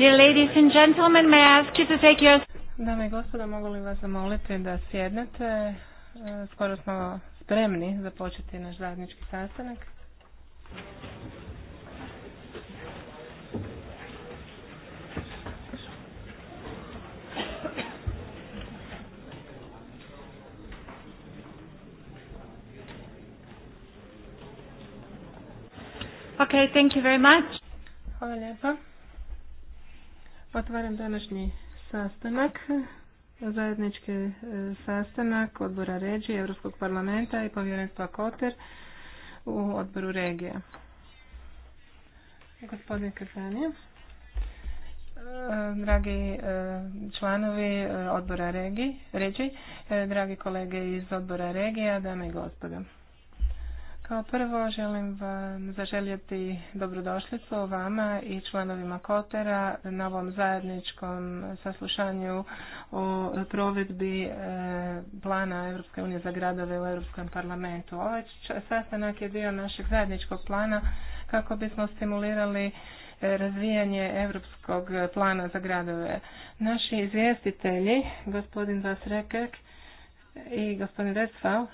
Dear ladies and gentlemen, may I ask you to take your... Dame i gospodo, mogu li vas zamoliti da sjednete? E, skoro smo spremni započeti naš zajednički sastanak. Okay, thank you very much. Hvala lijepa. Otvaram današnji sastanak, zajednički e, sastanak odbora regije, Europskog parlamenta i povjerenstva Koter u odboru regija. Gospodin Kazanija. E, dragi e, članovi odbora regije, ređi, dragi kolege iz odbora regija, dame i gospodo. Kao prvo želim vam zaželjeti dobrodošlicu vama i članovima Kotera na ovom zajedničkom saslušanju o provedbi e, plana Europske unije za gradove u Europskom parlamentu. Ovaj sastanak je dio našeg zajedničkog plana kako bismo stimulirali e, razvijanje Europskog plana za gradove. Naši izvjestitelji, gospodin Vasrekek i gospodin Vesfal,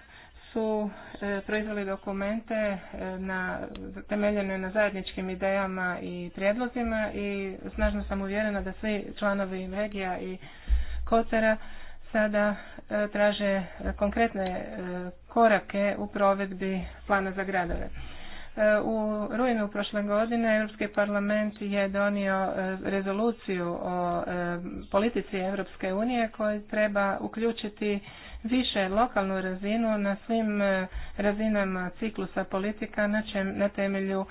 su e, proizveli dokumente e, na, temeljene na zajedničkim idejama i prijedlozima i snažno sam uvjerena da svi članovi regija i kotera sada e, traže konkretne korake u provedbi plana za gradove. U rujnu prošle godine Europski parlament je donio e, rezoluciju o e, politici Europske unije koji treba uključiti više lokalnu razinu na svim e, razinama ciklusa politika na, na temelju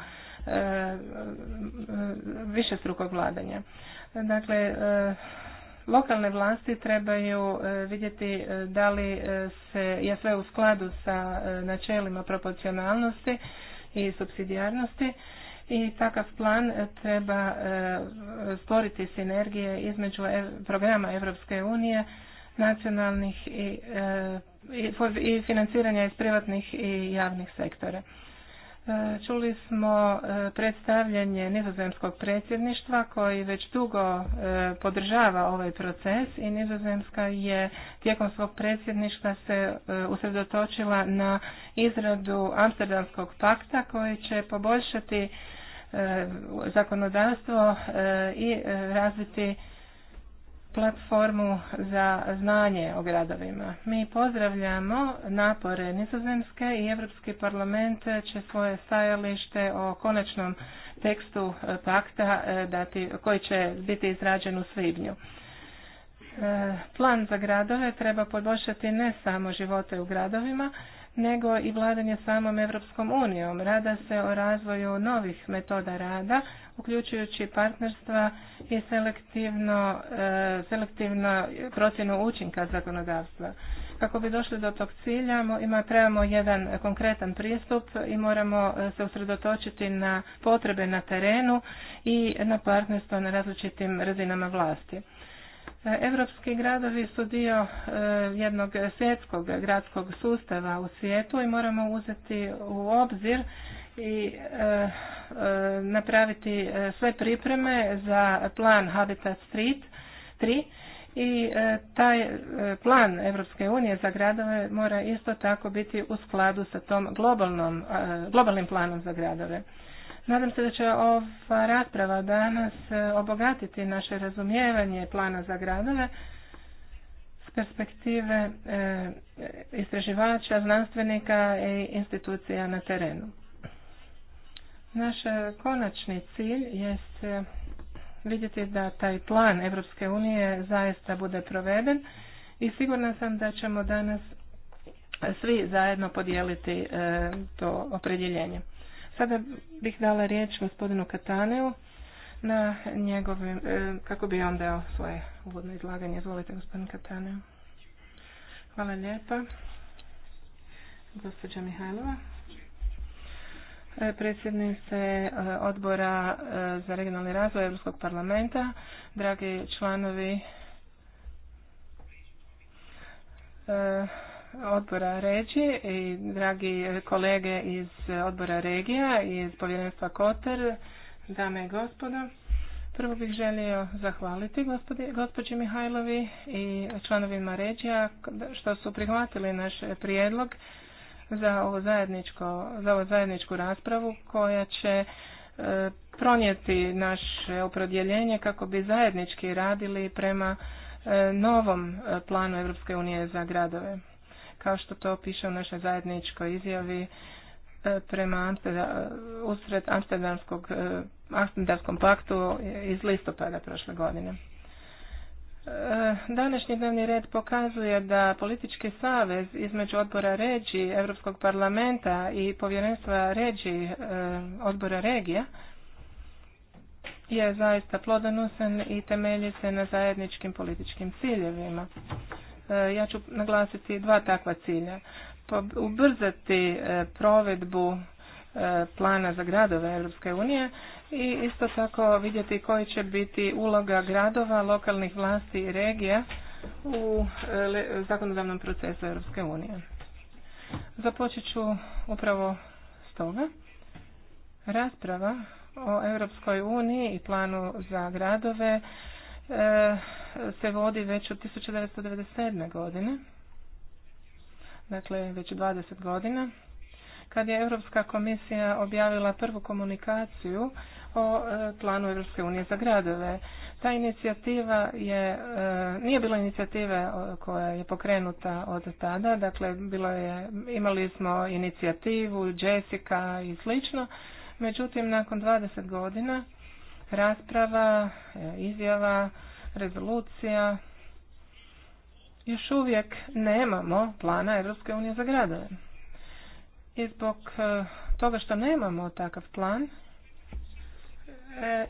više strukog vladanja. Dakle, lokalne vlasti trebaju vidjeti da li se je sve u skladu sa načelima proporcionalnosti i subsidijarnosti i takav plan treba e, stvoriti sinergije između programa Europske unije, nacionalnih e, i, i financiranja iz privatnih i javnih sektora. Čuli smo e, predstavljanje nizozemskog predsjedništva koji već dugo e, podržava ovaj proces i nizozemska je tijekom svog predsjedništva se e, usredotočila na izradu Amsterdamskog pakta koji će poboljšati zakonodavstvo i razviti platformu za znanje o gradovima. Mi pozdravljamo napore Nizozemske i Europski parlament će svoje stajalište o konačnom tekstu pakta e, dati, koji će biti izrađen u svibnju. E, plan za gradove treba poboljšati ne samo živote u gradovima, nego i vladanje samom Evropskom unijom. Rada se o razvoju novih metoda rada, uključujući partnerstva i selektivno, e, selektivno procjenu učinka zakonodavstva. Kako bi došli do tog cilja, ima, trebamo jedan konkretan pristup i moramo e, se usredotočiti na potrebe na terenu i na partnerstvo na različitim razinama vlasti. Europski gradovi su dio e, jednog svjetskog gradskog sustava u svijetu i moramo uzeti u obzir i e, e, napraviti sve pripreme za plan Habitat Street 3 i taj plan Europske unije za gradove mora isto tako biti u skladu sa tom globalnom, globalnim planom za gradove. Nadam se da će ova rasprava danas e, obogatiti naše razumijevanje plana za gradove s perspektive e, istraživača, znanstvenika i institucija na terenu. Naš konačni cilj jest e, vidjeti da taj plan Europske unije zaista bude proveden i sigurna sam da ćemo danas svi zajedno podijeliti to opredjeljenje. Sada bih dala riječ gospodinu Kataneu na njegovim, e, kako bi on dao svoje uvodno izlaganje. Izvolite gospodin Kataneu. Hvala lijepa. Gospođa Mihajlova. E, predsjednice e, odbora za regionalni razvoj Europskog parlamenta, dragi članovi odbora reći i dragi kolege iz odbora regija i iz povjerenstva Koter, dame i gospodo. Prvo bih želio zahvaliti gospođi Mihajlovi i članovima regija što su prihvatili naš prijedlog za ovo zajedničko, za ovu zajedničku raspravu koja će e, pronijeti naše opredjeljenje kako bi zajednički radili prema e, novom e, planu Europske unije za gradove kao što to piše u našoj zajedničkoj izjavi e, prema e, usred Amsterdamskog e, Amsterdamskom paktu iz listopada prošle godine. Današnji dnevni red pokazuje da politički savez između odbora ređi Europskog parlamenta i povjerenstva ređi odbora regija je zaista plodonosan i temelji se na zajedničkim političkim ciljevima. E, ja ću naglasiti dva takva cilja. Ubrzati e, provedbu e, plana za gradove Europske unije i isto tako vidjeti koji će biti uloga gradova, lokalnih vlasti i regija u zakonodavnom procesu Europske unije. Započet ću upravo s toga. Rasprava o Europskoj uniji i planu za gradove E, se vodi već od 1997. godine, dakle već 20 godina, kad je Europska komisija objavila prvu komunikaciju o e, planu Europske unije za gradove. Ta inicijativa je, e, nije bila inicijative koja je pokrenuta od tada, dakle bilo je, imali smo inicijativu Jessica i slično, međutim nakon 20 godina rasprava, e, izjava, rezolucija. Još uvijek nemamo plana Europske unije za gradove. I zbog e, toga što nemamo takav plan, e,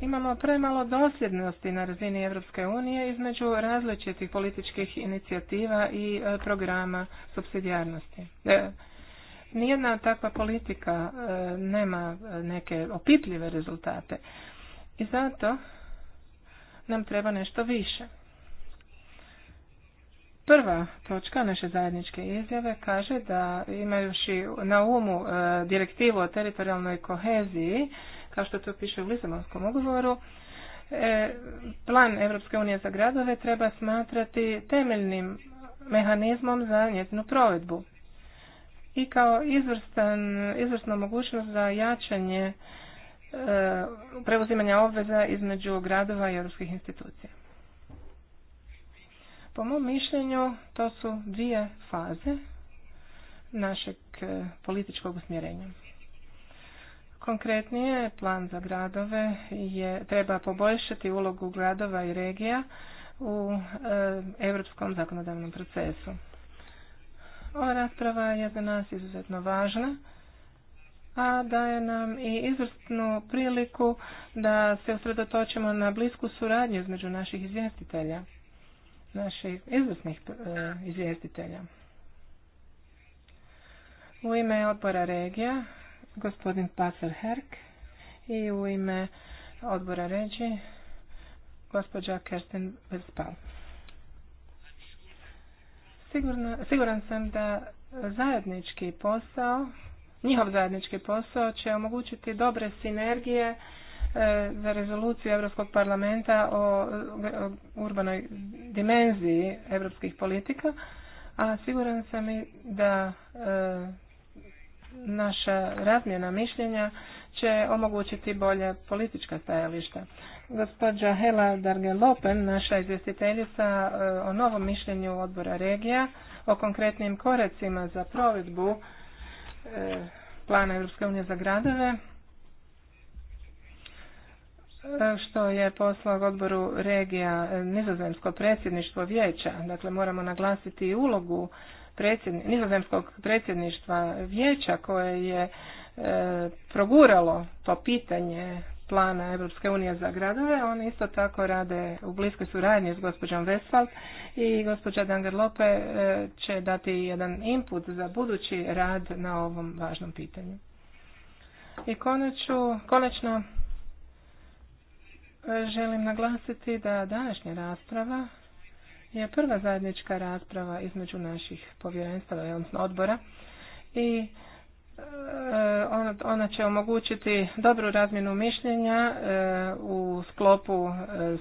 imamo premalo dosljednosti na razini Europske unije između različitih političkih inicijativa i programa subsidijarnosti. Nijedna takva politika nema neke opipljive rezultate. I zato nam treba nešto više. Prva točka naše zajedničke izjave kaže da imajući na umu e, direktivu o teritorijalnoj koheziji, kao što to piše u Lisabonskom ugovoru, e, plan Europske unije za gradove treba smatrati temeljnim mehanizmom za njezinu provedbu i kao izvrstan, izvrsna mogućnost za jačanje E, preuzimanja obveza između gradova i europskih institucija. Po mom mišljenju to su dvije faze našeg e, političkog usmjerenja. Konkretnije, plan za gradove je, treba poboljšati ulogu gradova i regija u e, europskom zakonodavnom procesu. Ova rasprava je za nas izuzetno važna a daje nam i izvrstnu priliku da se usredotočimo na blisku suradnju između naših izvjestitelja, naših izvrsnih e, izvjestitelja. U ime odbora regija, gospodin Pacer Herk i u ime odbora ređi, gospođa Kerstin Vespal. siguran sam da zajednički posao Njihov zajednički posao će omogućiti dobre sinergije e, za rezoluciju Europskog parlamenta o urbanoj dimenziji europskih politika, a siguran sam i da e, naša razmjena mišljenja će omogućiti bolje politička stajališta. Gospođa Hela Darge-Lopen, naša izvjestiteljica e, o novom mišljenju odbora regija, o konkretnim koracima za provedbu plana Europske unije za gradove e, što je poslao odboru regija e, nizozemsko predsjedništvo vijeća. Dakle, moramo naglasiti i ulogu predsjedni, nizozemskog predsjedništva vijeća koje je e, proguralo to pitanje plana Europske unije za gradove. Oni isto tako rade u bliskoj suradnji s gospođom vesal i gospođa Danger Lope e, će dati jedan input za budući rad na ovom važnom pitanju. I konaču, konačno e, želim naglasiti da današnja rasprava je prva zajednička rasprava između naših povjerenstava, odnosno odbora i E, ona će omogućiti dobru razmjenu mišljenja e, u sklopu e,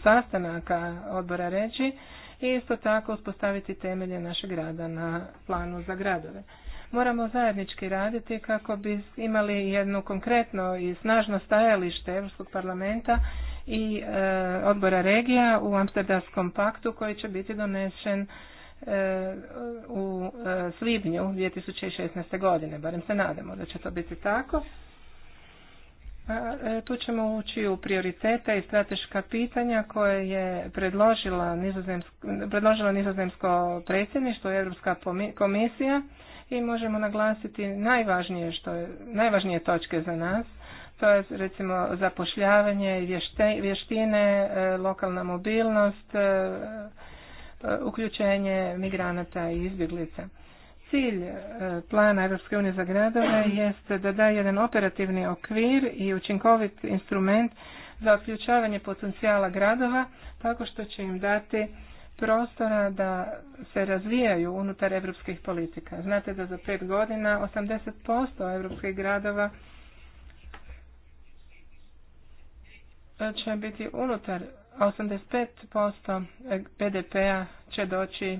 sastanaka odbora reći i isto tako uspostaviti temelje našeg rada na planu za gradove. Moramo zajednički raditi kako bi imali jedno konkretno i snažno stajalište Europskog parlamenta i odbora regija u Amsterdamskom paktu koji će biti donesen u e, svibnju 2016. godine, barem se nadamo da će to biti tako. E, tu ćemo ući u prioritete i strateška pitanja koje je predložila nizozemsko, predložila nizozemsko predsjedništvo i Europska komisija i možemo naglasiti najvažnije, što je, najvažnije točke za nas. To je recimo zapošljavanje, vještine, e, lokalna mobilnost, E, uključenje migranata i izbjeglica. Cilj e, plana EU za gradove jest da da jedan operativni okvir i učinkovit instrument za otključavanje potencijala gradova tako što će im dati prostora da se razvijaju unutar europskih politika. Znate da za pet godina 80% europskih gradova će biti unutar 85% BDP-a će doći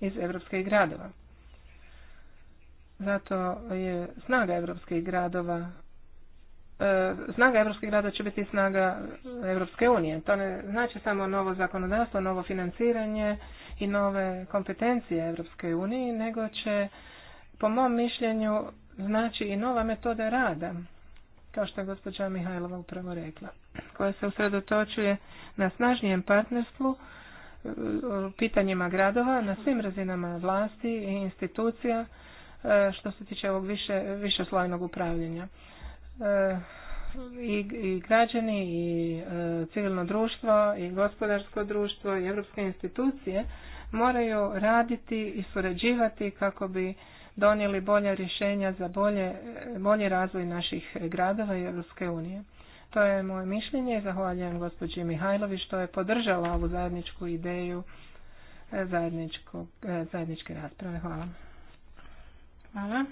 iz evropskih gradova. Zato je snaga evropskih gradova e, snaga evropskih grada će biti snaga Evropske unije. To ne znači samo novo zakonodavstvo, novo financiranje i nove kompetencije Evropske unije, nego će po mom mišljenju znači i nova metoda rada kao što je gospođa Mihajlova upravo rekla, koja se usredotočuje na snažnijem partnerstvu e, pitanjima gradova na svim razinama vlasti i institucija e, što se tiče ovog više, višeslojnog upravljanja. E, I, i građani i civilno društvo i gospodarsko društvo i europske institucije moraju raditi i surađivati kako bi donijeli bolja rješenja za bolje, bolji razvoj naših gradova i Europske unije. To je moje mišljenje. Zahvaljujem gospođi Mihajlovi što je podržala ovu zajedničku ideju e, e, zajedničke rasprave. Hvala. Hvala.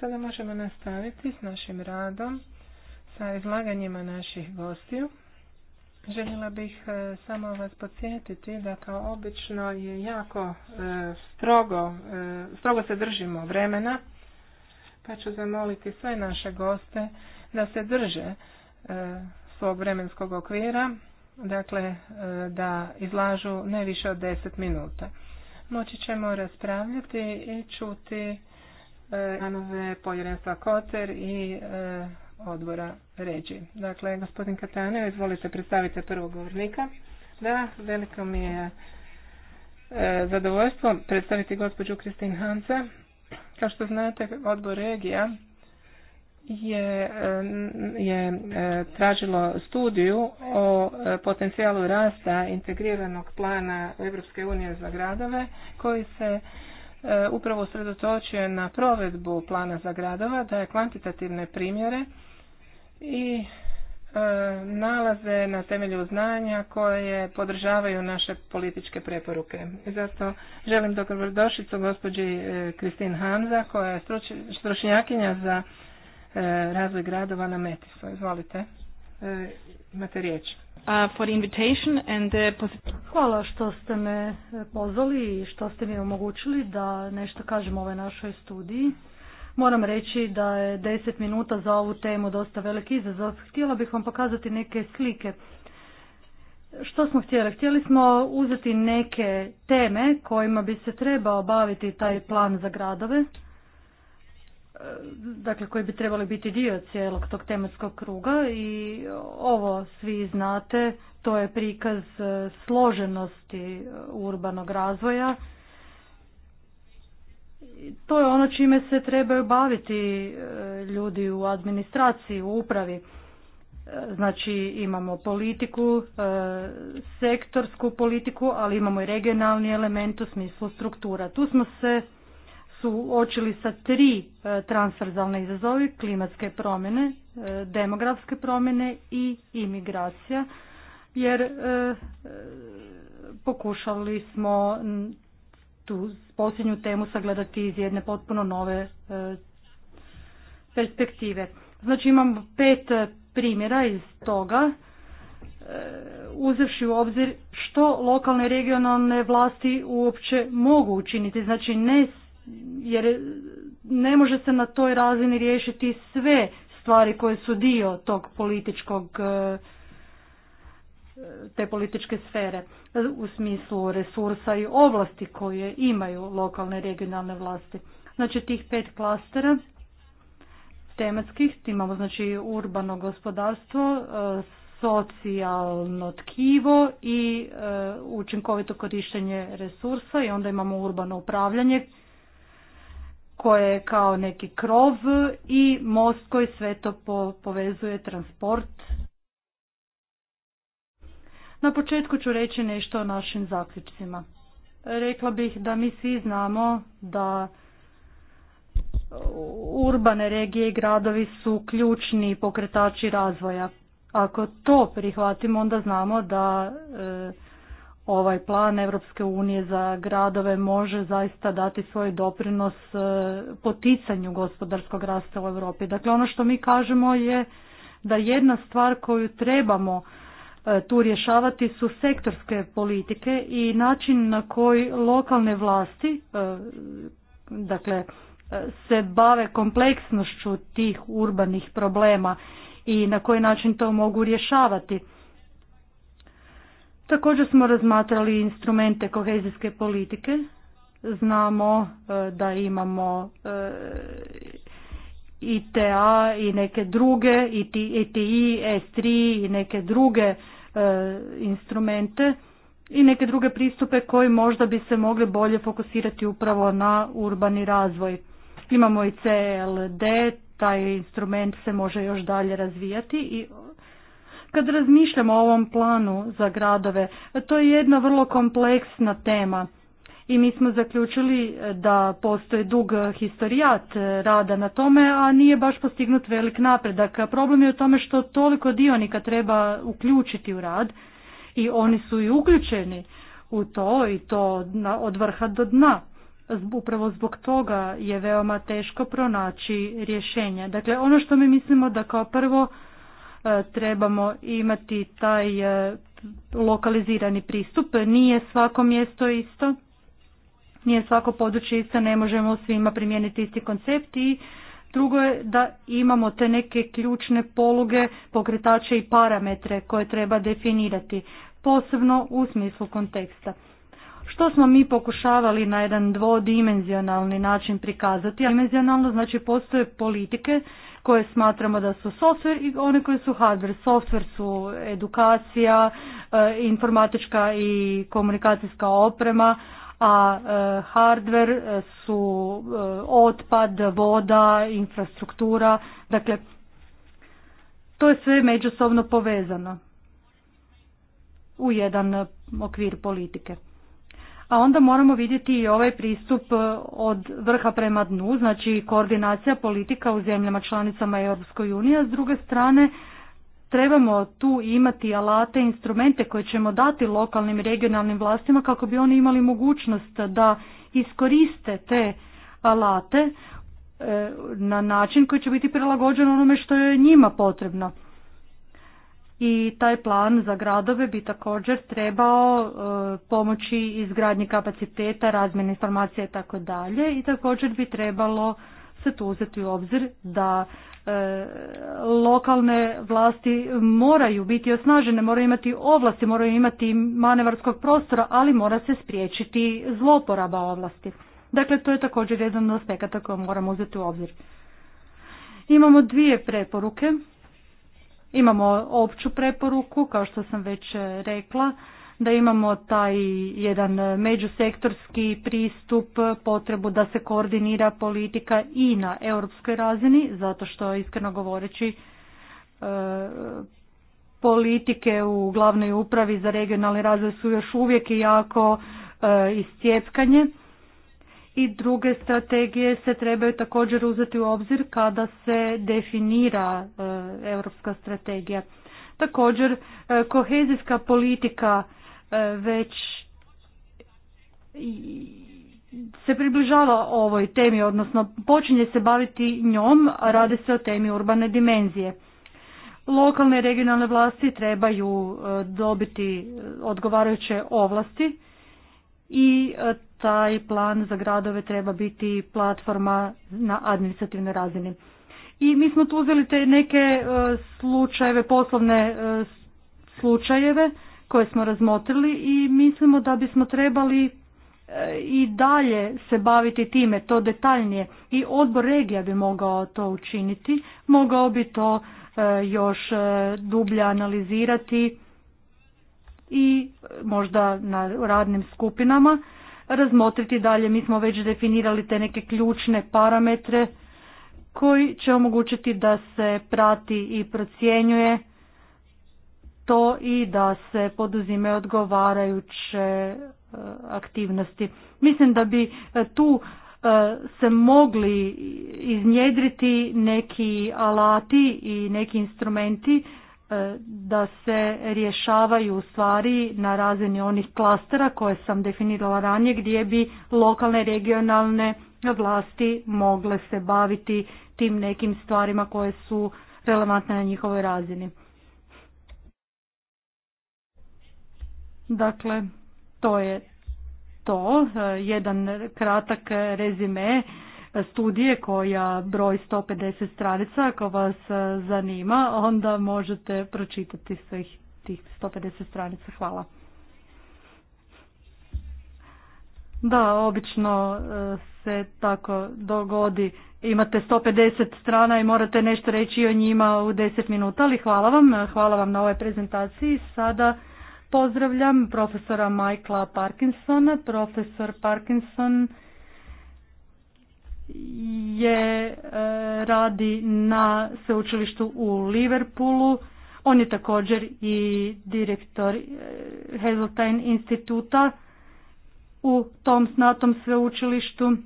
Sada možemo nastaviti s našim radom, sa izlaganjima naših gostiju. Željela bih e, samo vas podsjetiti da kao obično je jako e, strogo, e, strogo se držimo vremena, pa ću zamoliti sve naše goste da se drže svog vremenskog okvira, dakle da izlažu ne više od 10 minuta. Moći ćemo raspravljati i čuti anove povjerenstva Koter i odbora ređi. Dakle, gospodin Katane, izvolite predstavite prvog govornika. Da, veliko mi je e, zadovoljstvo predstaviti gospođu Kristin Hansa. Kao što znate, odbor regija je, e, je e, tražilo studiju o potencijalu rasta integriranog plana Europske unije za gradove koji se upravo sredotočuje na provedbu plana za gradova, daje kvantitativne primjere i e, nalaze na temelju znanja koje podržavaju naše političke preporuke. Zato želim dobrodošlicu gospođi e, Kristin Hamza koja je stručnjakinja za e, razvoj gradova na Metisu. Izvolite, imate riječ. For invitation and Hvala što ste me pozvali i što ste mi omogućili da nešto kažem o ovoj našoj studiji. Moram reći da je deset minuta za ovu temu dosta velik izazov. Htjela bih vam pokazati neke slike. Što smo htjeli? Htjeli smo uzeti neke teme kojima bi se trebao baviti taj plan za gradove, e, dakle koji bi trebali biti dio cijelog tog tematskog kruga i ovo svi znate, to je prikaz e, složenosti e, urbanog razvoja to je ono čime se trebaju baviti e, ljudi u administraciji, u upravi. E, znači imamo politiku, e, sektorsku politiku, ali imamo i regionalni element u smislu struktura. Tu smo se suočili sa tri transverzalne izazovi, klimatske promjene, demografske promjene i imigracija, jer pokušali smo tu posljednju temu sagledati iz jedne potpuno nove e, perspektive. Znači imam pet e, primjera iz toga e, uzevši u obzir što lokalne i regionalne vlasti uopće mogu učiniti. Znači ne, jer ne može se na toj razini riješiti sve stvari koje su dio tog političkog te političke sfere u smislu resursa i ovlasti koje imaju lokalne i regionalne vlasti. Znači tih pet klastera tematskih, imamo znači urbano gospodarstvo, e, socijalno tkivo i e, učinkovito korištenje resursa i onda imamo urbano upravljanje koje je kao neki krov i most koji sve to povezuje transport na početku ću reći nešto o našim zaključcima. Rekla bih da mi svi znamo da urbane regije i gradovi su ključni pokretači razvoja. Ako to prihvatimo, onda znamo da e, ovaj plan Europske unije za gradove može zaista dati svoj doprinos e, poticanju gospodarskog rasta u Europi. Dakle, ono što mi kažemo je da jedna stvar koju trebamo E, tu rješavati su sektorske politike i način na koji lokalne vlasti e, dakle e, se bave kompleksnošću tih urbanih problema i na koji način to mogu rješavati. Također smo razmatrali instrumente kohezijske politike. Znamo da imamo ITA i neke druge, ITI, S3 i neke druge E, instrumente i neke druge pristupe koji možda bi se mogli bolje fokusirati upravo na urbani razvoj. Imamo i CLD, taj instrument se može još dalje razvijati i kad razmišljamo o ovom planu za gradove, to je jedna vrlo kompleksna tema i mi smo zaključili eh, da postoji dug eh, historijat eh, rada na tome, a nije baš postignut velik napredak. Problem je u tome što toliko dionika treba uključiti u rad i oni su i uključeni u to i to od vrha do dna. Upravo zbog toga je veoma teško pronaći rješenje. Dakle, ono što mi mislimo da kao prvo trebamo imati taj lokalizirani pristup, nije svako mjesto isto nije svako područje isto, ne možemo svima primijeniti isti koncept i drugo je da imamo te neke ključne poluge, pokretače i parametre koje treba definirati, posebno u smislu konteksta. Što smo mi pokušavali na jedan dvodimenzionalni način prikazati? Dimenzionalno znači postoje politike koje smatramo da su software i one koje su hardware. Software su edukacija, e, informatička i komunikacijska oprema, a e, hardware su e, otpad, voda, infrastruktura, dakle to je sve međusobno povezano u jedan okvir politike. A onda moramo vidjeti i ovaj pristup e, od vrha prema dnu, znači koordinacija politika u zemljama članicama Europskoj unije, a s druge strane trebamo tu imati alate, instrumente koje ćemo dati lokalnim i regionalnim vlastima kako bi oni imali mogućnost da iskoriste te alate e, na način koji će biti prilagođen onome što je njima potrebno. I taj plan za gradove bi također trebao e, pomoći izgradnji kapaciteta, razmjene informacija i tako dalje i također bi trebalo se tu uzeti u obzir da E, lokalne vlasti moraju biti osnažene, moraju imati ovlasti, moraju imati manevarskog prostora, ali mora se spriječiti zloporaba ovlasti. Dakle, to je također jedan od aspekata koje moramo uzeti u obzir. Imamo dvije preporuke. Imamo opću preporuku, kao što sam već rekla, da imamo taj jedan međusektorski pristup, potrebu da se koordinira politika i na europskoj razini, zato što iskreno govoreći e, politike u glavnoj upravi za regionalni razvoj su još uvijek jako e, iscijepkanje i druge strategije se trebaju također uzeti u obzir kada se definira e, europska strategija. Također, kohezijska politika E, već se približava ovoj temi, odnosno počinje se baviti njom, a radi se o temi urbane dimenzije. Lokalne i regionalne vlasti trebaju e, dobiti odgovarajuće ovlasti i e, taj plan za gradove treba biti platforma na administrativnoj razini. I mi smo tu uzeli te neke slučajeve, poslovne slučajeve koje smo razmotrili i mislimo da bismo trebali e, i dalje se baviti time, to detaljnije. I odbor regija bi mogao to učiniti, mogao bi to e, još e, dublje analizirati i možda na radnim skupinama razmotriti dalje. Mi smo već definirali te neke ključne parametre koji će omogućiti da se prati i procjenjuje to i da se poduzime odgovarajuće e, aktivnosti. Mislim da bi e, tu e, se mogli iznjedriti neki alati i neki instrumenti da se rješavaju stvari na razini onih klastera koje sam definirala ranije gdje bi lokalne regionalne vlasti mogle se baviti tim nekim stvarima koje su relevantne na njihovoj razini. Dakle, to je to. E, jedan kratak rezime studije koja broj 150 stranica. Ako vas e, zanima, onda možete pročitati svih tih 150 stranica. Hvala. Da, obično e, se tako dogodi. Imate 150 strana i morate nešto reći o njima u 10 minuta, ali hvala vam. Hvala vam na ovoj prezentaciji. Sada Pozdravljam profesora Michaela Parkinsona. Profesor Parkinson je e, radi na sveučilištu u Liverpoolu. On je također i direktor e, Hazeltine instituta u tom snatom sveučilištu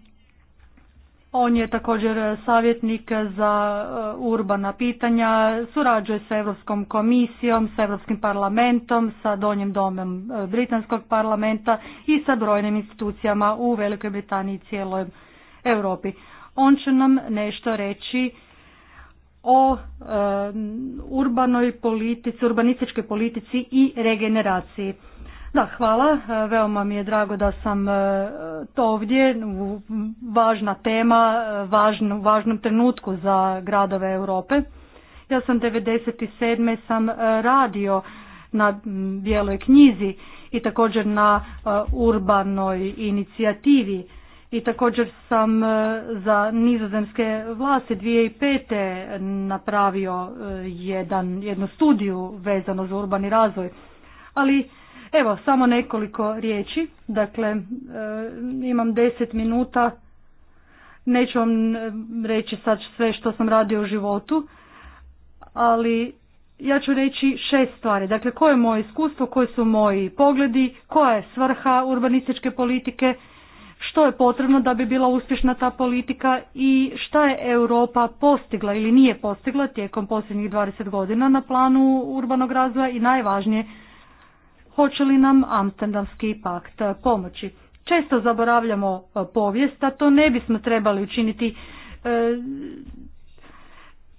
on je također savjetnik za e, urbana pitanja, surađuje sa Europskom komisijom, sa Europskim parlamentom, sa donjim domem e, Britanskog parlamenta i sa brojnim institucijama u Velikoj Britaniji i cijeloj Europi. On će nam nešto reći o e, urbanoj politici, urbanističkoj politici i regeneraciji. Da, hvala. E, veoma mi je drago da sam e, to ovdje. Važna tema, e, važn, važnom trenutku za gradove Europe. Ja sam 97. sam radio na bijeloj knjizi i također na urbanoj inicijativi i također sam za nizozemske vlasti 2005. napravio jedan, jednu studiju vezano za urbani razvoj. Ali Evo, samo nekoliko riječi. Dakle, e, imam deset minuta. Neću vam e, reći sad sve što sam radio u životu, ali ja ću reći šest stvari. Dakle, koje je moje iskustvo, koji su moji pogledi, koja je svrha urbanističke politike, što je potrebno da bi bila uspješna ta politika i šta je Europa postigla ili nije postigla tijekom posljednjih 20 godina na planu urbanog razvoja i najvažnije Hoće li nam Amsterdamski pakt pomoći? Često zaboravljamo e, povijest, a to ne bismo trebali učiniti. E,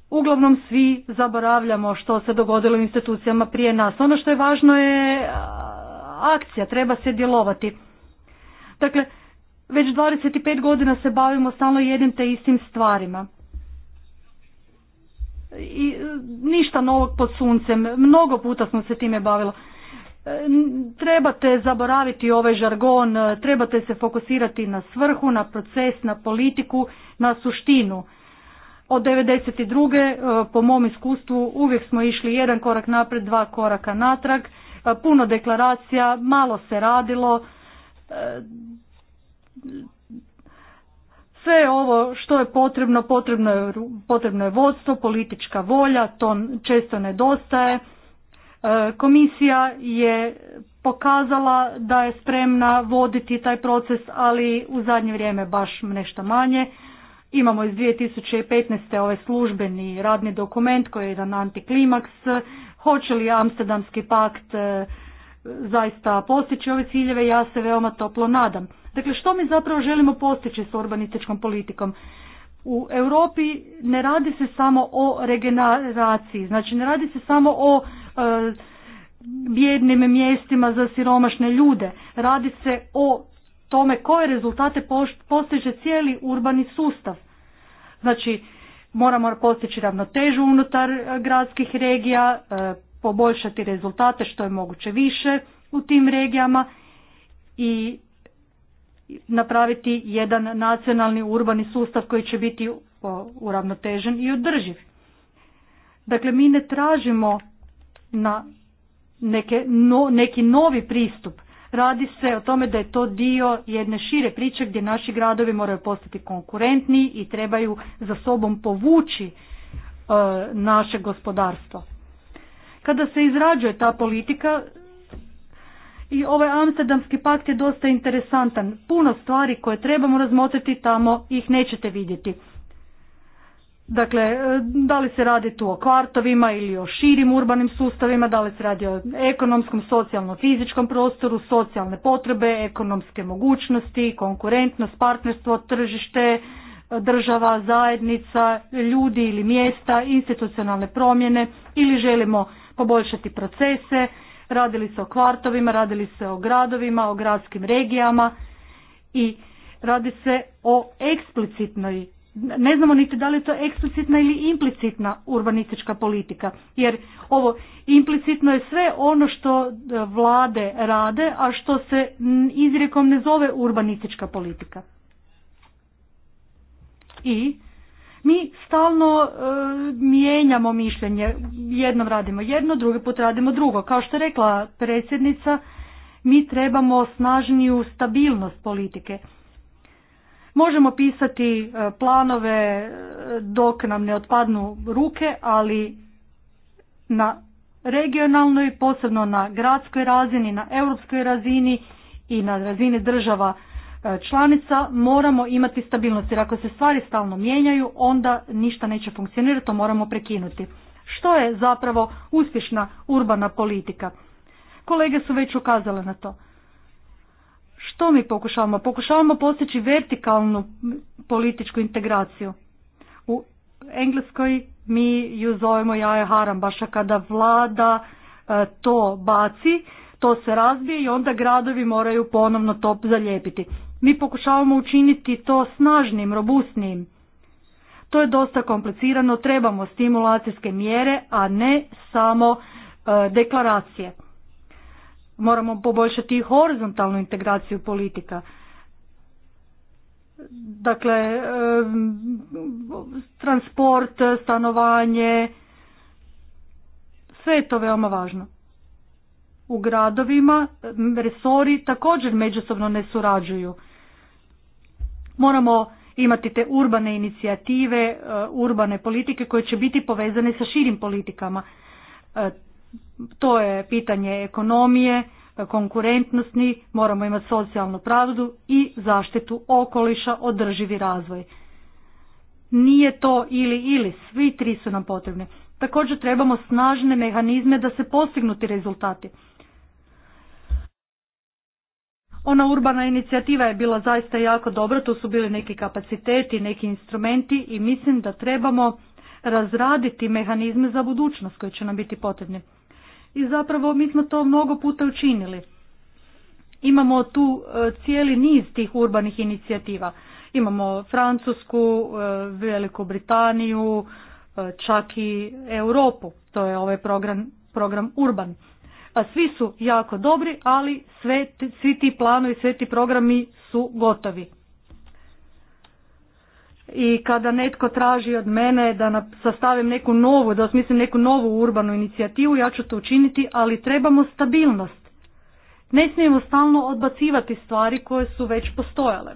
uglavnom svi zaboravljamo što se dogodilo u institucijama prije nas. Ono što je važno je e, akcija, treba se djelovati. Dakle, već 25 godina se bavimo stalno jednim te istim stvarima. I ništa novog pod suncem, mnogo puta smo se time bavili. E, trebate zaboraviti ovaj žargon, e, trebate se fokusirati na svrhu, na proces, na politiku, na suštinu. Od 1992. E, po mom iskustvu uvijek smo išli jedan korak napred, dva koraka natrag, puno deklaracija, malo se radilo. Sve ovo što je potrebno, potrebno je, potrebno je vodstvo, politička volja, to često nedostaje E, komisija je pokazala da je spremna voditi taj proces, ali u zadnje vrijeme baš nešto manje. Imamo iz 2015. ovaj službeni radni dokument koji je jedan antiklimaks. Hoće li Amsterdamski pakt e, zaista postići ove ciljeve, ja se veoma toplo nadam. Dakle, što mi zapravo želimo postići s urbanističkom politikom? U Europi ne radi se samo o regeneraciji, znači ne radi se samo o Eh, bijednim mjestima za siromašne ljude. Radi se o tome koje rezultate postiže cijeli urbani sustav. Znači, moramo postići ravnotežu unutar gradskih regija, eh, poboljšati rezultate što je moguće više u tim regijama i napraviti jedan nacionalni urbani sustav koji će biti eh, uravnotežen i održiv. Dakle, mi ne tražimo na neki novi pristup. Radi se o tome da je to dio jedne šire priče gdje naši gradovi moraju postati konkurentni i trebaju za sobom povući e, naše gospodarstvo. Kada se izrađuje ta politika i ovaj Amsterdamski pakt je dosta interesantan. Puno stvari koje trebamo razmotriti tamo ih nećete vidjeti. Dakle, e, da li se radi tu o kvartovima ili o širim urbanim sustavima, da li se radi o ekonomskom, socijalno-fizičkom prostoru, socijalne potrebe, ekonomske mogućnosti, konkurentnost, partnerstvo, tržište, e, država, zajednica, ljudi ili mjesta, institucionalne promjene ili želimo poboljšati procese, radili se o kvartovima, radili se o gradovima, o gradskim regijama i radi se o eksplicitnoj ne znamo niti da li je to eksplicitna ili implicitna urbanistička politika. Jer ovo implicitno je sve ono što e, vlade rade, a što se izrijekom ne zove urbanistička politika. I mi stalno e, mijenjamo mišljenje, jednom radimo jedno, drugi put radimo drugo. Kao što je rekla predsjednica, mi trebamo snažniju stabilnost politike Možemo pisati e, planove e, dok nam ne otpadnu ruke, ali na regionalnoj, posebno na gradskoj razini, na europskoj razini i na razini država e, članica moramo imati stabilnost jer ako se stvari stalno mijenjaju onda ništa neće funkcionirati, to moramo prekinuti. Što je zapravo uspješna urbana politika? Kolege su već ukazale na to. Što mi pokušavamo? Pokušavamo postići vertikalnu političku integraciju. U Engleskoj mi ju zovemo jaje harambaša kada vlada e, to baci, to se razbije i onda gradovi moraju ponovno to zalijepiti. Mi pokušavamo učiniti to snažnim, robustnim. To je dosta komplicirano, trebamo stimulacijske mjere, a ne samo e, deklaracije moramo poboljšati i horizontalnu integraciju politika. Dakle, transport, stanovanje, sve je to veoma važno. U gradovima resori također međusobno ne surađuju. Moramo imati te urbane inicijative, urbane politike koje će biti povezane sa širim politikama. To je pitanje ekonomije, konkurentnosti, moramo imati socijalnu pravdu i zaštitu okoliša, održivi razvoj. Nije to ili ili, svi tri su nam potrebne Također trebamo snažne mehanizme da se ti rezultati. Ona urbana inicijativa je bila zaista jako dobra, tu su bili neki kapaciteti, neki instrumenti i mislim da trebamo razraditi mehanizme za budućnost koji će nam biti potrebni i zapravo mi smo to mnogo puta učinili. Imamo tu e, cijeli niz tih urbanih inicijativa. Imamo Francusku, e, Veliku Britaniju, e, čak i Europu. To je ovaj program, program Urban. svi su jako dobri, ali svi ti planovi, svi ti programi su gotovi i kada netko traži od mene da sastavim neku novu, da osmislim neku novu urbanu inicijativu, ja ću to učiniti, ali trebamo stabilnost. Ne smijemo stalno odbacivati stvari koje su već postojale.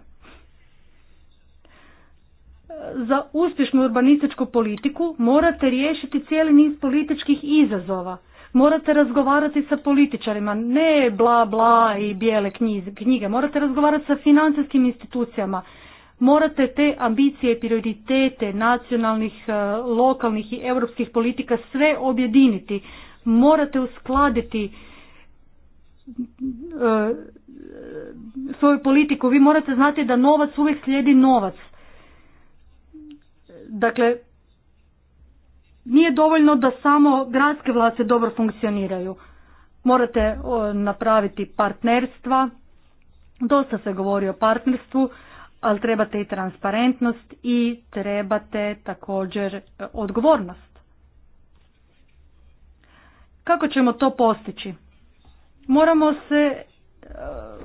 Za uspješnu urbanističku politiku morate riješiti cijeli niz političkih izazova. Morate razgovarati sa političarima, ne bla bla i bijele knjige, morate razgovarati sa financijskim institucijama, morate te ambicije i prioritete nacionalnih, eh, lokalnih i europskih politika sve objediniti. Morate uskladiti eh, svoju politiku. Vi morate znati da novac uvijek slijedi novac. Dakle, nije dovoljno da samo gradske vlasti dobro funkcioniraju. Morate eh, napraviti partnerstva. Dosta se govori o partnerstvu ali trebate i transparentnost i trebate također e, odgovornost. Kako ćemo to postići? Moramo se e,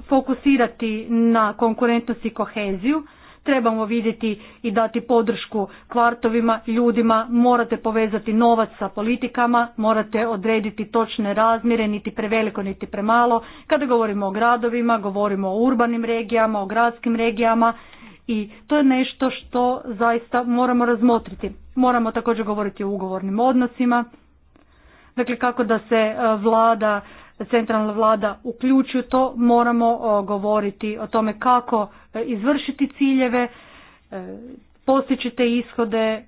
fokusirati na konkurentnost i koheziju, trebamo vidjeti i dati podršku kvartovima, ljudima, morate povezati novac sa politikama, morate odrediti točne razmjere, niti preveliko, niti premalo. Kada govorimo o gradovima, govorimo o urbanim regijama, o gradskim regijama i to je nešto što zaista moramo razmotriti. Moramo također govoriti o ugovornim odnosima, dakle kako da se e, vlada centralna vlada uključuju to, moramo govoriti o tome kako e, izvršiti ciljeve, e, postići te ishode, e,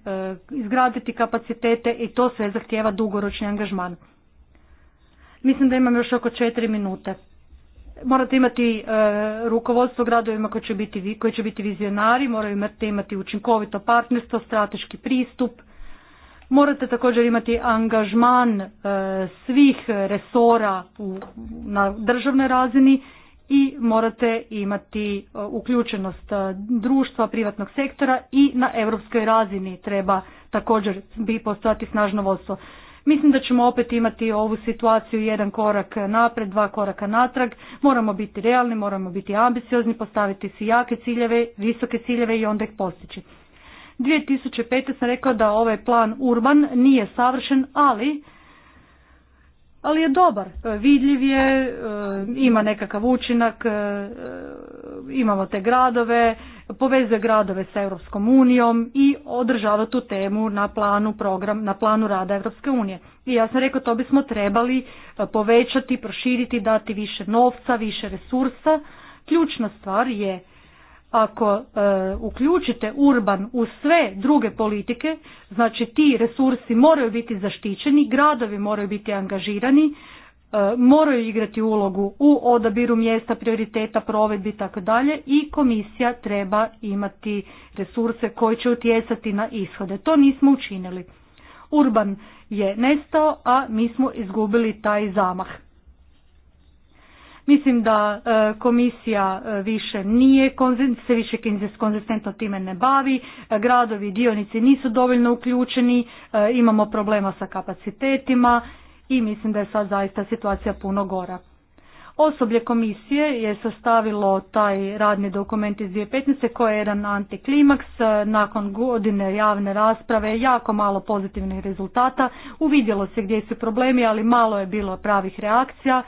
izgraditi kapacitete i to sve zahtjeva dugoročni angažman. Mislim da imam još oko četiri minute. Morate imati rukovodstvo gradovima koji će biti, koji će biti vizionari, moraju imati, imati učinkovito partnerstvo, strateški pristup, Morate također imati angažman e, svih resora na državnoj razini i morate imati e, uključenost e, društva, privatnog sektora i na europskoj razini treba također bi postojati snažno vodstvo. Mislim da ćemo opet imati ovu situaciju jedan korak napred, dva koraka natrag. Moramo biti realni, moramo biti ambiciozni, postaviti si jake ciljeve, visoke ciljeve i onda ih postići. 2005. sam rekao da ovaj plan Urban nije savršen, ali ali je dobar, e, vidljiv je, e, ima nekakav učinak, e, imamo te gradove, povezuje gradove sa Europskom unijom i održava tu temu na planu program, na planu rada Europske unije. I ja sam rekao to bismo trebali povećati, proširiti, dati više novca, više resursa. Ključna stvar je ako e, uključite urban u sve druge politike, znači ti resursi moraju biti zaštićeni, gradovi moraju biti angažirani, e, moraju igrati ulogu u odabiru mjesta, prioriteta, provedbi i tako dalje i komisija treba imati resurse koji će utjecati na ishode. To nismo učinili. Urban je nestao, a mi smo izgubili taj zamah. Mislim da e, komisija e, više nije, se više konzistentno time ne bavi, e, gradovi i dionici nisu dovoljno uključeni, imamo problema sa kapacitetima i mislim da je sad zaista situacija puno gora. Osoblje komisije je sastavilo taj radni dokument iz 2015. koji je jedan antiklimaks. Nakon godine javne rasprave jako malo pozitivnih rezultata. Uvidjelo se gdje su problemi, ali malo je bilo pravih reakcija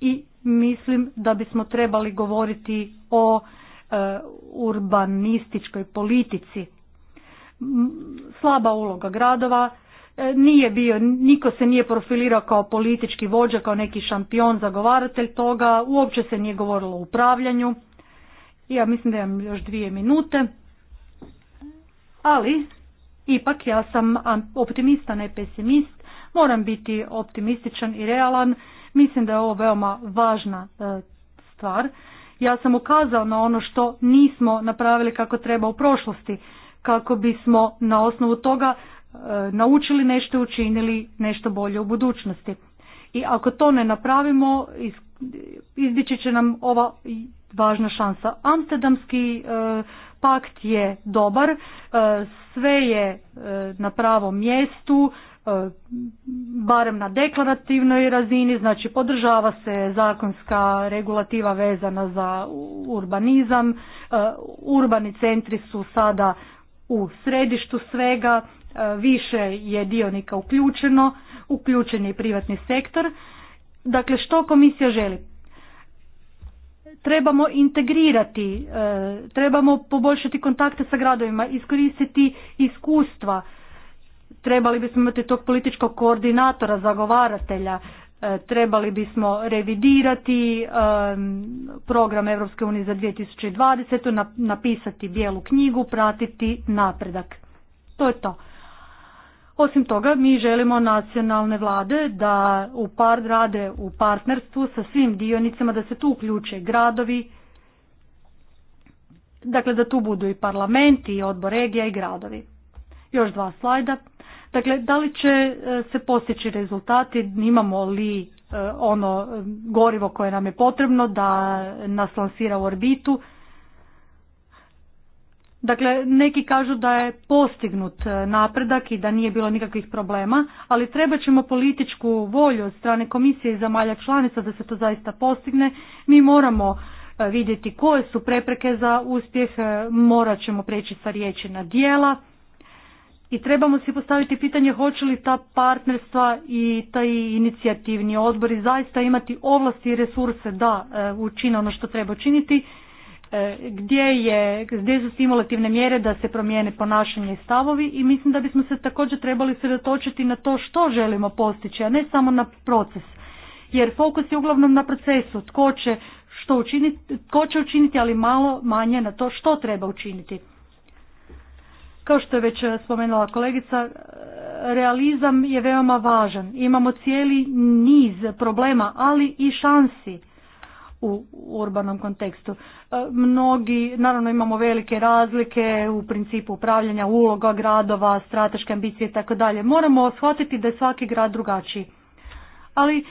i mislim da bismo trebali govoriti o e, urbanističkoj politici. Slaba uloga gradova, e, nije bio, niko se nije profilirao kao politički vođa, kao neki šampion, zagovaratelj toga, uopće se nije govorilo o upravljanju. Ja mislim da imam još dvije minute, ali ipak ja sam optimista, ne pesimist, moram biti optimističan i realan Mislim da je ovo veoma važna e, stvar. Ja sam ukazao na ono što nismo napravili kako treba u prošlosti, kako bismo na osnovu toga e, naučili nešto i učinili nešto bolje u budućnosti. I ako to ne napravimo, izbjeći će nam ova važna šansa. Amsterdamski e, pakt je dobar, sve je na pravom mjestu, E, barem na deklarativnoj razini, znači podržava se zakonska regulativa vezana za urbanizam, e, urbani centri su sada u središtu svega, e, više je dionika uključeno, uključen je i privatni sektor. Dakle, što komisija želi? Trebamo integrirati, trebamo poboljšati kontakte sa gradovima, iskoristiti iskustva, trebali bismo imati tog političkog koordinatora, zagovaratelja, e, trebali bismo revidirati program Europske unije za 2020, napisati bijelu knjigu, pratiti napredak. To je to. Osim toga, mi želimo nacionalne vlade da u par rade u partnerstvu sa svim dionicama, da se tu uključe gradovi, dakle da tu budu i parlamenti, i odbor regija i gradovi. Još dva slajda. Dakle, da li će e, se postići rezultati, imamo li e, ono gorivo koje nam je potrebno da nas lansira u orbitu. Dakle, neki kažu da je postignut e, napredak i da nije bilo nikakvih problema, ali treba ćemo političku volju od strane komisije i zamalja članica da se to zaista postigne. Mi moramo vidjeti koje su prepreke za uspjeh, morat ćemo preći sa riječi na dijela i trebamo si postaviti pitanje hoće li ta partnerstva i taj inicijativni odbori zaista imati ovlasti i resurse da e, učine ono što treba učiniti, e, gdje, je, gdje su stimulativne mjere da se promijene ponašanje i stavovi i mislim da bismo se također trebali sredotočiti na to što želimo postići, a ne samo na proces. Jer fokus je uglavnom na procesu, tko će, što učiniti, tko će učiniti, ali malo manje na to što treba učiniti. Kao što je već e, spomenula kolegica, e, realizam je veoma važan. Imamo cijeli niz problema, ali i šansi u urbanom kontekstu. E, mnogi, naravno imamo velike razlike u principu upravljanja uloga gradova, strateške ambicije i tako dalje. Moramo shvatiti da je svaki grad drugačiji. Ali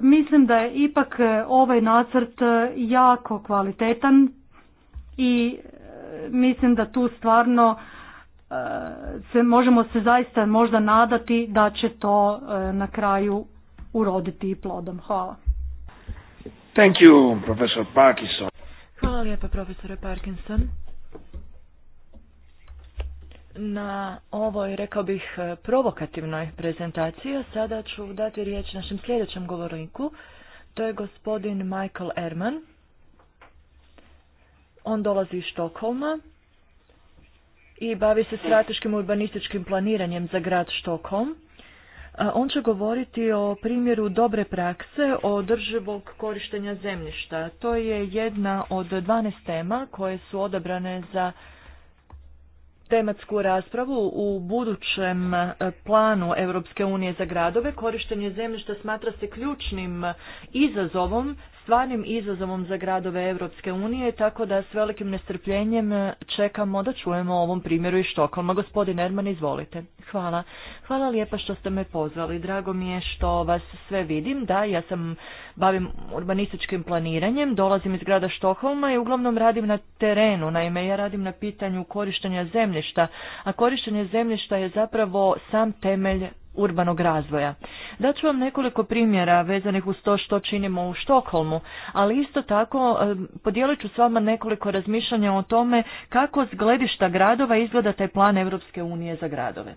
mislim da je ipak ovaj nacrt jako kvalitetan i mislim da tu stvarno se, možemo se zaista možda nadati da će to e, na kraju uroditi i plodom. Hvala. Thank you, profesor Parkinson. Hvala lijepa, profesore Parkinson. Na ovoj, rekao bih, e, provokativnoj prezentaciji sada ću dati riječ našem sljedećem govorniku. To je gospodin Michael Erman. On dolazi iz Štokholma i bavi se strateškim urbanističkim planiranjem za grad Štokholm. On će govoriti o primjeru dobre prakse održivog korištenja zemljišta. To je jedna od 12 tema koje su odabrane za tematsku raspravu u budućem planu Europske unije za gradove. Korištenje zemljišta smatra se ključnim izazovom stvarnim izazovom za gradove Europske unije, tako da s velikim nestrpljenjem e, čekamo da čujemo o ovom primjeru iz Štokolma. Gospodin Erman, izvolite. Hvala. Hvala lijepa što ste me pozvali. Drago mi je što vas sve vidim. Da, ja sam bavim urbanističkim planiranjem, dolazim iz grada Štokolma i uglavnom radim na terenu. Naime, ja radim na pitanju korištenja zemljišta, a korištenje zemljišta je zapravo sam temelj urbanog razvoja. Daću vam nekoliko primjera vezanih uz to što činimo u Štokholmu, ali isto tako podijelit ću s vama nekoliko razmišljanja o tome kako s gledišta gradova izgleda taj plan Europske unije za gradove.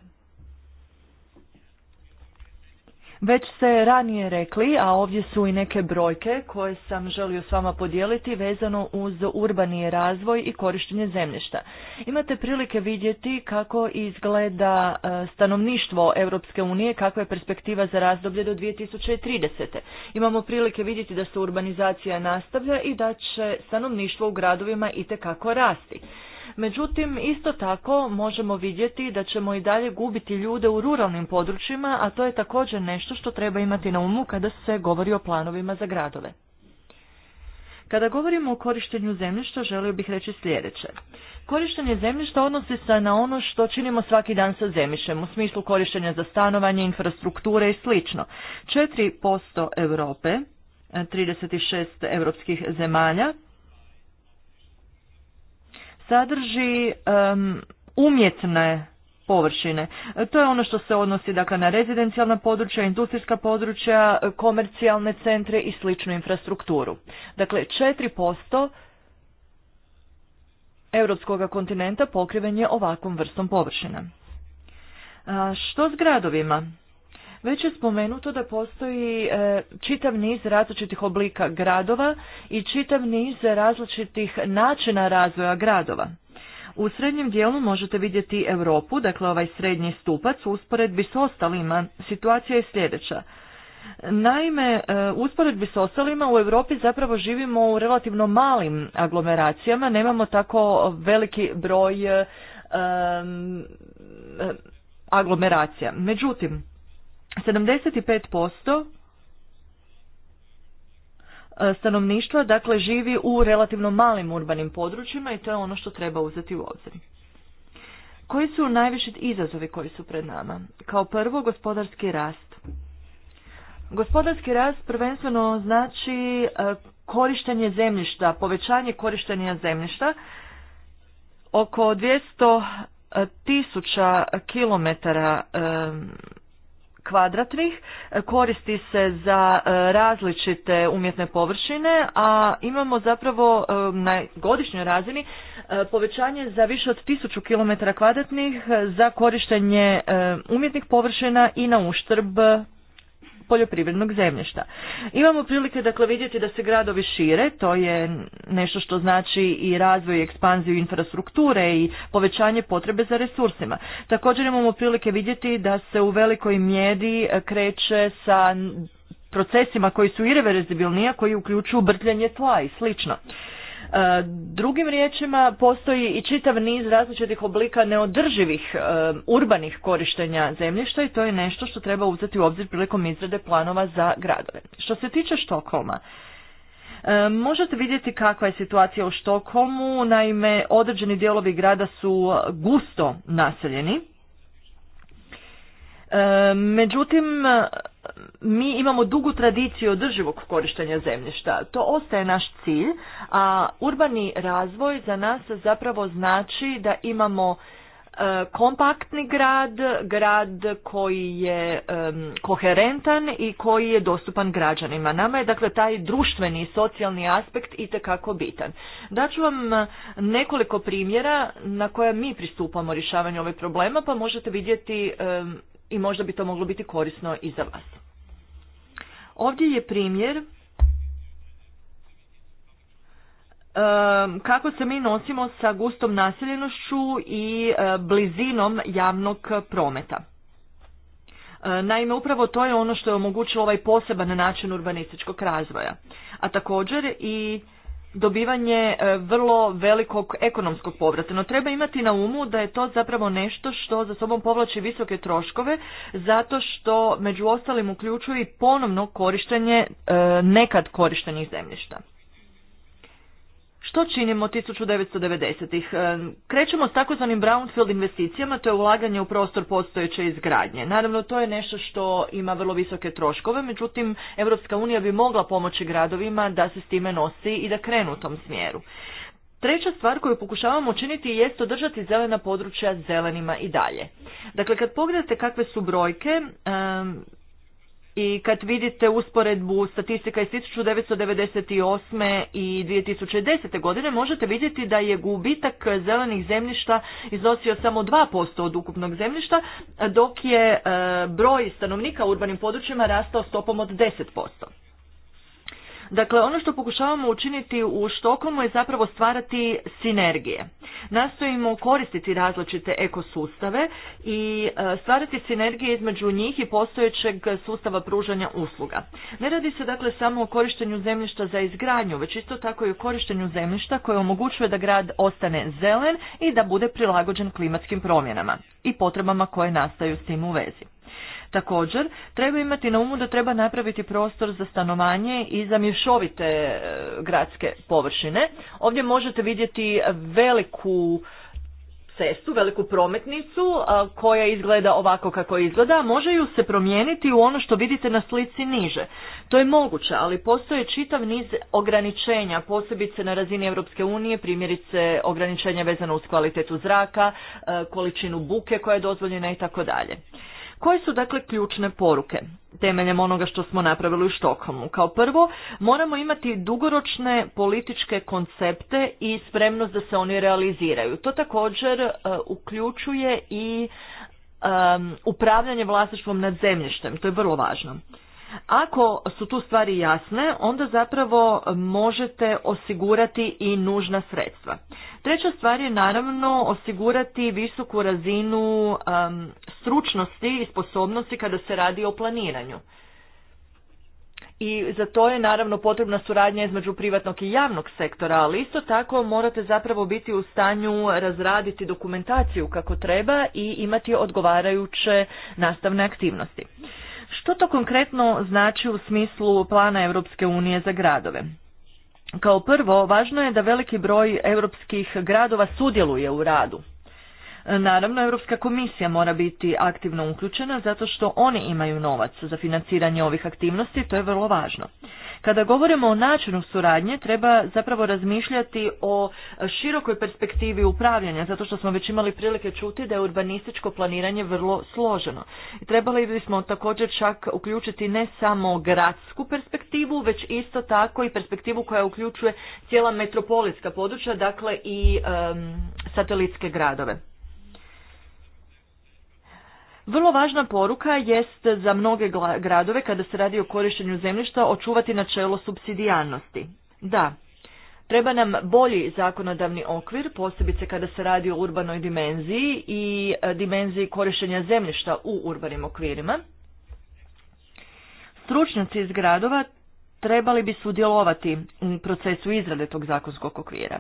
Već ste ranije rekli, a ovdje su i neke brojke koje sam želio s vama podijeliti vezano uz urbani razvoj i korištenje zemljišta. Imate prilike vidjeti kako izgleda e, stanovništvo Europske unije, kakva je perspektiva za razdoblje do 2030. Imamo prilike vidjeti da se urbanizacija nastavlja i da će stanovništvo u gradovima itekako rasti. Međutim, isto tako možemo vidjeti da ćemo i dalje gubiti ljude u ruralnim područjima, a to je također nešto što treba imati na umu kada se govori o planovima za gradove. Kada govorimo o korištenju zemljišta, želio bih reći sljedeće. Korištenje zemljišta odnosi se na ono što činimo svaki dan sa zemljištem, u smislu korištenja za stanovanje, infrastrukture i sl. 4% Europe, 36 europskih zemalja, sadrži umjetne površine. To je ono što se odnosi dakle, na rezidencijalna područja, industrijska područja, komercijalne centre i sličnu infrastrukturu. Dakle, 4% europskog kontinenta pokriven je ovakvom vrstom površina. što s gradovima? Već je spomenuto da postoji e, čitav niz različitih oblika gradova i čitav niz različitih načina razvoja gradova. U srednjem dijelu možete vidjeti Europu, dakle ovaj srednji stupac u usporedbi s ostalima. Situacija je sljedeća. Naime, e, u usporedbi s ostalima u Europi zapravo živimo u relativno malim aglomeracijama, nemamo tako veliki broj e, aglomeracija. Međutim, 75% e, stanovništva dakle živi u relativno malim urbanim područjima i to je ono što treba uzeti u obzir. Koji su najviši izazovi koji su pred nama? Kao prvo gospodarski rast. Gospodarski rast prvenstveno znači e, korištenje zemljišta, povećanje korištenja zemljišta. Oko 200 tisuća kilometara e, kvadratnih, e, koristi se za e, različite umjetne površine, a imamo zapravo e, na godišnjoj razini povećanje za više od 1000 km kvadratnih za korištenje umjetnih površina i na uštrb poljoprivrednog zemljišta. Imamo prilike dakle vidjeti da se gradovi šire, to je nešto što znači i razvoj i ekspanziju infrastrukture i povećanje potrebe za resursima. Također imamo prilike vidjeti da se u velikoj mjedi eh, kreće sa procesima koji su irreverzibilni, a koji uključuju brtljanje tla i slično. E, drugim riječima postoji i čitav niz različitih oblika neodrživih e, urbanih korištenja zemljišta i to je nešto što treba uzeti u obzir prilikom izrade planova za gradove. Što se tiče Štokholma, e, Možete vidjeti kakva je situacija u Štokholmu, naime određeni dijelovi grada su gusto naseljeni, E, međutim, mi imamo dugu tradiciju održivog korištenja zemljišta. To ostaje naš cilj, a urbani razvoj za nas zapravo znači da imamo e, kompaktni grad, grad koji je e, koherentan i koji je dostupan građanima. Nama je dakle taj društveni i socijalni aspekt itekako bitan. Daću vam nekoliko primjera na koje mi pristupamo rješavanju ovih problema pa možete vidjeti i možda bi to moglo biti korisno i za vas. Ovdje je primjer kako se mi nosimo sa gustom naseljenošću i e, blizinom javnog prometa. E, naime, upravo to je ono što je omogućilo ovaj poseban način urbanističkog razvoja. A također i dobivanje e, vrlo velikog ekonomskog povrata. No treba imati na umu da je to zapravo nešto što za sobom povlači visoke troškove zato što među ostalim uključuje i ponovno korištenje e, nekad korištenih zemljišta. Što činimo 1990-ih? E, krećemo s takozvanim brownfield investicijama, to je ulaganje u prostor postojeće izgradnje. Naravno, to je nešto što ima vrlo visoke troškove, međutim, Europska unija bi mogla pomoći gradovima da se s time nosi i da krenu u tom smjeru. Treća stvar koju pokušavamo učiniti jest održati zelena područja zelenima i dalje. Dakle, kad pogledate kakve su brojke, i kad vidite usporedbu statistika iz 1998. i 2010. godine možete vidjeti da je gubitak zelenih zemljišta iznosio samo 2% od ukupnog zemljišta, dok je e, broj stanovnika u urbanim područjima rastao stopom od 10%. Dakle, ono što pokušavamo učiniti u Štokomu je zapravo stvarati sinergije. Nastojimo koristiti različite ekosustave i e, stvarati sinergije između njih i postojećeg sustava pružanja usluga. Ne radi se dakle samo o korištenju zemljišta za izgradnju, već isto tako i o korištenju zemljišta koje omogućuje da grad ostane zelen i da bude prilagođen klimatskim promjenama i potrebama koje nastaju s tim u vezi. Također, treba imati na umu da treba napraviti prostor za stanovanje i za mješovite e, gradske površine. Ovdje možete vidjeti veliku cestu, veliku prometnicu e, koja izgleda ovako kako izgleda, može ju se promijeniti u ono što vidite na slici niže. To je moguće, ali postoje čitav niz ograničenja, posebice na razini Europske unije, primjerice ograničenja vezano uz kvalitetu zraka, e, količinu buke koja je dozvoljena i tako dalje. Koje su dakle ključne poruke temeljem onoga što smo napravili u Štokomu? Kao prvo, moramo imati dugoročne političke koncepte i spremnost da se oni realiziraju. To također e, uključuje i e, upravljanje vlasništvom nad zemljištem. To je vrlo važno. Ako su tu stvari jasne, onda zapravo možete osigurati i nužna sredstva. Treća stvar je naravno osigurati visoku razinu stručnosti i sposobnosti kada se radi o planiranju. I za to je naravno potrebna suradnja između privatnog i javnog sektora, ali isto tako morate zapravo biti u stanju razraditi dokumentaciju kako treba i imati odgovarajuće nastavne aktivnosti. Što to konkretno znači u smislu plana Europske unije za gradove? Kao prvo, važno je da veliki broj europskih gradova sudjeluje u radu Naravno, Europska komisija mora biti aktivno uključena zato što oni imaju novac za financiranje ovih aktivnosti, to je vrlo važno. Kada govorimo o načinu suradnje, treba zapravo razmišljati o širokoj perspektivi upravljanja, zato što smo već imali prilike čuti da je urbanističko planiranje vrlo složeno. Trebali bismo također čak uključiti ne samo gradsku perspektivu, već isto tako i perspektivu koja uključuje cijela metropolitska područja, dakle i satelitske gradove. Vrlo važna poruka jest za mnoge gradove kada se radi o korištenju zemljišta očuvati načelo subsidijalnosti. Da, treba nam bolji zakonodavni okvir, posebice kada se radi o urbanoj dimenziji i e, dimenziji korištenja zemljišta u urbanim okvirima. Stručnjaci iz gradova trebali bi sudjelovati u procesu izrade tog zakonskog okvira.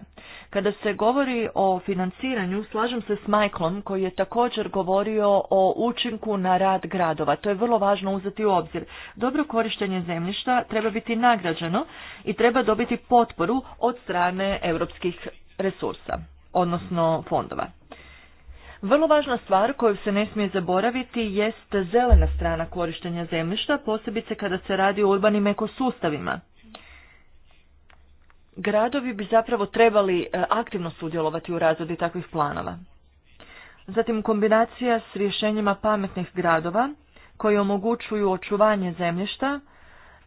Kada se govori o financiranju, slažem se s Michaelom koji je također govorio o učinku na rad gradova. To je vrlo važno uzeti u obzir. Dobro korištenje zemljišta treba biti nagrađeno i treba dobiti potporu od strane europskih resursa, odnosno fondova. Vrlo važna stvar koju se ne smije zaboraviti jest zelena strana korištenja zemljišta, posebice kada se radi o urbanim ekosustavima. Gradovi bi zapravo trebali e, aktivno sudjelovati u razvodi takvih planova. Zatim kombinacija s rješenjima pametnih gradova koji omogućuju očuvanje zemljišta,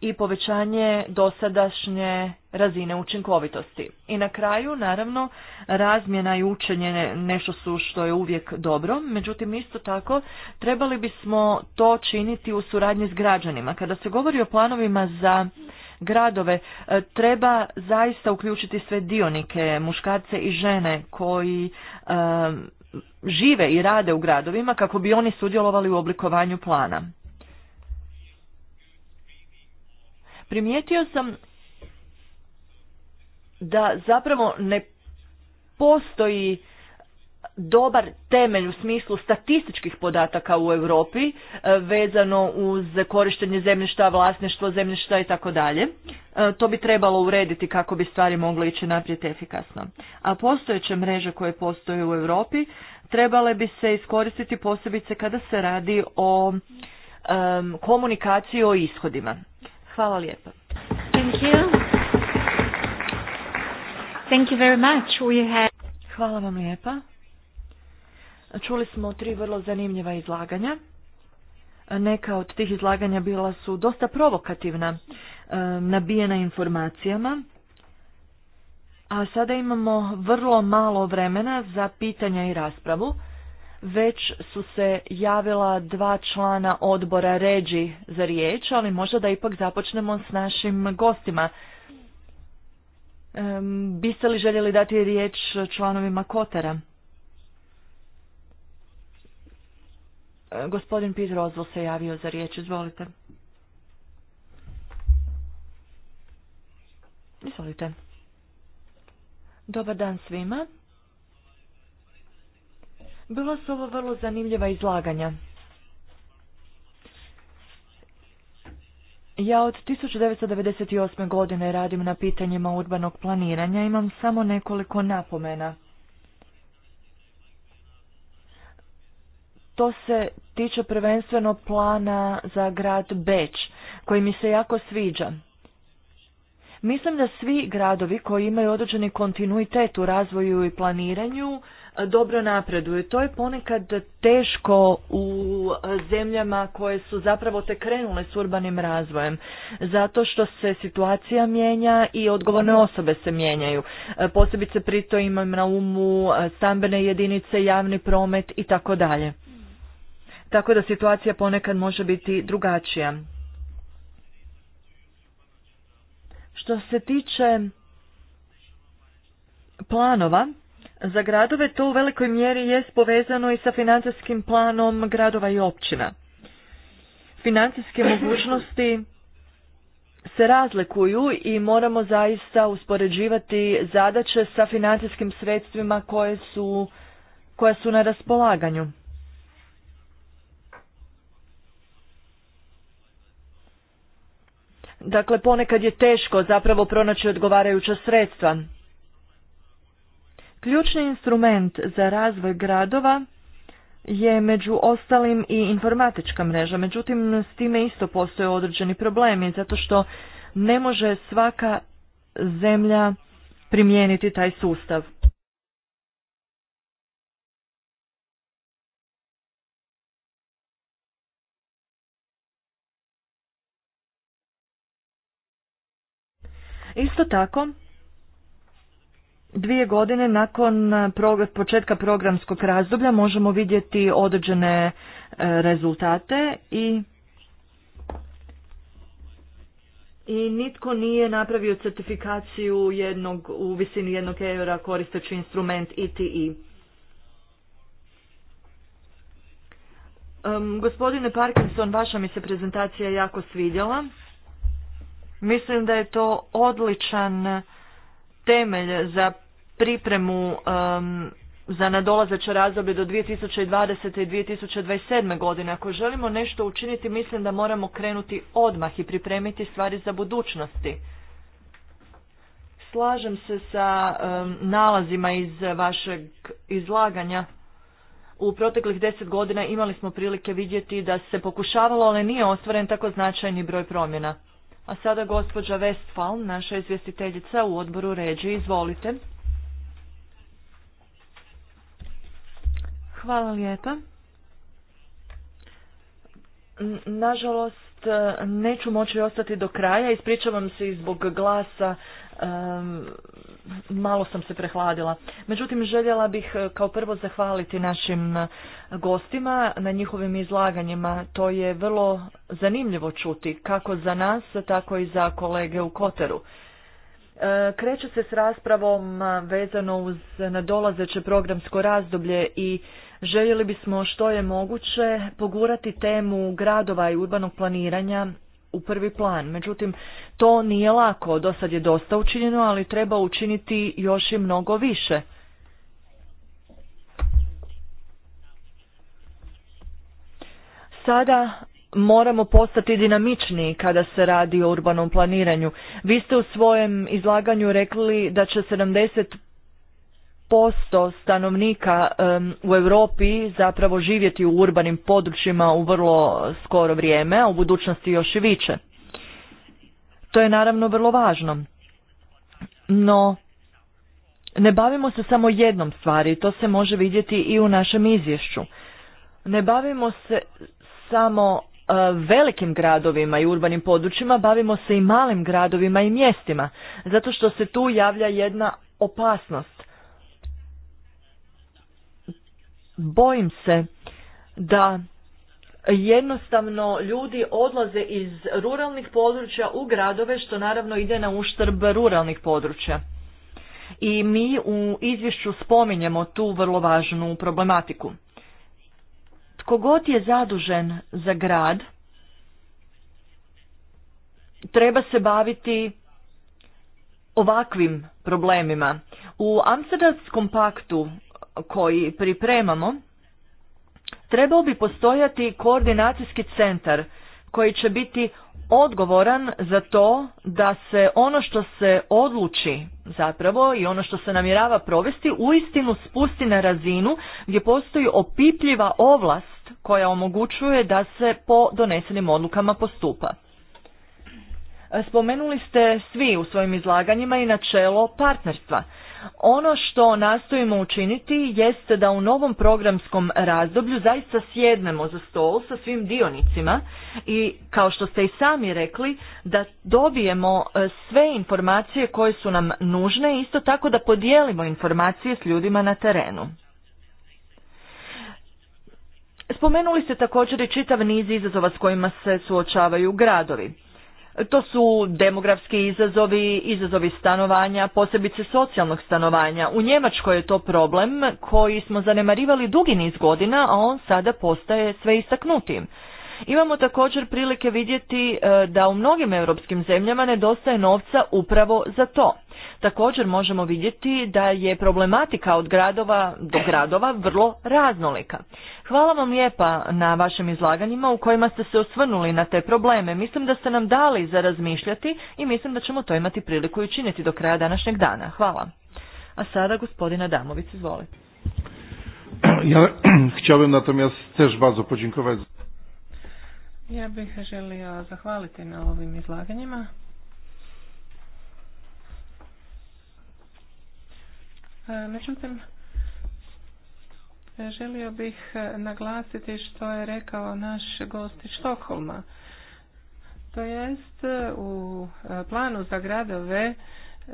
i povećanje dosadašnje razine učinkovitosti. I na kraju, naravno, razmjena i učenje nešto su što je uvijek dobro, međutim isto tako trebali bismo to činiti u suradnji s građanima. Kada se govori o planovima za gradove, e, treba zaista uključiti sve dionike, muškarce i žene koji e, žive i rade u gradovima kako bi oni sudjelovali u oblikovanju plana. primijetio sam da zapravo ne postoji dobar temelj u smislu statističkih podataka u Europi e, vezano uz korištenje zemljišta, vlasništvo zemljišta i tako dalje. E, to bi trebalo urediti kako bi stvari mogle ići naprijed efikasno. A postojeće mreže koje postoje u Europi trebale bi se iskoristiti posebice kada se radi o komunikaciji o ishodima. Hvala lijepa. Thank you. Thank you very much. We have... Hvala vam lijepa. Čuli smo tri vrlo zanimljiva izlaganja. Neka od tih izlaganja bila su dosta provokativna, e, nabijena informacijama. A sada imamo vrlo malo vremena za pitanja i raspravu već su se javila dva člana odbora ređi za riječ, ali možda da ipak započnemo s našim gostima. biste li željeli dati riječ članovima Kotara? E, gospodin Pit Rozvol se javio za riječ, izvolite. Izvolite. Dobar dan svima. Bila su ovo vrlo zanimljiva izlaganja. Ja od 1998. godine radim na pitanjima urbanog planiranja, imam samo nekoliko napomena. To se tiče prvenstveno plana za grad Beč, koji mi se jako sviđa. Mislim da svi gradovi koji imaju određeni kontinuitet u razvoju i planiranju E, dobro napreduju. To je ponekad teško u e, zemljama koje su zapravo te krenule s urbanim razvojem, zato što se situacija mijenja i odgovorne osobe se mijenjaju. E, posebice prito imam na umu stambene jedinice, javni promet i tako dalje. Tako da situacija ponekad može biti drugačija. Što se tiče planova, za gradove to u velikoj mjeri je povezano i sa financijskim planom gradova i općina. Financijske mogućnosti se razlikuju i moramo zaista uspoređivati zadaće sa financijskim sredstvima koje su, koja su na raspolaganju. Dakle, ponekad je teško zapravo pronaći odgovarajuća sredstva. Ključni instrument za razvoj gradova je među ostalim i informatička mreža, međutim s time isto postoje određeni problemi zato što ne može svaka zemlja primijeniti taj sustav. Isto tako, Dvije godine nakon eh, početka programskog razdoblja možemo vidjeti određene eh, rezultate i i nitko nije napravio certifikaciju jednog, u visini jednog eura koristeći instrument ITI. E um, e. gospodine Parkinson, vaša mi se prezentacija jako svidjela. Mislim da je to odličan temelj za pripremu um, za nadolazeće razdoblje do 2020. i 2027. godine. Ako želimo nešto učiniti, mislim da moramo krenuti odmah i pripremiti stvari za budućnosti. Slažem se sa um, nalazima iz vašeg izlaganja. U proteklih deset godina imali smo prilike vidjeti da se pokušavalo, ali nije ostvaren tako značajni broj promjena. A sada gospođa Westfall, naša izvjestiteljica u odboru ređe, Izvolite. Hvala lijepa. Nažalost, e, neću moći ostati do kraja. Ispričavam se i zbog glasa malo sam se prehladila. Međutim, željela bih e, kao prvo zahvaliti našim e, gostima na njihovim izlaganjima. To je vrlo zanimljivo čuti, kako za nas, tako i za kolege u Koteru. E, kreće se s raspravom vezano uz nadolazeće programsko razdoblje i željeli bismo što je moguće pogurati temu gradova i urbanog planiranja u prvi plan. Međutim, to nije lako, do sad je dosta učinjeno, ali treba učiniti još i mnogo više. Sada moramo postati dinamičniji kada se radi o urbanom planiranju. Vi ste u svojem izlaganju rekli da će posto stanovnika u Europi zapravo živjeti u urbanim područjima u vrlo skoro vrijeme, a u budućnosti još i više. To je naravno vrlo važno. No, ne bavimo se samo jednom stvari, to se može vidjeti i u našem izvješću. Ne bavimo se samo e, velikim gradovima i urbanim područjima, bavimo se i malim gradovima i mjestima, zato što se tu javlja jedna opasnost bojim se da jednostavno ljudi odlaze iz ruralnih područja u gradove što naravno ide na uštrb ruralnih područja. I mi u izvješću spominjemo tu vrlo važnu problematiku. Tko god je zadužen za grad, treba se baviti ovakvim problemima. U Amsterdamskom paktu koji pripremamo, trebao bi postojati koordinacijski centar koji će biti odgovoran za to da se ono što se odluči zapravo i ono što se namjerava provesti uistinu spusti na razinu gdje postoji opipljiva ovlast koja omogućuje da se po donesenim odlukama postupa. Spomenuli ste svi u svojim izlaganjima i načelo partnerstva. Ono što nastojimo učiniti jeste da u novom programskom razdoblju zaista sjednemo za stol sa svim dionicima i kao što ste i sami rekli da dobijemo e, sve informacije koje su nam nužne isto tako da podijelimo informacije s ljudima na terenu. Spomenuli ste također i čitav niz izazova s kojima se suočavaju gradovi. To su demografski izazovi, izazovi stanovanja, posebice socijalnog stanovanja. U Njemačkoj je to problem koji smo zanemarivali dugi niz godina, a on sada postaje sve istaknutim. Imamo također prilike vidjeti e, da u mnogim europskim zemljama nedostaje novca upravo za to. Također možemo vidjeti da je problematika od gradova do gradova vrlo raznolika. Hvala vam lijepa na vašim izlaganjima u kojima ste se osvrnuli na te probleme. Mislim da ste nam dali za razmišljati i mislim da ćemo to imati priliku i učiniti do kraja današnjeg dana. Hvala. A sada gospodina Damovic, izvolite. Ja bazo Ja bih želio zahvaliti na ovim izlaganjima. E, međutim, želio bih e, naglasiti što je rekao naš gost iz Štokholma. To jest, e, u planu za gradove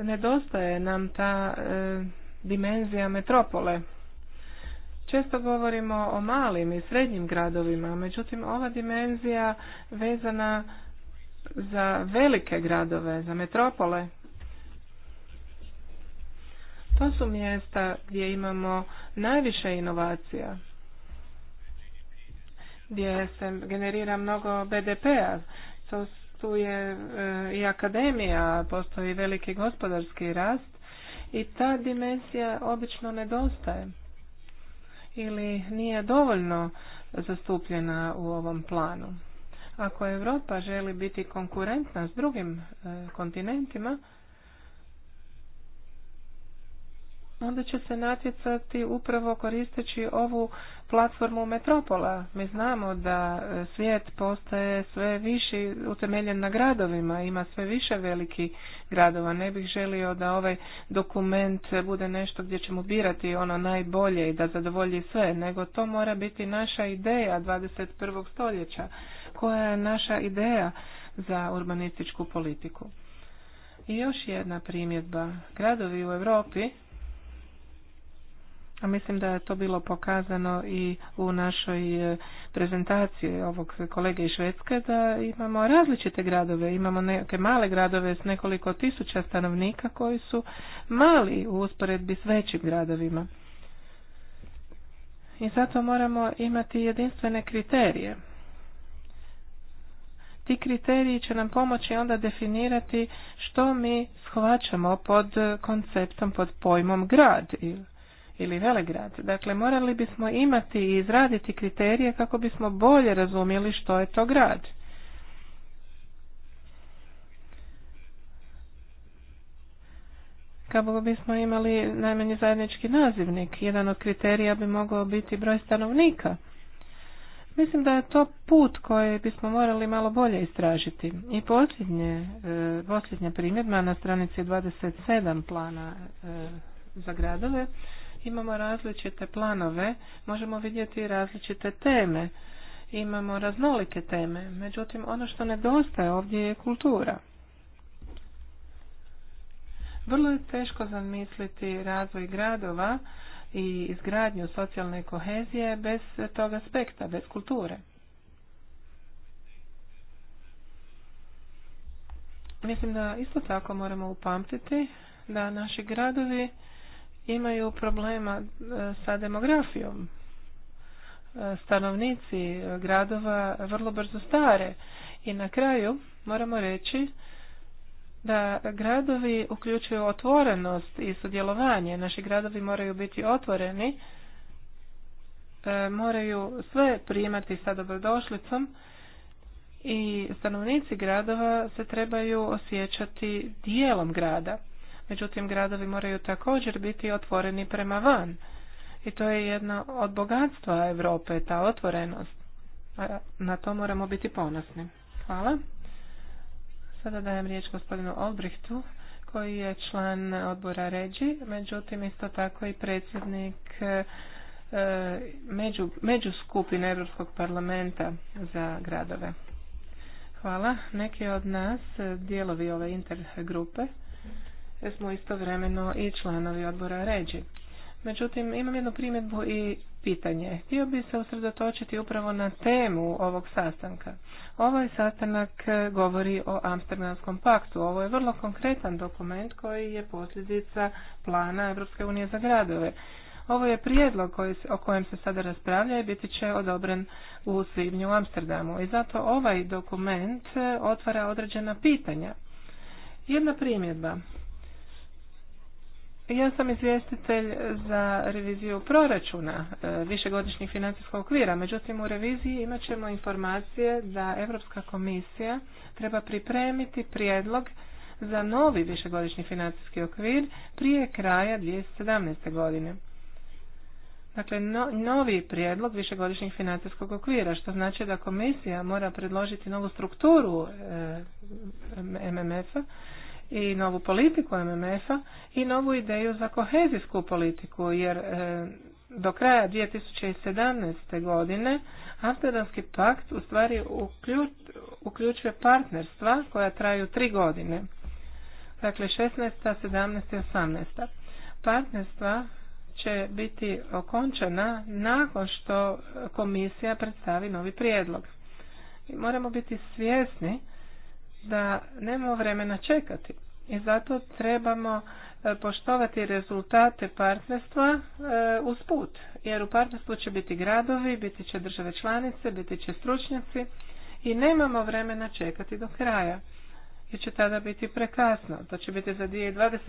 nedostaje nam ta dimenzija metropole. Često govorimo o malim i srednjim gradovima, međutim ova dimenzija vezana za velike gradove, za metropole, to su mjesta gdje imamo najviše inovacija, gdje se generira mnogo BDP-a. Tu je e, i akademija, postoji veliki gospodarski rast i ta dimenzija obično nedostaje ili nije dovoljno zastupljena u ovom planu. Ako Europa želi biti konkurentna s drugim e, kontinentima, onda će se natjecati upravo koristeći ovu platformu metropola. Mi znamo da e, svijet postaje sve više utemeljen na gradovima, ima sve više veliki gradova. Ne bih želio da ovaj dokument bude nešto gdje ćemo birati ono najbolje i da zadovolji sve, nego to mora biti naša ideja 21. stoljeća. Koja je naša ideja za urbanističku politiku? I još jedna primjedba. Gradovi u Europi a mislim da je to bilo pokazano i u našoj e, prezentaciji ovog kolege iz Švedske da imamo različite gradove. Imamo neke male gradove s nekoliko tisuća stanovnika koji su mali u usporedbi s većim gradovima. I zato moramo imati jedinstvene kriterije. Ti kriteriji će nam pomoći onda definirati što mi shvaćamo pod konceptom, pod pojmom grad ili velegrad. Dakle, morali bismo imati i izraditi kriterije kako bismo bolje razumjeli što je to grad. kako bismo imali najmanji zajednički nazivnik. Jedan od kriterija bi mogao biti broj stanovnika. Mislim da je to put koji bismo morali malo bolje istražiti. I posljednje, e, posljednja primjedba na stranici 27 plana e, za gradove imamo različite planove, možemo vidjeti različite teme, imamo raznolike teme, međutim ono što nedostaje ovdje je kultura. Vrlo je teško zamisliti razvoj gradova i izgradnju socijalne kohezije bez tog aspekta, bez kulture. Mislim da isto tako moramo upamtiti da naši gradovi imaju problema e, sa demografijom. E, stanovnici e, gradova vrlo brzo stare i na kraju moramo reći da gradovi uključuju otvorenost i sudjelovanje. Naši gradovi moraju biti otvoreni, moraju sve primati sa dobrodošlicom i stanovnici gradova se trebaju osjećati dijelom grada međutim gradovi moraju također biti otvoreni prema van. I to je jedno od bogatstva Europe, ta otvorenost. Na to moramo biti ponosni. Hvala. Sada dajem riječ gospodinu Olbrichtu koji je član odbora Ređi, međutim isto tako i predsjednik e, među, među Europskog parlamenta za gradove. Hvala. Neki od nas e, dijelovi ove intergrupe smo istovremeno i članovi odbora ređi. Međutim, imam jednu primjedbu i pitanje. Htio bi se usredotočiti upravo na temu ovog sastanka. Ovaj sastanak e, govori o Amsterdamskom paktu. Ovo je vrlo konkretan dokument koji je posljedica plana Europske unije za gradove. Ovo je prijedlog koji, o kojem se sada raspravlja i biti će odobren u svibnju u Amsterdamu. I zato ovaj dokument e, otvara određena pitanja. Jedna primjedba. Ja sam izvjestitelj za reviziju proračuna e, višegodišnjih financijskog okvira, međutim u reviziji imat ćemo informacije da Europska komisija treba pripremiti prijedlog za novi višegodišnji financijski okvir prije kraja 2017. godine. Dakle, novi prijedlog višegodišnjeg financijskog okvira, što znači da komisija mora predložiti novu strukturu e, MMF-a i novu politiku MMF-a i novu ideju za kohezijsku politiku, jer e, do kraja 2017. godine Amsterdamski pakt u stvari uključuje partnerstva koja traju tri godine. Dakle, 16., 17. i 18. Partnerstva će biti okončana nakon što komisija predstavi novi prijedlog. Moramo biti svjesni da nemamo vremena čekati i zato trebamo e, poštovati rezultate partnerstva e, uz put. Jer u partnerstvu će biti gradovi, biti će države članice, biti će stručnjaci i nemamo vremena čekati do kraja. Jer će tada biti prekasno. To će biti za 2027.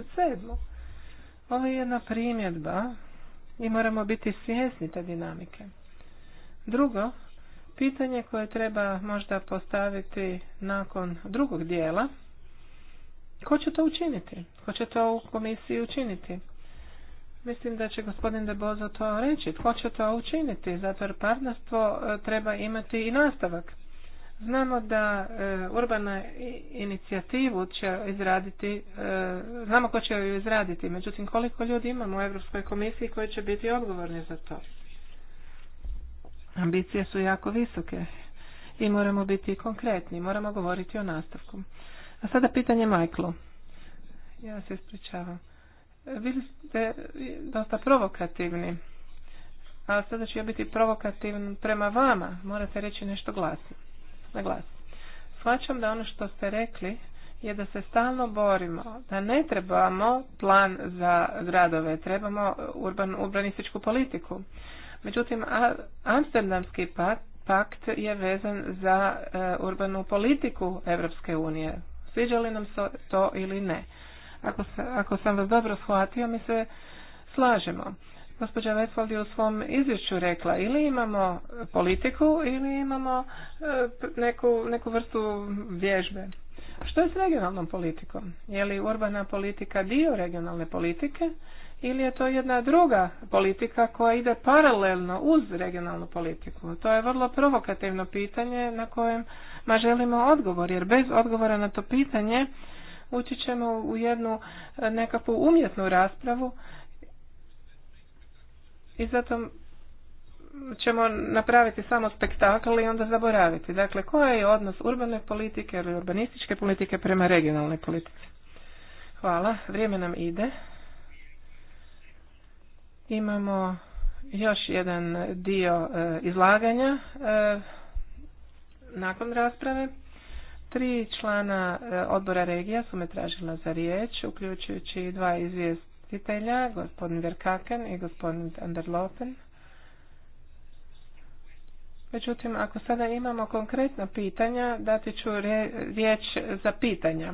Ovo je jedna primjedba i moramo biti svjesni te dinamike. Drugo, Pitanje koje treba možda postaviti nakon drugog dijela, ko će to učiniti? Ko će to u komisiji učiniti? Mislim da će gospodin De Bozo to reći. Tko će to učiniti? Zato jer partnerstvo e, treba imati i nastavak. Znamo da e, urbana inicijativu će izraditi, e, znamo ko će ju izraditi, međutim koliko ljudi imamo u Europskoj komisiji koji će biti odgovorni za to. Ambicije su jako visoke i moramo biti konkretni, moramo govoriti o nastavku. A sada pitanje Majklu. Ja se ispričavam. Bili ste dosta provokativni, a sada ću ja biti provokativan prema vama. Morate reći nešto glasno, na glas. Shvaćam da ono što ste rekli je da se stalno borimo, da ne trebamo plan za gradove, trebamo urban, urbanističku politiku. Međutim, Amsterdamski pa-, pakt je vezan za e, urbanu politiku Europske unije. Sviđa li nam se to ili ne? Ako, se, ako sam vas dobro shvatio, mi se slažemo. Gospođa Westfold je u svom izvješću rekla ili imamo politiku ili imamo e, neku, neku vrstu vježbe. Što je s regionalnom politikom? Je li urbana politika dio regionalne politike? ili je to jedna druga politika koja ide paralelno uz regionalnu politiku? To je vrlo provokativno pitanje na kojem ma želimo odgovor, jer bez odgovora na to pitanje ući ćemo u jednu e, nekakvu umjetnu raspravu i zato ćemo napraviti samo spektakl i onda zaboraviti. Dakle, koji je odnos urbane politike ili urbanističke politike prema regionalnoj politici? Hvala, vrijeme nam ide. Imamo još jedan dio e, izlaganja e, nakon rasprave. Tri člana e, odbora regija su me tražila za riječ, uključujući dva izvjestitelja, gospodin Verkaken i gospodin Anderlopen. Međutim, ako sada imamo konkretna pitanja, dati ću riječ za pitanja.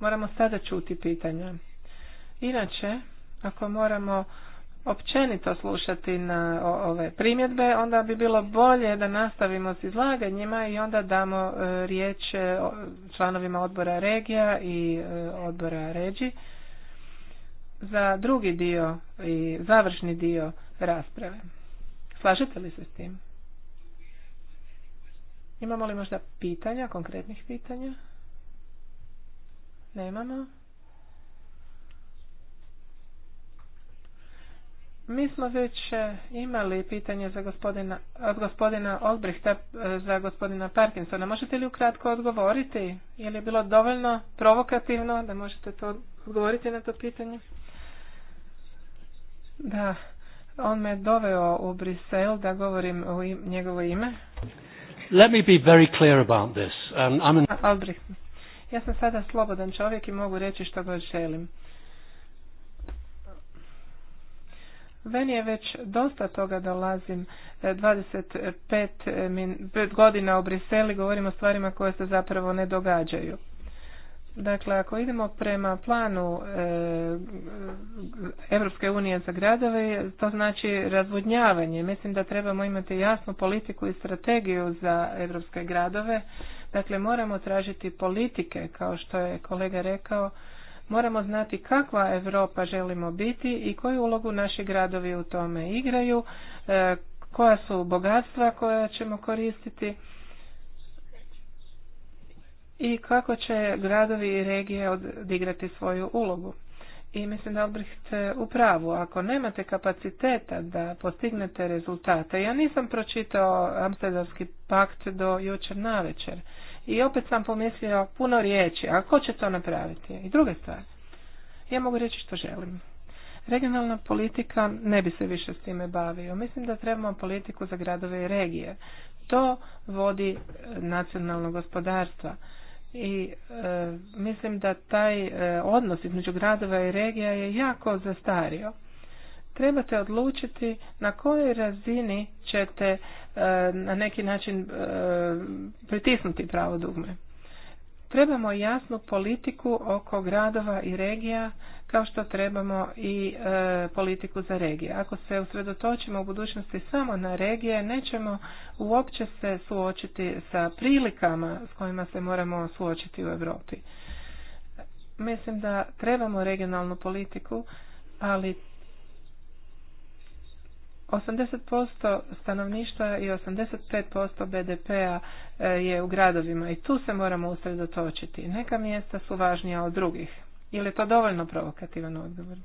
Moramo sada čuti pitanja. Inače, ako moramo općenito slušati na ove primjedbe, onda bi bilo bolje da nastavimo s izlaganjima i onda damo e, riječ e, članovima odbora regija i e, odbora ređi za drugi dio i završni dio rasprave. Slažete li se s tim? Imamo li možda pitanja, konkretnih pitanja? Nemamo. Mi smo već e, imali pitanje za gospodina, od gospodina Olbrihta e, za gospodina Parkinsona. Možete li ukratko odgovoriti? Je li bilo dovoljno provokativno da možete to odgovoriti na to pitanje? Da, on me doveo u Brisel da govorim u njegovo ime. Let me be very clear about this. Um, I'm an... Ja sam sada slobodan čovjek i mogu reći što god želim. Meni je već dosta toga dolazim 25 e, e, godina u Briseli, govorim o stvarima koje se zapravo ne događaju. Dakle, ako idemo prema planu Europske unije za gradove, to znači razvodnjavanje. Mislim da trebamo imati jasnu politiku i strategiju za europske gradove. Dakle, moramo tražiti politike, kao što je kolega rekao, Moramo znati kakva Europa želimo biti i koju ulogu naši gradovi u tome igraju, e, koja su bogatstva koja ćemo koristiti i kako će gradovi i regije odigrati svoju ulogu. I mislim da Albrecht u pravu, ako nemate kapaciteta da postignete rezultate, ja nisam pročitao Amsterdamski pakt do jučer navečer. I opet sam pomislio puno riječi, a ko će to napraviti? I druga stvar, ja mogu reći što želim. Regionalna politika ne bi se više s time bavio. Mislim da trebamo politiku za gradove i regije. To vodi e, nacionalno gospodarstva. I e, mislim da taj e, odnos između gradova i regija je jako zastario trebate odlučiti na kojoj razini ćete e, na neki način e, pritisnuti pravo dugme. Trebamo jasnu politiku oko gradova i regija kao što trebamo i e, politiku za regije. Ako se usredotočimo u budućnosti samo na regije, nećemo uopće se suočiti sa prilikama s kojima se moramo suočiti u Europi. Mislim da trebamo regionalnu politiku, ali 80% stanovništva i 85% BDP-a e, je u gradovima i tu se moramo usredotočiti. Neka mjesta su važnija od drugih. Je to dovoljno provokativan odgovor?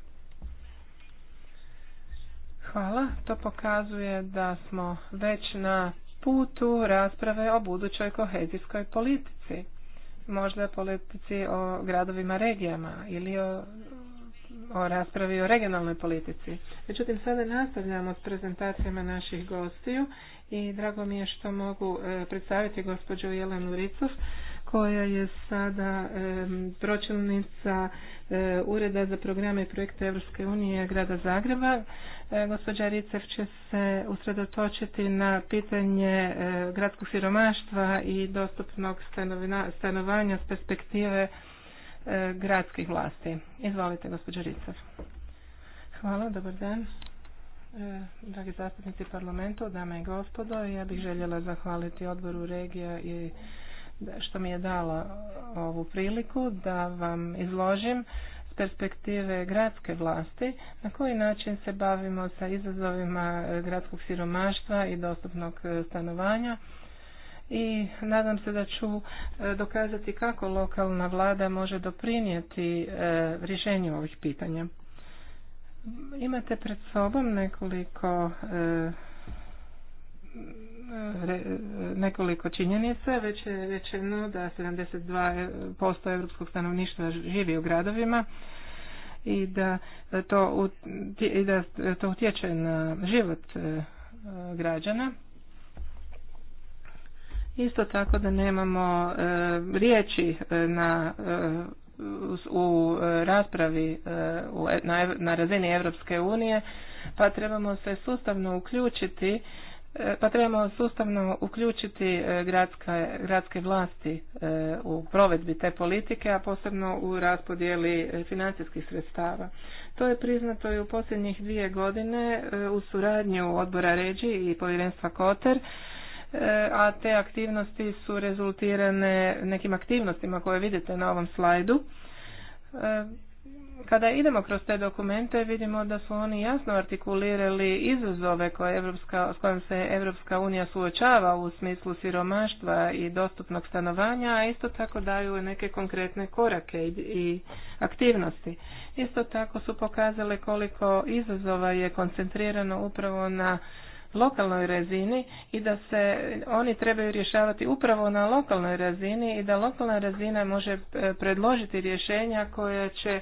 Hvala. To pokazuje da smo već na putu rasprave o budućoj kohezijskoj politici. Možda politici o gradovima, regijama ili o o raspravi o regionalnoj politici. Međutim, sada nastavljamo s prezentacijama naših gostiju i drago mi je što mogu e, predstaviti gospođu Jelenu Ricov koja je sada e, pročelnica e, Ureda za programe i projekte Evropske unije grada Zagreba. Gospođa Ricev će se usredotočiti na pitanje gradskog siromaštva i dostupnog stanovanja s perspektive E, gradskih vlasti. Izvolite, gospođo Ricav. Hvala, dobar dan. E, dragi zastupnici parlamentu, dame i gospodo, ja bih željela zahvaliti odboru regija i što mi je dala ovu priliku da vam izložim perspektive gradske vlasti na koji način se bavimo sa izazovima gradskog siromaštva i dostupnog stanovanja i nadam se da ću e, dokazati kako lokalna vlada može doprinijeti e, rješenju ovih pitanja. Imate pred sobom nekoliko e, nekoliko činjenica, već je rečeno da 72% europskog stanovništva živi u gradovima i da to, i da to utječe na život građana. Isto tako da nemamo riječi na u raspravi na razini Europske unije, pa trebamo se sustavno uključiti e, pa trebamo sustavno uključiti e, gradske, gradske vlasti e, u provedbi te politike, a posebno u raspodjeli financijskih sredstava. To je priznato i u posljednjih dvije godine u suradnju odbora Ređi i povjerenstva Koter a te aktivnosti su rezultirane nekim aktivnostima koje vidite na ovom slajdu. E, kada idemo kroz te dokumente vidimo da su oni jasno artikulirali izazove koje Evropska, s kojim se Evropska unija suočava u smislu siromaštva i dostupnog stanovanja, a isto tako daju neke konkretne korake i aktivnosti. Isto tako su pokazale koliko izazova je koncentrirano upravo na lokalnoj razini i da se oni trebaju rješavati upravo na lokalnoj razini i da lokalna razina može e, predložiti rješenja koja će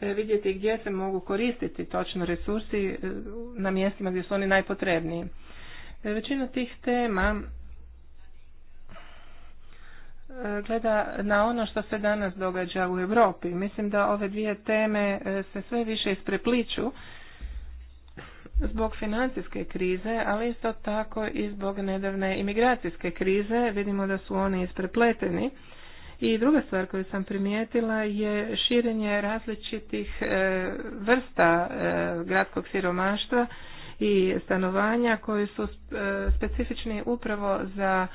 e, vidjeti gdje se mogu koristiti točno resursi e, na mjestima gdje su oni najpotrebniji. Većina tih tema gleda na ono što se danas događa u Europi. Mislim da ove dvije teme se sve više isprepliču zbog financijske krize, ali isto tako i zbog nedavne imigracijske krize. Vidimo da su oni isprepleteni. I druga stvar koju sam primijetila je širenje različitih e, vrsta e, gradskog siromaštva i stanovanja koji su e, specifični upravo za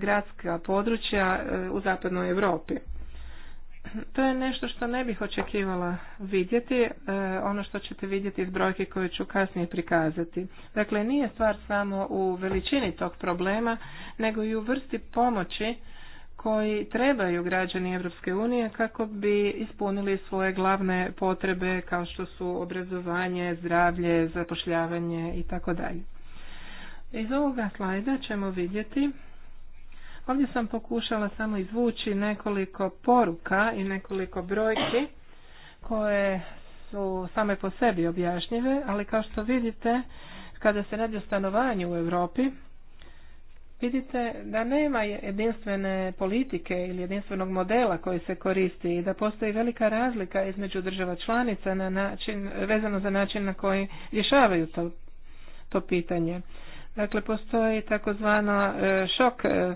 gradska područja u zapadnoj Europi to je nešto što ne bih očekivala vidjeti, e, ono što ćete vidjeti iz brojke koje ću kasnije prikazati. Dakle, nije stvar samo u veličini tog problema, nego i u vrsti pomoći koji trebaju građani Europske unije kako bi ispunili svoje glavne potrebe kao što su obrazovanje, zdravlje, zapošljavanje i tako dalje. Iz ovoga slajda ćemo vidjeti Ovdje sam pokušala samo izvući nekoliko poruka i nekoliko brojki koje su same po sebi objašnjive, ali kao što vidite, kada se radi o stanovanju u Europi, vidite da nema jedinstvene politike ili jedinstvenog modela koji se koristi i da postoji velika razlika između država članica na način, vezano za način na koji rješavaju to, to pitanje. Dakle, postoji takozvano e, šok e,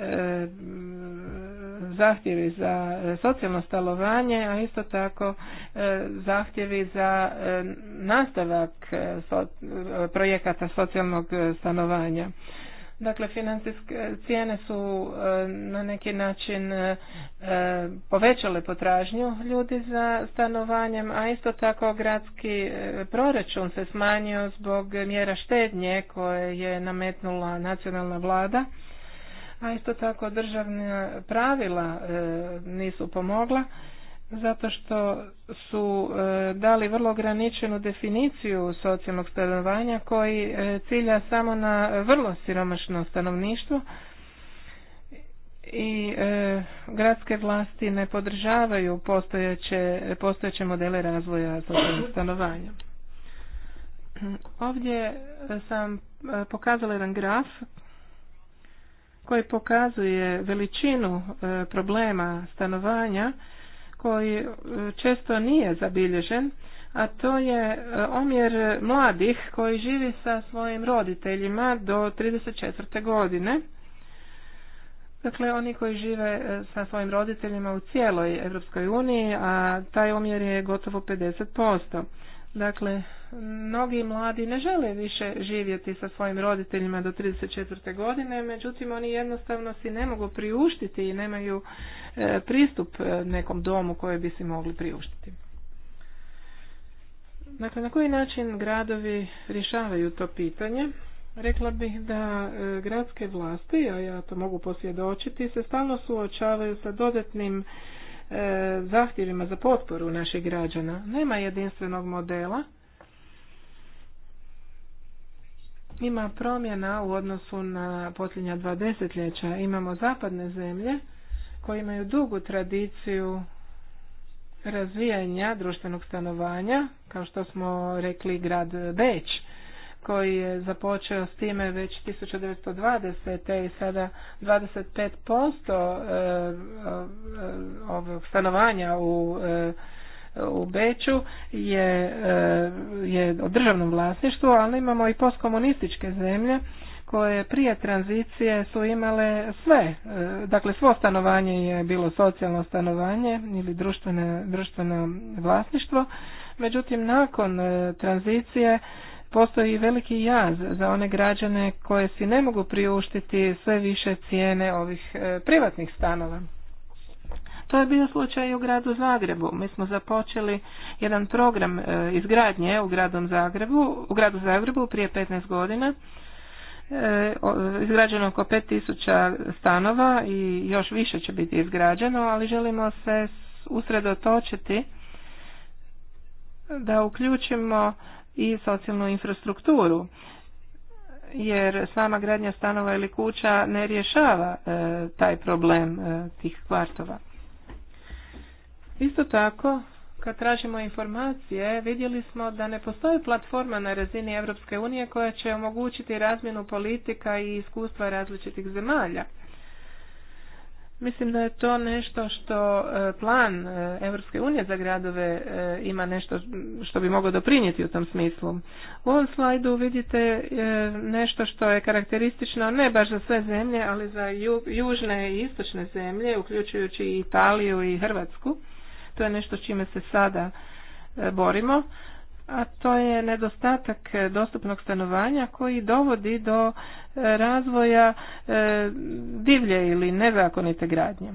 E, zahtjevi za e, socijalno stanovanje, a isto tako e, zahtjevi za nastavak projekata socijalnog stanovanja. Dakle, financijske cijene su na neki način povećale potražnju ljudi za stanovanjem, a isto tako gradski proračun se smanjio zbog mjera štednje koje je nametnula nacionalna vlada a isto tako državna pravila e, nisu pomogla zato što su e, dali vrlo ograničenu definiciju socijalnog stanovanja koji e, cilja samo na vrlo siromašno stanovništvo i gradske vlasti ne podržavaju postojeće, postojeće modele razvoja socijalnog stanovanja. Ovdje sam pokazala jedan graf koji pokazuje veličinu e, problema stanovanja koji e, često nije zabilježen, a to je e, omjer mladih koji živi sa svojim roditeljima do 34. godine. Dakle, oni koji žive sa svojim roditeljima u cijeloj Europskoj uniji, a taj omjer je gotovo 50%. Dakle, mnogi mladi ne žele više živjeti sa svojim roditeljima do 34. godine, međutim oni jednostavno si ne mogu priuštiti i nemaju e, pristup e, nekom domu koje bi si mogli priuštiti. Dakle, na koji način gradovi rješavaju to pitanje? Rekla bih da e, gradske vlasti, a ja to mogu posvjedočiti, se stalno suočavaju sa dodatnim E, zahtjevima za potporu naših građana. Nema jedinstvenog modela. Ima promjena u odnosu na posljednja dva desetljeća. Imamo zapadne zemlje koje imaju dugu tradiciju razvijanja društvenog stanovanja, kao što smo rekli grad Beč koji je započeo s time već 1920. i sada 25% e, e, ovog stanovanja u e, u Beću je, je o državnom vlasništvu, ali imamo i postkomunističke zemlje koje prije tranzicije su imale sve. Dakle, svo stanovanje je bilo socijalno stanovanje ili društveno, društveno vlasništvo. Međutim, nakon tranzicije postoji veliki jaz za one građane koje si ne mogu priuštiti sve više cijene ovih e, privatnih stanova. To je bio slučaj i u gradu Zagrebu. Mi smo započeli jedan program e, izgradnje u gradu Zagrebu, u gradu Zagrebu prije 15 godina. E, izgrađeno oko 5000 stanova i još više će biti izgrađeno, ali želimo se usredotočiti da uključimo i socijalnu infrastrukturu jer sama gradnja stanova ili kuća ne rješava e, taj problem e, tih kvartova. Isto tako, kad tražimo informacije, vidjeli smo da ne postoji platforma na razini Europske unije koja će omogućiti razmjenu politika i iskustva različitih zemalja. Mislim da je to nešto što e, plan Europske unije za gradove e, ima nešto što bi moglo doprinijeti u tom smislu. U ovom slajdu vidite e, nešto što je karakteristično ne baš za sve zemlje, ali za južne i istočne zemlje, uključujući i Italiju i Hrvatsku. To je nešto s čime se sada borimo a to je nedostatak e, dostupnog stanovanja koji dovodi do e, razvoja e, divlje ili nezakonite gradnje.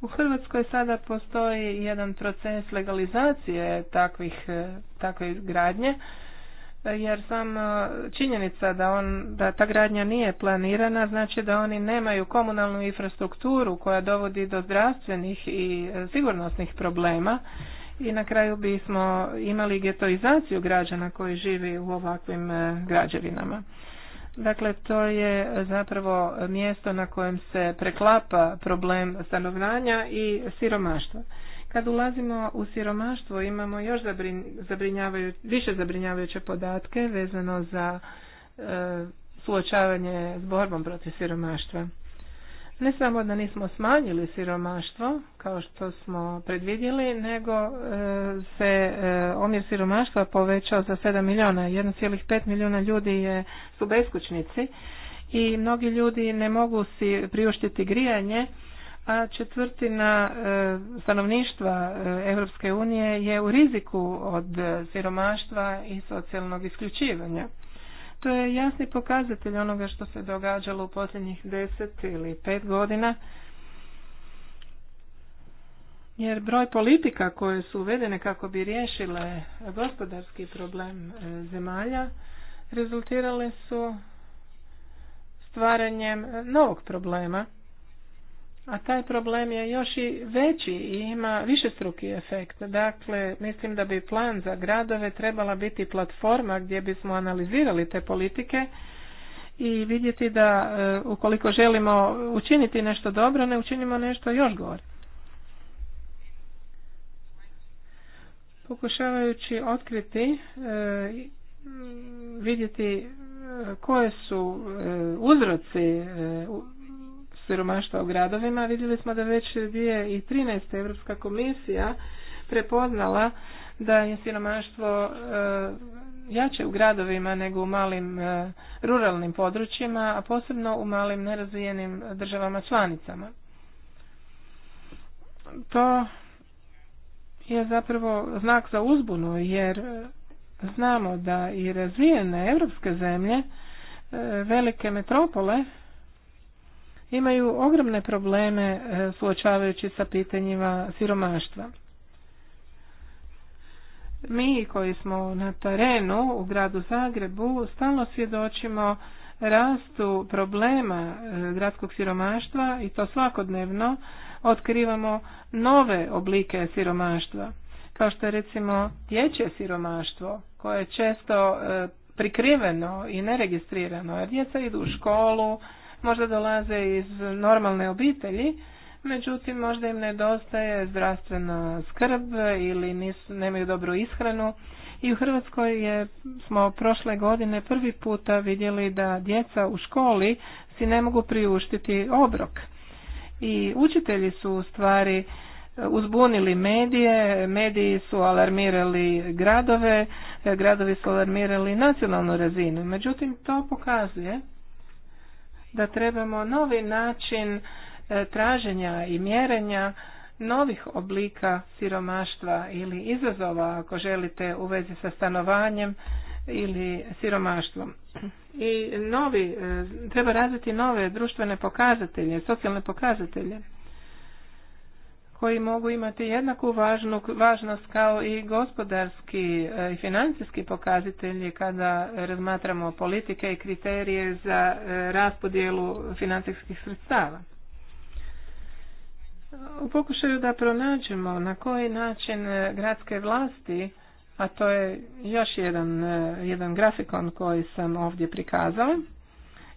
U Hrvatskoj sada postoji jedan proces legalizacije takvih, takve gradnje, jer sam činjenica da, on, da ta gradnja nije planirana znači da oni nemaju komunalnu infrastrukturu koja dovodi do zdravstvenih i sigurnosnih problema i na kraju bismo imali getoizaciju građana koji živi u ovakvim e, građevinama. Dakle, to je zapravo mjesto na kojem se preklapa problem stanovanja i siromaštva. Kad ulazimo u siromaštvo imamo još zabrinjavajuće, više zabrinjavajuće podatke vezano za e, suočavanje s borbom protiv siromaštva. Ne samo da nismo smanjili siromaštvo, kao što smo predvidjeli, nego e, se e, omjer siromaštva povećao za 7 milijuna. 1,5 milijuna ljudi je, su beskućnici i mnogi ljudi ne mogu si priuštiti grijanje, a četvrtina e, stanovništva Europske unije je u riziku od siromaštva i socijalnog isključivanja. To je jasni pokazatelj onoga što se događalo u posljednjih deset ili pet godina. Jer broj politika koje su uvedene kako bi riješile gospodarski problem e, zemalja rezultirale su stvaranjem novog problema a taj problem je još i veći i ima višestruki efekt. Dakle, mislim da bi plan za gradove trebala biti platforma gdje bismo analizirali te politike i vidjeti da e, ukoliko želimo učiniti nešto dobro, ne učinimo nešto još gore. Pokušavajući otkriti, e, vidjeti e, koje su uzroci siromaštva u gradovima, vidjeli smo da već 2013. Europska komisija prepoznala da je siromaštvo e, jače u gradovima nego u malim e, ruralnim područjima, a posebno u malim nerazvijenim državama članicama. To je zapravo znak za uzbunu jer znamo da i razvijene europske zemlje, e, velike metropole imaju ogromne probleme e, suočavajući sa pitanjima siromaštva. Mi koji smo na terenu u gradu Zagrebu stalno svjedočimo rastu problema e, gradskog siromaštva i to svakodnevno otkrivamo nove oblike siromaštva, kao što je recimo dječje siromaštvo koje je često e, prikriveno i neregistrirano, jer djeca idu u školu, možda dolaze iz normalne obitelji, međutim možda im nedostaje zdravstvena skrb ili nisu, nemaju dobru ishranu. I u Hrvatskoj je, smo prošle godine prvi puta vidjeli da djeca u školi si ne mogu priuštiti obrok. I učitelji su u stvari e, uzbunili medije, mediji su alarmirali gradove, e, gradovi su alarmirali nacionalnu razinu. Međutim, to pokazuje da trebamo novi način e, traženja i mjerenja novih oblika siromaštva ili izazova ako želite u vezi sa stanovanjem ili siromaštvom. I novi, e, treba razviti nove društvene pokazatelje, socijalne pokazatelje koji mogu imati jednaku važnu, važnost kao i gospodarski e, i financijski pokazatelji kada razmatramo politike i kriterije za e, raspodjelu financijskih sredstava. U pokušaju da pronađemo na koji način e, gradske vlasti, a to je još jedan, jedan grafikon koji sam ovdje prikazala,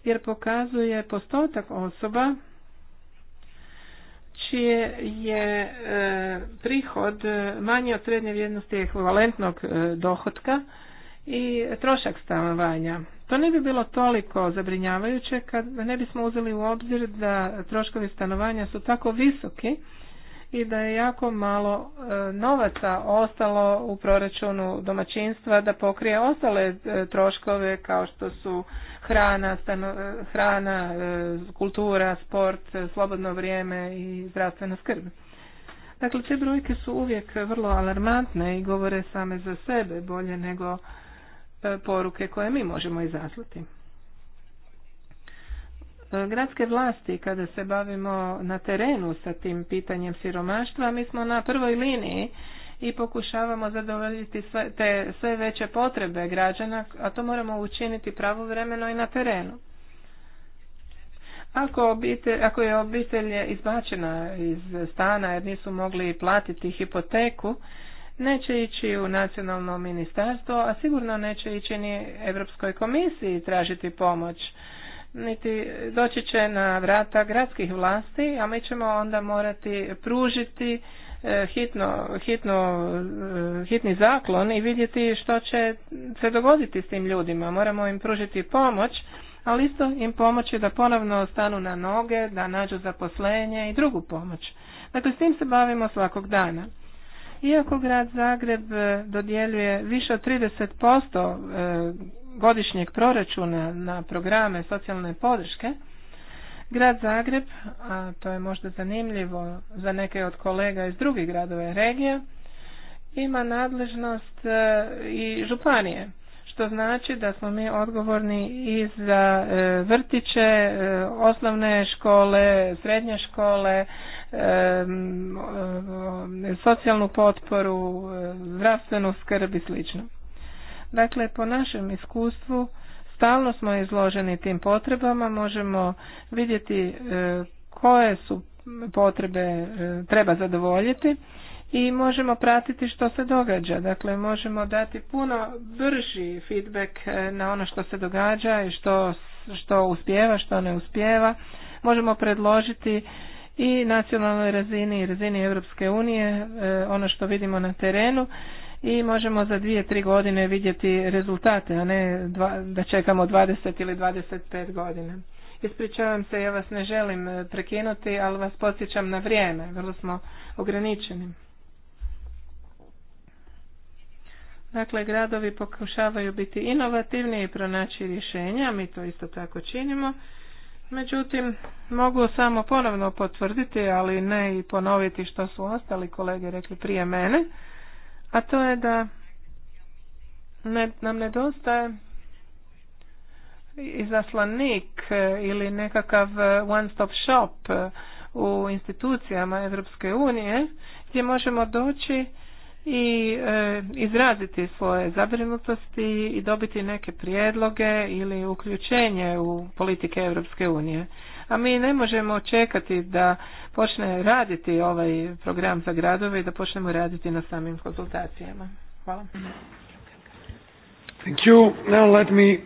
jer pokazuje postotak osoba čije je e, prihod e, manji od srednje vrijednosti ekvivalentnog e, dohotka i trošak stanovanja. To ne bi bilo toliko zabrinjavajuće kad ne bismo uzeli u obzir da troškovi stanovanja su tako visoki i da je jako malo e, novaca ostalo u proračunu domaćinstva da pokrije ostale e, troškove kao što su hrana, e, hrana, kultura, sport, slobodno vrijeme i zdravstvena skrb. Dakle, te brojke su uvijek vrlo alarmantne i govore same za sebe bolje nego poruke koje mi možemo izazvati. E, gradske vlasti kada se bavimo na terenu sa tim pitanjem siromaštva, mi smo na prvoj liniji i pokušavamo zadovoljiti sve, te sve veće potrebe građana, a to moramo učiniti pravovremeno i na terenu. Ako, obitelj, ako je obitelj izbačena iz stana jer nisu mogli platiti hipoteku, neće ići u nacionalno ministarstvo, a sigurno neće ići ni Europskoj komisiji tražiti pomoć niti doći će na vrata gradskih vlasti, a mi ćemo onda morati pružiti e, hitno, hitno, e, hitni zaklon i vidjeti što će se dogoditi s tim ljudima. Moramo im pružiti pomoć, ali isto im pomoći da ponovno stanu na noge, da nađu zaposlenje i drugu pomoć. Dakle, s tim se bavimo svakog dana. Iako grad Zagreb e, dodjeljuje više od 30% godišnjeg proračuna na programe socijalne podrške, Grad Zagreb, a to je možda zanimljivo za neke od kolega iz drugih gradova i regija, ima nadležnost e, i županije, što znači da smo mi odgovorni i za e, vrtiće, e, osnovne škole, srednje škole, socijalnu potporu, zdravstvenu skrb i slično. Dakle, po našem iskustvu stalno smo izloženi tim potrebama, možemo vidjeti e, koje su potrebe e, treba zadovoljiti i možemo pratiti što se događa. Dakle, možemo dati puno brži feedback e, na ono što se događa i što, što uspjeva, što ne uspjeva. Možemo predložiti i nacionalnoj razini i razini Europske unije ono što vidimo na terenu i možemo za dvije, tri godine vidjeti rezultate, a ne dva, da čekamo 20 ili 25 godina. Ispričavam se, ja vas ne želim e, prekinuti, ali vas podsjećam na vrijeme, vrlo smo ograničeni. Dakle, gradovi pokušavaju biti inovativni i pronaći rješenja, mi to isto tako činimo. Međutim, mogu samo ponovno potvrditi, ali ne i ponoviti što su ostali kolege rekli prije mene a to je da ne, nam nedostaje izaslanik eh, ili nekakav eh, one stop shop eh, u institucijama Europske unije gdje možemo doći i e, izraziti svoje zabrinutosti i dobiti neke prijedloge ili uključenje u politike Europske unije a mi ne možemo čekati da počne raditi ovaj program za gradove i da počnemo raditi na samim konzultacijama. Hvala. Thank you. Now let me...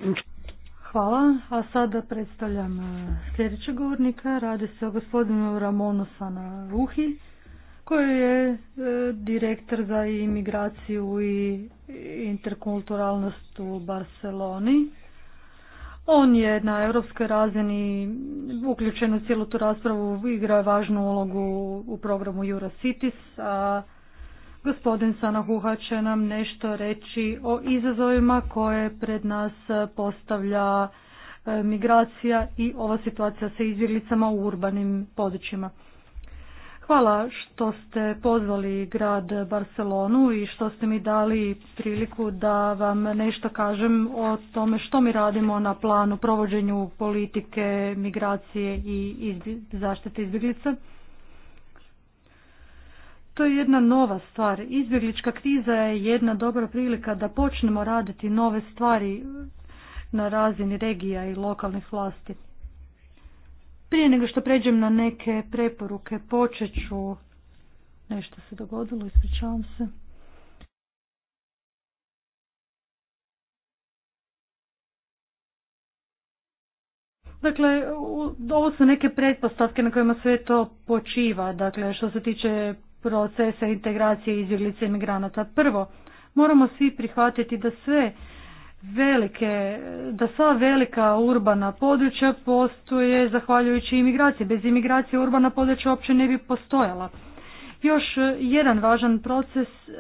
Hvala. A sada predstavljam e, sljedećeg govornika. Radi se o gospodinu Ramonu Ruhi koji je e, direktor za imigraciju i interkulturalnost u Barceloni. On je na europskoj razini uključen u cijelu tu raspravu, igra važnu ulogu u programu Eurocities, a gospodin Sanahuha će nam nešto reći o izazovima koje pred nas postavlja e, migracija i ova situacija sa izbjeglicama u urbanim područjima. Hvala što ste pozvali grad Barcelonu i što ste mi dali priliku da vam nešto kažem o tome što mi radimo na planu provođenju politike migracije i zaštite izbjeglica. To je jedna nova stvar. Izbjeglička kriza je jedna dobra prilika da počnemo raditi nove stvari na razini regija i lokalnih vlasti. Prije nego što pređem na neke preporuke, počet ću... Nešto se dogodilo, ispričavam se. Dakle, ovo su neke pretpostavke na kojima sve to počiva, dakle, što se tiče procesa integracije izbjeglice imigranata. Prvo, moramo svi prihvatiti da sve velike, da sva velika urbana područja postoje zahvaljujući imigraciji. Bez imigracije urbana područja uopće ne bi postojala. Još jedan važan proces, e,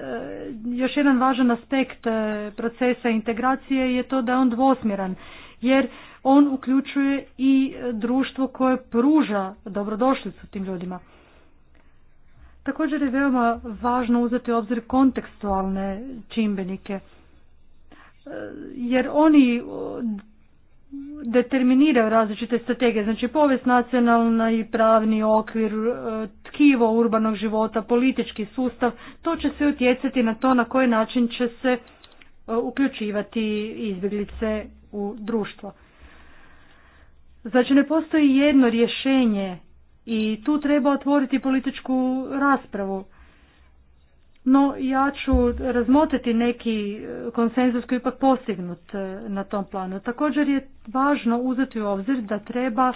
još jedan važan aspekt e, procesa integracije je to da je on dvosmjeran, jer on uključuje i društvo koje pruža dobrodošlicu tim ljudima. Također je veoma važno uzeti u obzir kontekstualne čimbenike – jer oni e, determiniraju različite strategije, znači povijest nacionalna i pravni okvir, e, tkivo urbanog života, politički sustav, to će se utjecati na to na koji način će se e, uključivati izbjeglice u društvo. Znači ne postoji jedno rješenje i tu treba otvoriti političku raspravu. No, ja ću razmotriti neki e, konsenzus koji je ipak postignut e, na tom planu. Također je važno uzeti u obzir da treba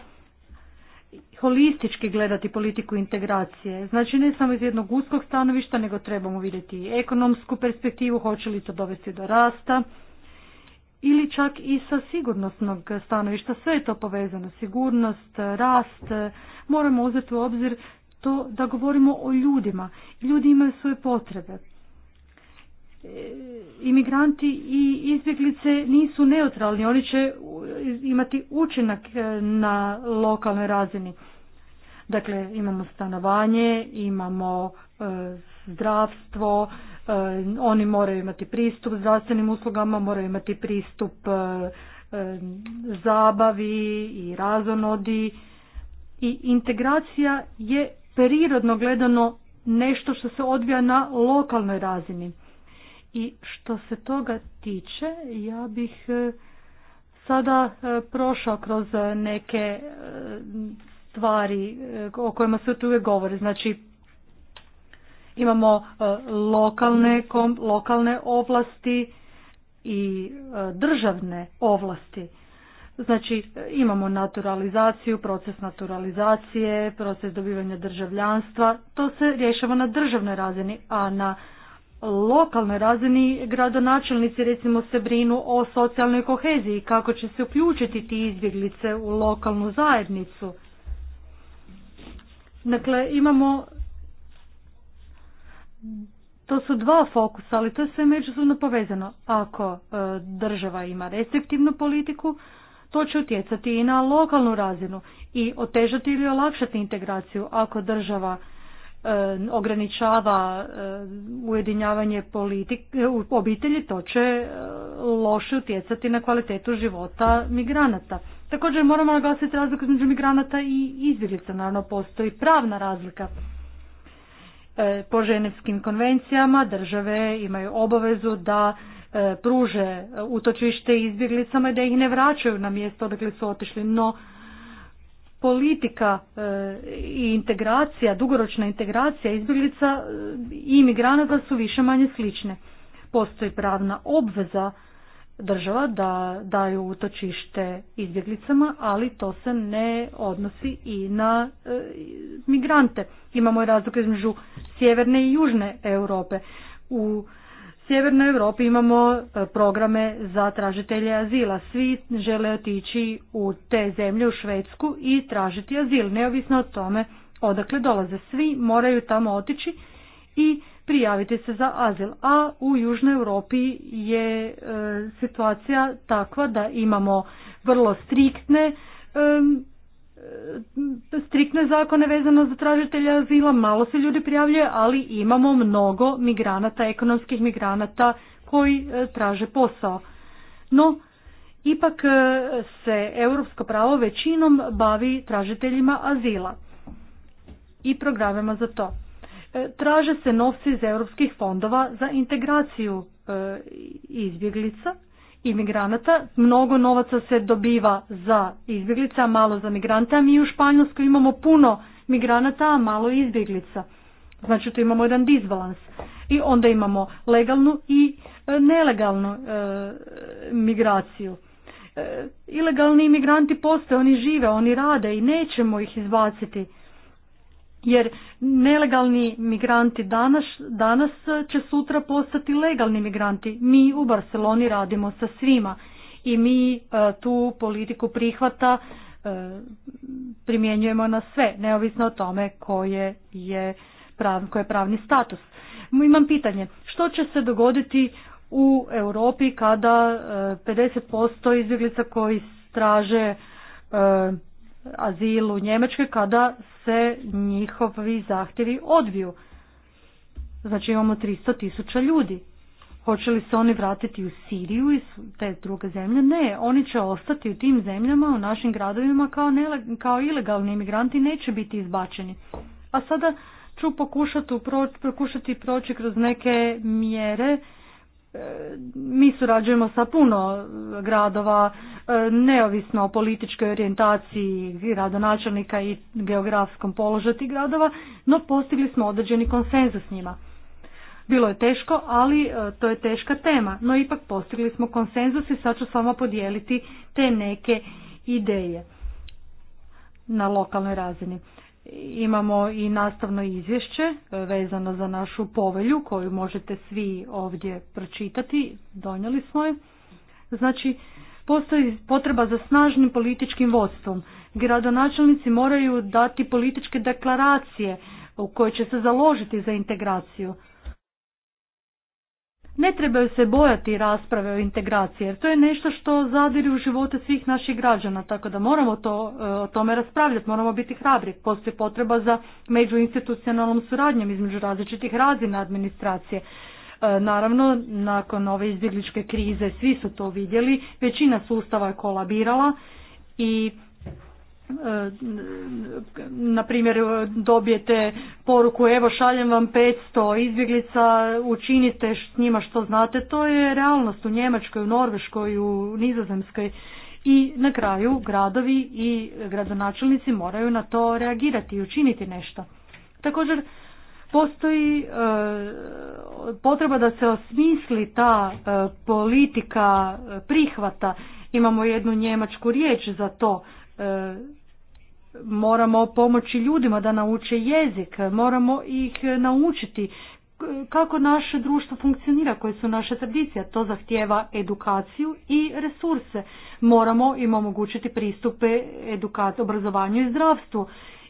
holistički gledati politiku integracije. Znači ne samo iz jednog uskog stanovišta, nego trebamo vidjeti ekonomsku perspektivu, hoće li to dovesti do rasta, ili čak i sa sigurnosnog stanovišta. Sve je to povezano, sigurnost, rast, e, moramo uzeti u obzir to da govorimo o ljudima. Ljudi imaju svoje potrebe. E, imigranti i izbjeglice nisu neutralni, oni će imati učinak e, na lokalnoj razini. Dakle, imamo stanovanje, imamo e, zdravstvo, oni moraju imati pristup zdravstvenim uslugama, moraju imati pristup zabavi i razonodi i integracija je prirodno gledano nešto što se odvija na lokalnoj razini. I što se toga tiče, ja bih e, sada e, prošao kroz e, neke stvari o kojima se tu uvijek govori. Znači, imamo lokalne, lokalne ovlasti i državne ovlasti. Znači imamo naturalizaciju, proces naturalizacije, proces dobivanja državljanstva, to se rješava na državnoj razini, a na lokalnoj razini gradonačelnici recimo se brinu o socijalnoj koheziji, kako će se uključiti ti izbjeglice u lokalnu zajednicu. Dakle, imamo to su dva fokusa, ali to je sve međusobno povezano. Ako e, država ima restriktivnu politiku, to će utjecati i na lokalnu razinu i otežati ili olakšati integraciju ako država e, ograničava e, ujedinjavanje politik, e, obitelji, to će loše utjecati na kvalitetu života migranata. Također moramo naglasiti razliku između migranata i izbjeglica. Naravno, postoji pravna razlika. Po ženevskim konvencijama države imaju obavezu da E, pruže utočište izbjeglicama i da ih ne vraćaju na mjesto odakle su otišli. No, politika e, i integracija, dugoročna integracija izbjeglica e, i imigranata su više manje slične. Postoji pravna obveza država da daju utočište izbjeglicama, ali to se ne odnosi i na migrante. Imamo razlog između sjeverne i južne Europe. U sjevernoj Europi imamo e, programe za tražitelje azila. Svi žele otići u te zemlje, u Švedsku i tražiti azil, neovisno o tome odakle dolaze. Svi moraju tamo otići i prijaviti se za azil. A u Južnoj Europi je e, situacija takva da imamo vrlo striktne E, striktne zakone vezano za tražitelja azila, malo se ljudi prijavljuje, ali imamo mnogo migranata, ekonomskih migranata koji e, traže posao. No, ipak e, se europsko pravo većinom bavi tražiteljima azila i programima za to. Traže se novci iz europskih fondova za integraciju izbjeglica imigranata, mnogo novaca se dobiva za izbjeglica, malo za migranta, mi u Španjolskoj imamo puno migranata, a malo izbjeglica. Znači tu imamo jedan disbalans. I onda imamo legalnu i e, nelegalnu e, migraciju. E, ilegalni imigranti postoje, oni žive, oni rade i nećemo ih izbaciti jer nelegalni migranti danas, danas će sutra postati legalni migranti. Mi u Barceloni radimo sa svima i mi e, tu politiku prihvata e, primjenjujemo na sve, neovisno o tome koje je koje je pravni status. Imam pitanje, što će se dogoditi u Europi kada 50% e, izbjeglica koji straže azilu Njemačke kada se njihovi zahtjevi odviju. Znači imamo 300 tisuća ljudi. Hoće li se oni vratiti u Siriju i te druge zemlje? Ne, oni će ostati u tim zemljama, u našim gradovima kao, kao ilegalni imigranti neće biti izbačeni. A sada ću pokušati, pokušati proći kroz neke mjere E, mi surađujemo sa puno e, gradova, e, neovisno o političkoj orijentaciji gradonačelnika i geografskom položaju tih gradova, no postigli smo određeni konsenzus s njima. Bilo je teško, ali to je teška tema, no ipak postigli smo konsenzus i sad ću s vama podijeliti te neke ideje na lokalnoj razini. Imamo i nastavno izvješće e, vezano za našu povelju koju možete svi ovdje pročitati, donijeli smo je. Znači, postoji potreba za snažnim političkim vodstvom. Gradonačelnici moraju dati političke deklaracije u koje će se založiti za integraciju. Ne trebaju se bojati rasprave o integraciji jer to je nešto što zadiri u živote svih naših građana, tako da moramo to, e, o tome raspravljati, moramo biti hrabri. Postoji potreba za međuinstitucionalnom suradnjom između različitih razina administracije. E, naravno, nakon ove izbjegličke krize svi su to vidjeli, većina sustava je kolabirala i na primjer dobijete poruku evo šaljem vam 500 izbjeglica učinite s njima što znate to je realnost u Njemačkoj, u Norveškoj, u Nizozemskoj i na kraju gradovi i gradonačelnici moraju na to reagirati i učiniti nešto. Također postoji e, potreba da se osmisli ta e, politika e, prihvata. Imamo jednu njemačku riječ za to moramo pomoći ljudima da nauče jezik, moramo ih naučiti kako naše društvo funkcionira, koje su naše tradicije. To zahtjeva edukaciju i resurse. Moramo im omogućiti pristupe edukaciju, obrazovanju i zdravstvu,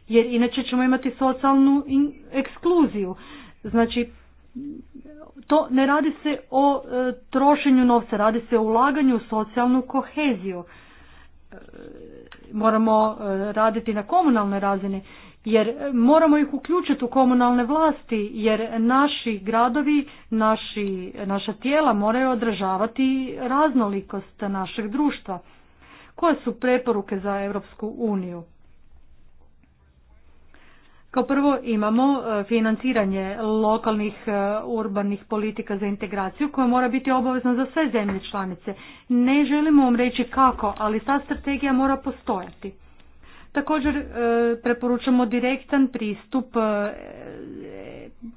jer inače ćemo imati socijalnu ekskluziju. Znači, to ne radi se o e, trošenju novca, radi se o ulaganju u socijalnu koheziju moramo e, raditi na komunalnoj razini jer moramo ih uključiti u komunalne vlasti jer naši gradovi, naši, naša tijela moraju održavati raznolikost našeg društva. Koje su preporuke za Europsku uniju? Kao prvo imamo e, financiranje lokalnih e, urbanih politika za integraciju koja mora biti obavezna za sve zemlje članice. Ne želimo vam reći kako, ali ta strategija mora postojati. Također e, preporučamo direktan pristup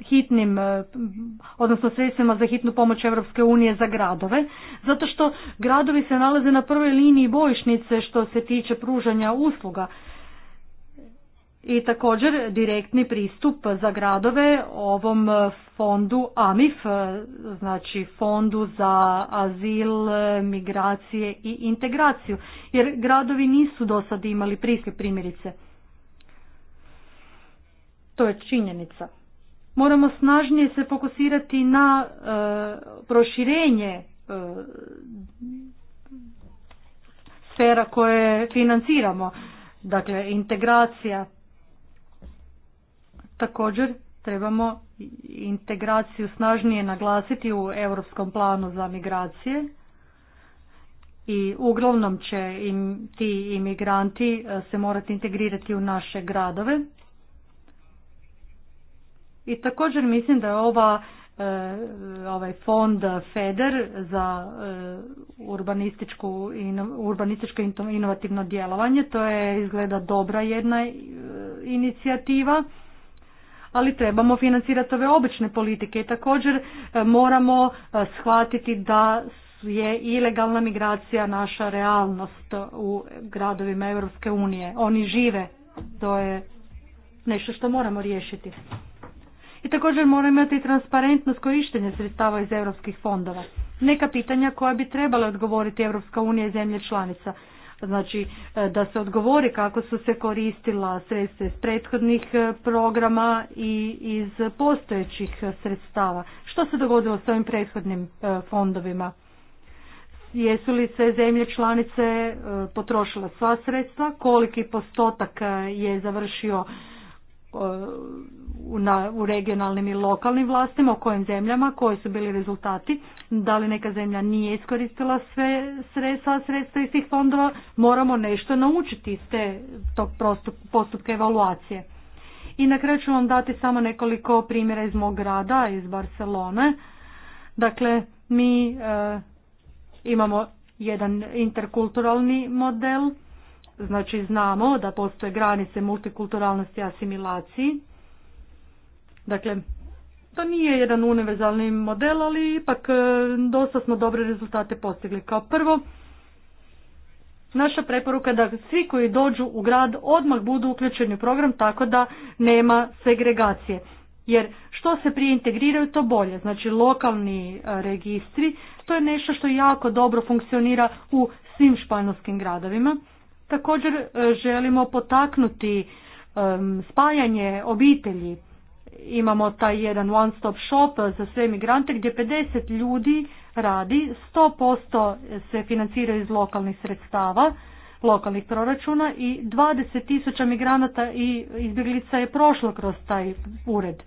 hitnim, odnosno sredstvima za hitnu pomoć Europske unije za gradove, zato što gradovi se nalaze na prvoj liniji bojišnice što se tiče pružanja usluga i također direktni pristup za gradove ovom fondu AMIF, znači fondu za azil, migracije i integraciju, jer gradovi nisu do sad imali pristup primjerice. To je činjenica. Moramo snažnije se fokusirati na e, proširenje e, sfera koje financiramo, dakle integracija, Također trebamo integraciju snažnije naglasiti u europskom planu za migracije i uglavnom će im, ti imigranti e, se morati integrirati u naše gradove. I također mislim da je ova e, ovaj fond FEDER za e, urbanističku, urbanističko inovativno djelovanje. To je izgleda dobra jedna inicijativa ali trebamo financirati ove obične politike i također e, moramo e, shvatiti da je ilegalna migracija naša realnost u gradovima Europske unije. Oni žive, to je nešto što moramo riješiti. I također moramo imati transparentnost korištenja sredstava iz europskih fondova. Neka pitanja koja bi trebala odgovoriti Europska unija i zemlje članica znači e, da se odgovori kako su se koristila sredstva iz prethodnih e, programa i iz postojećih sredstava. Što se dogodilo s ovim prethodnim e, fondovima? Jesu li se zemlje članice potrošila sva sredstva? Koliki postotak je završio u regionalnim i lokalnim vlastima, o kojim zemljama, koji su bili rezultati, da li neka zemlja nije iskoristila sve sredstva, sredstva iz tih fondova, moramo nešto naučiti iz te, tog postupka evaluacije. I na kraju ću vam dati samo nekoliko primjera iz mog grada, iz Barcelone. Dakle, mi e, imamo jedan interkulturalni model, Znači znamo da postoje granice multikulturalnosti i asimilaciji. Dakle, to nije jedan univerzalni model, ali ipak e, dosta smo dobre rezultate postigli. Kao prvo, naša preporuka je da svi koji dođu u grad odmah budu uključeni u program tako da nema segregacije. Jer što se prije integriraju to bolje, znači lokalni e, registri, to je nešto što jako dobro funkcionira u svim španjolskim gradovima. Također e, želimo potaknuti e, spajanje obitelji. Imamo taj jedan one stop shop za sve migrante gdje 50 ljudi radi, 100% se financira iz lokalnih sredstava, lokalnih proračuna i 20 tisuća migranata i izbjeglica je prošlo kroz taj ured.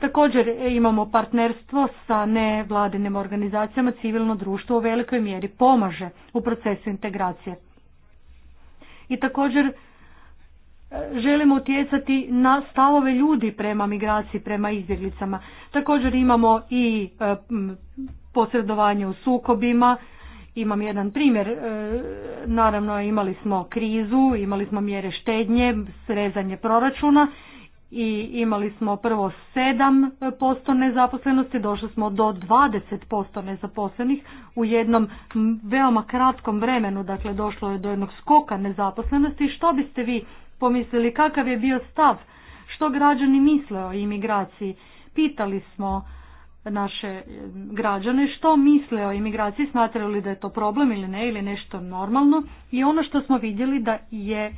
Također e, imamo partnerstvo sa nevladinim organizacijama, civilno društvo u velikoj mjeri pomaže u procesu integracije i također e, želimo utjecati na stavove ljudi prema migraciji, prema izbjeglicama. Također imamo i e, posredovanje u sukobima, imam jedan primjer, e, naravno imali smo krizu, imali smo mjere štednje, srezanje proračuna i imali smo prvo 7% nezaposlenosti, došli smo do 20% nezaposlenih u jednom veoma kratkom vremenu, dakle došlo je do jednog skoka nezaposlenosti. Što biste vi pomislili, kakav je bio stav, što građani misle o imigraciji? Pitali smo naše građane što misle o imigraciji, smatrali li da je to problem ili ne, ili nešto normalno i ono što smo vidjeli da je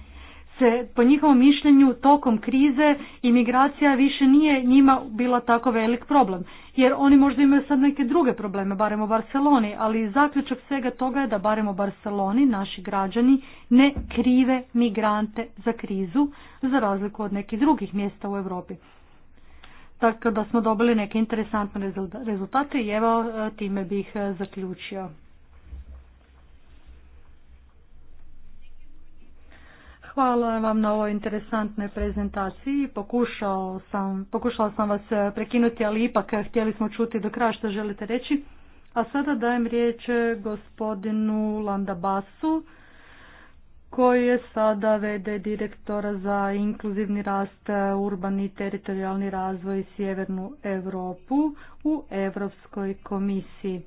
se po njihovom mišljenju tokom krize imigracija više nije njima bila tako velik problem. Jer oni možda imaju sad neke druge probleme, barem u Barceloni, ali zaključak svega toga je da barem u Barceloni naši građani ne krive migrante za krizu, za razliku od nekih drugih mjesta u Europi. Tako da smo dobili neke interesantne rezultate i evo e, time bih e, zaključio. Hvala vam na ovoj interesantnoj prezentaciji. Pokušao sam, pokušala sam vas e, prekinuti, ali ipak e, htjeli smo čuti do kraja što želite reći. A sada dajem riječ e, gospodinu Landabasu, koji je sada vede direktora za inkluzivni rast, urbani i teritorijalni razvoj i sjevernu Europu u Europskoj komisiji.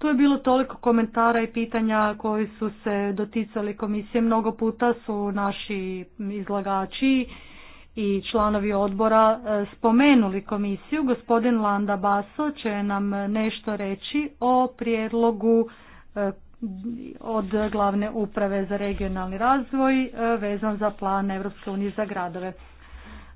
Tu je bilo toliko komentara i pitanja koji su se doticali komisije. Mnogo puta su naši izlagači i članovi odbora e, spomenuli komisiju. Gospodin Landa Baso će nam nešto reći o prijedlogu e, od glavne uprave za regionalni razvoj e, vezan za plan EU unije za gradove.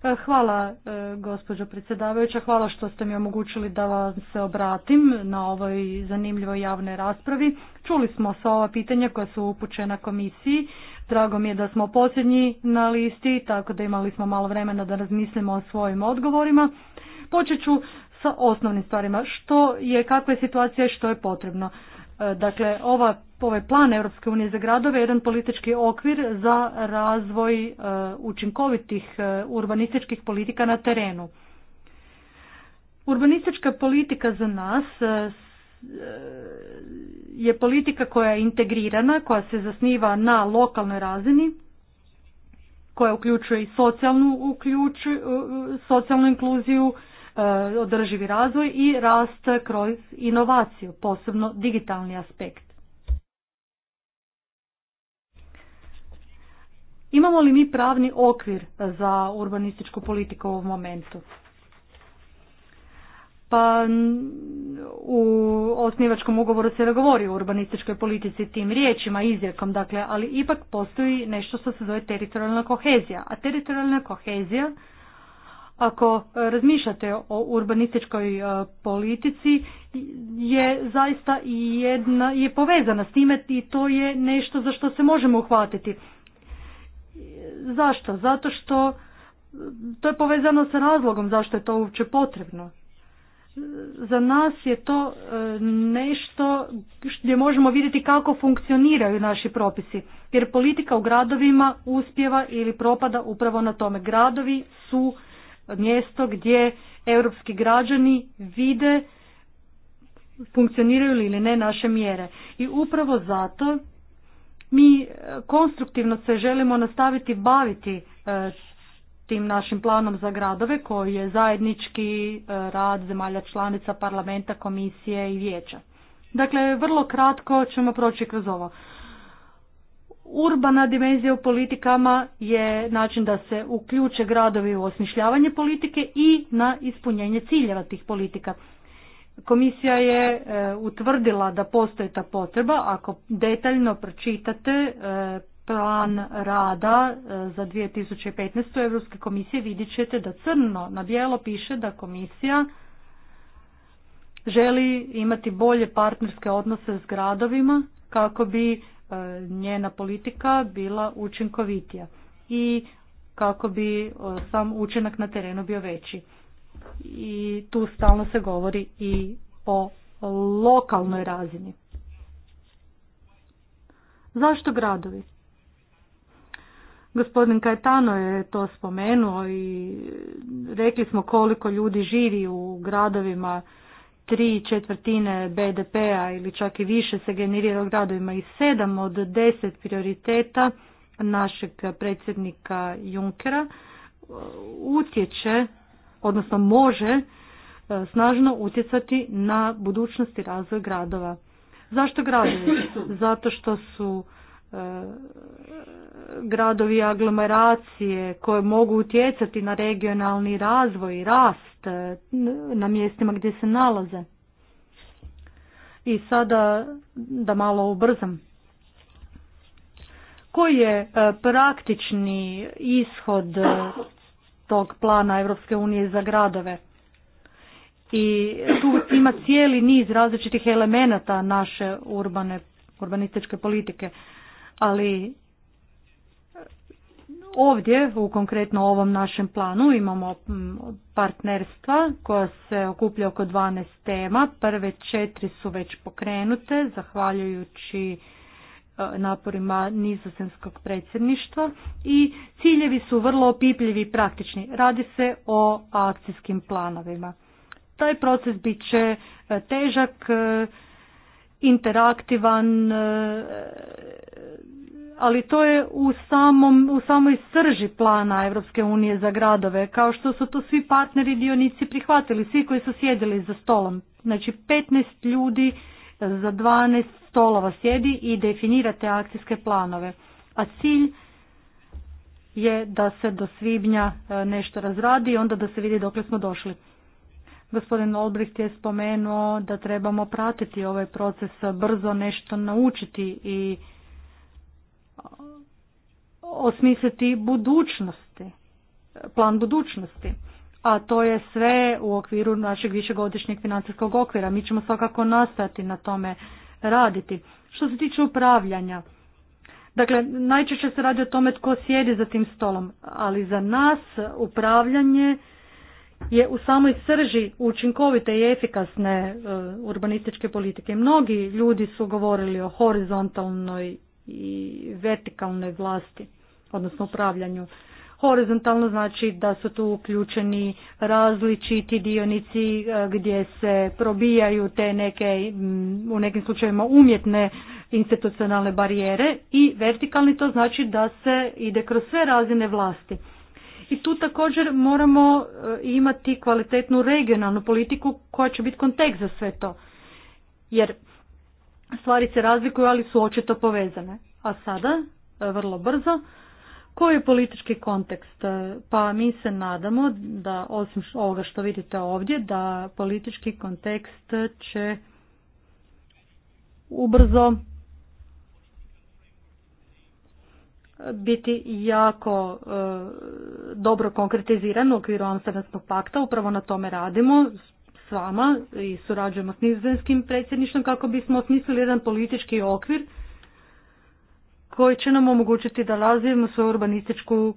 E, hvala e, gospođo predsjedavajuća, hvala što ste mi omogućili da vam se obratim na ovoj zanimljivoj javnoj raspravi. Čuli smo sva ova pitanja koja su upućena komisiji. Drago mi je da smo posljednji na listi, tako da imali smo malo vremena da razmislimo o svojim odgovorima. Počet ću sa osnovnim stvarima, što je, kakva je situacija i što je potrebno. E, dakle, ova, ovaj plan Europske unije za gradove je jedan politički okvir za razvoj e, učinkovitih e, urbanističkih politika na terenu. Urbanistička politika za nas je politika koja je integrirana, koja se zasniva na lokalnoj razini, koja uključuje i socijalnu, socijalnu inkluziju, E, održivi razvoj i rast kroz inovaciju, posebno digitalni aspekt. Imamo li mi pravni okvir za urbanističku politiku u ovom momentu? Pa u osnivačkom ugovoru se ne govori o urbanističkoj politici tim riječima, izjekom, dakle, ali ipak postoji nešto što se zove teritorijalna kohezija. A teritorijalna kohezija ako e, razmišljate o urbanističkoj e, politici je zaista i jedna, je povezana s time i to je nešto za što se možemo uhvatiti. E, zašto? Zato što to je povezano sa razlogom zašto je to uopće potrebno. Za nas je to nešto gdje možemo vidjeti kako funkcioniraju naši propisi, jer politika u gradovima uspjeva ili propada upravo na tome. Gradovi su mjesto gdje europski građani vide funkcioniraju li ili ne naše mjere. I upravo zato mi e, konstruktivno se želimo nastaviti baviti e, tim našim planom za gradove koji je zajednički e, rad zemalja članica parlamenta, komisije i vijeća. Dakle, vrlo kratko ćemo proći kroz ovo. Urbana dimenzija u politikama je način da se uključe gradovi u osmišljavanje politike i na ispunjenje ciljeva tih politika. Komisija je e, utvrdila da postoji ta potreba. Ako detaljno pročitate e, plan rada e, za 2015. Europske komisije vidjet ćete da crno na bijelo piše da komisija želi imati bolje partnerske odnose s gradovima kako bi E, njena politika bila učinkovitija i kako bi e, sam učinak na terenu bio veći. I tu stalno se govori i o lokalnoj razini. Zašto gradovi? Gospodin Kajtano je to spomenuo i rekli smo koliko ljudi živi u gradovima tri četvrtine BDP-a ili čak i više se generira u gradovima i sedam od deset prioriteta našeg predsjednika Junkera e, utječe, odnosno može e, snažno utjecati na budućnosti i razvoj gradova. Zašto gradovi? Zato što su gradovi aglomeracije koje mogu utjecati na regionalni razvoj i rast e, na mjestima gdje se nalaze. I sada da malo ubrzam. Koji je e, praktični ishod e, tog plana Europske unije za gradove? I tu ima cijeli niz različitih elemenata naše urbane, urbanističke politike ali ovdje u konkretno ovom našem planu imamo mm, partnerstva koja se okuplja oko 12 tema. Prve četiri su već pokrenute zahvaljujući e, naporima nizozemskog predsjedništva i ciljevi su vrlo opipljivi i praktični. Radi se o akcijskim planovima. Taj proces bit će e, težak, e, interaktivan, e, ali to je u, samom, u samoj srži plana Europske unije za gradove, kao što su to svi partneri dionici prihvatili, svi koji su sjedili za stolom. Znači 15 ljudi za 12 stolova sjedi i definirate akcijske planove. A cilj je da se do svibnja e, nešto razradi i onda da se vidi dokle smo došli. Gospodin Olbricht je spomenuo da trebamo pratiti ovaj proces, brzo nešto naučiti i uh, osmisliti budućnosti, plan budućnosti. A to je sve u okviru našeg višegodišnjeg financijskog okvira. Mi ćemo svakako nastati na tome raditi. Što se tiče upravljanja, Dakle, najčešće se radi o tome tko sjedi za tim stolom, ali za nas upravljanje je u samoj srži učinkovite i efikasne e, urbanističke politike. Mnogi ljudi su govorili o horizontalnoj i vertikalnoj vlasti, odnosno upravljanju. Horizontalno znači da su tu uključeni različiti dionici e, gdje se probijaju te neke, mm, u nekim slučajevima umjetne institucionalne barijere i vertikalni to znači da se ide kroz sve razine vlasti i tu također moramo e, imati kvalitetnu regionalnu politiku koja će biti kontekst za sve to. Jer stvari se razlikuju, ali su očito povezane. A sada, e, vrlo brzo, koji je politički kontekst? E, pa mi se nadamo da, osim ovoga što vidite ovdje, da politički kontekst će ubrzo biti jako e, dobro konkretiziran u okviru Amsterdamskog pakta. Upravo na tome radimo s vama i surađujemo s nizozemskim predsjedništvom kako bismo osmislili jedan politički okvir koji će nam omogućiti da razvijemo svoju urbanističku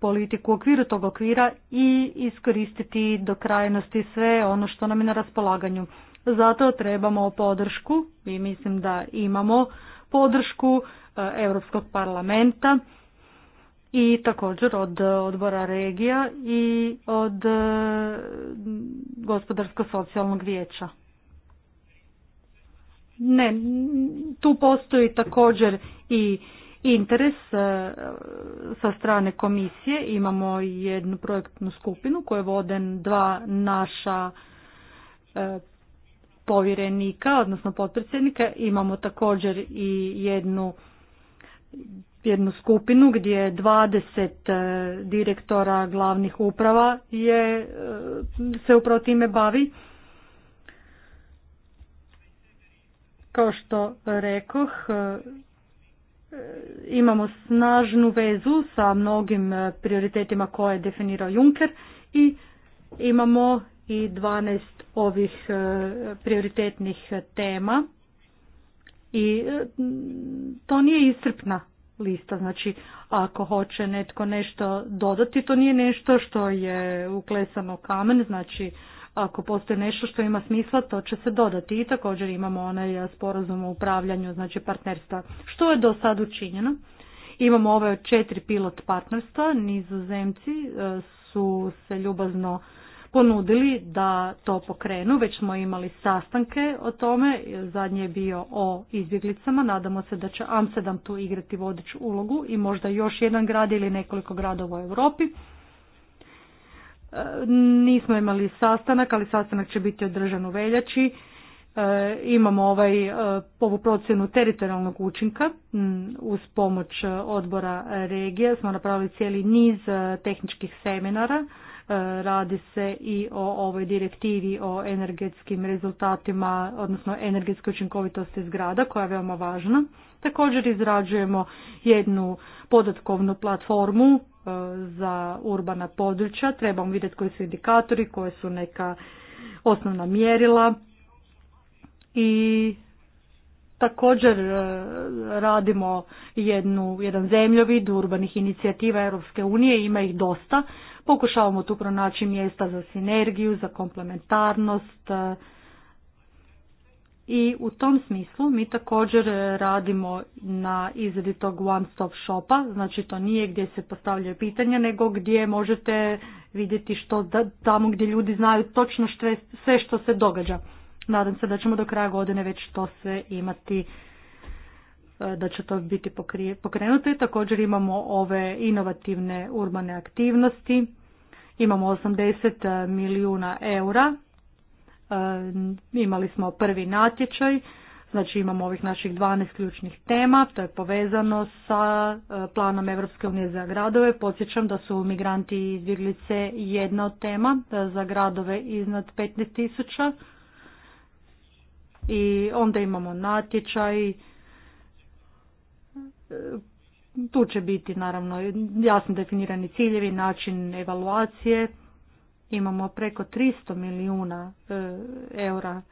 politiku u okviru tog okvira i iskoristiti do krajnosti sve ono što nam je na raspolaganju. Zato trebamo podršku i mislim da imamo podršku Eh, Europskog parlamenta i također od odbora regija i od eh, gospodarsko-socijalnog vijeća. Ne, tu postoji također i interes eh, sa strane komisije. Imamo jednu projektnu skupinu koju vode dva naša povjerenika, odnosno potpredsjednika. Imamo također i jednu jednu skupinu gdje 20 e, direktora glavnih uprava je, e, se upravo time bavi. Kao što rekoh, e, imamo snažnu vezu sa mnogim prioritetima koje je definirao Juncker i imamo i 12 ovih prioritetnih tema i e, to nije iscrpna lista, znači ako hoće netko nešto dodati, to nije nešto što je uklesano kamen, znači ako postoji nešto što ima smisla, to će se dodati. I također imamo onaj sporazum o upravljanju, znači partnerstva. Što je do sad učinjeno? Imamo ove četiri pilot partnerstva, nizozemci e, su se ljubazno ponudili da to pokrenu, već smo imali sastanke o tome, zadnji je bio o izbjeglicama, nadamo se da će Amsterdam tu igrati vodeću ulogu i možda još jedan grad ili nekoliko gradova u Europi. E, nismo imali sastanak, ali sastanak će biti održan u veljači. E, imamo ovaj, e, ovu procjenu teritorijalnog učinka uz pomoć odbora regije. Smo napravili cijeli niz tehničkih seminara E, radi se i o ovoj direktivi o energetskim rezultatima, odnosno energetske učinkovitosti zgrada koja je veoma važna. Također izrađujemo jednu podatkovnu platformu e, za urbana područja. Trebamo vidjeti koji su indikatori, koje su neka osnovna mjerila i također e, radimo jednu, jedan zemljovid urbanih inicijativa Europske unije, ima ih dosta, Pokušavamo tu pronaći mjesta za sinergiju, za komplementarnost e, i u tom smislu mi također e, radimo na izradi tog one stop shopa, znači to nije gdje se postavljaju pitanja, nego gdje možete vidjeti što tamo gdje ljudi znaju točno sve što se događa. Nadam se da ćemo do kraja godine već to sve imati da će to biti pokrenuto i također imamo ove inovativne urbane aktivnosti. Imamo 80 e, milijuna eura. E, imali smo prvi natječaj, znači imamo ovih naših 12 ključnih tema, to je povezano sa e, planom Evropske unije za gradove. Podsjećam da su migranti i izbjeglice jedna od tema za gradove iznad 15 tisuća. I onda imamo natječaj, tu će biti naravno jasno definirani ciljevi, način evaluacije. Imamo preko 300 milijuna e, eura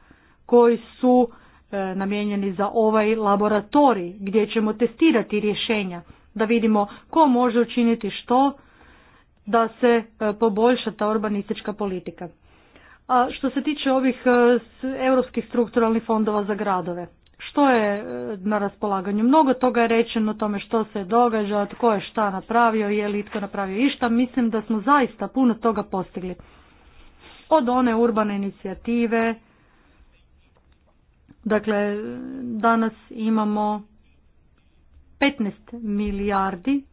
koji su e, namijenjeni za ovaj laboratorij gdje ćemo testirati rješenja da vidimo ko može učiniti što da se e, poboljša ta urbanistička politika. A što se tiče ovih europskih strukturalnih fondova za gradove, što je e, na raspolaganju. Mnogo toga je rečeno o tome što se događa, tko je šta napravio, je li itko napravio išta. Mislim da smo zaista puno toga postigli. Od one urbane inicijative, dakle danas imamo 15 milijardi,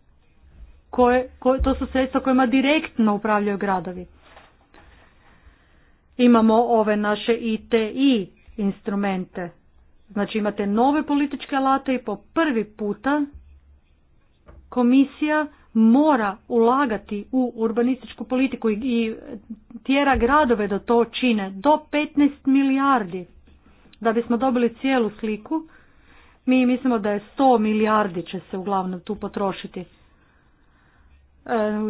koje, koje, to su sredstva kojima direktno upravljaju gradovi. Imamo ove naše ITI instrumente, Znači imate nove političke alate i po prvi puta komisija mora ulagati u urbanističku politiku i tjera gradove da to čine do 15 milijardi. Da bismo dobili cijelu sliku, mi mislimo da je 100 milijardi će se uglavnom tu potrošiti. E,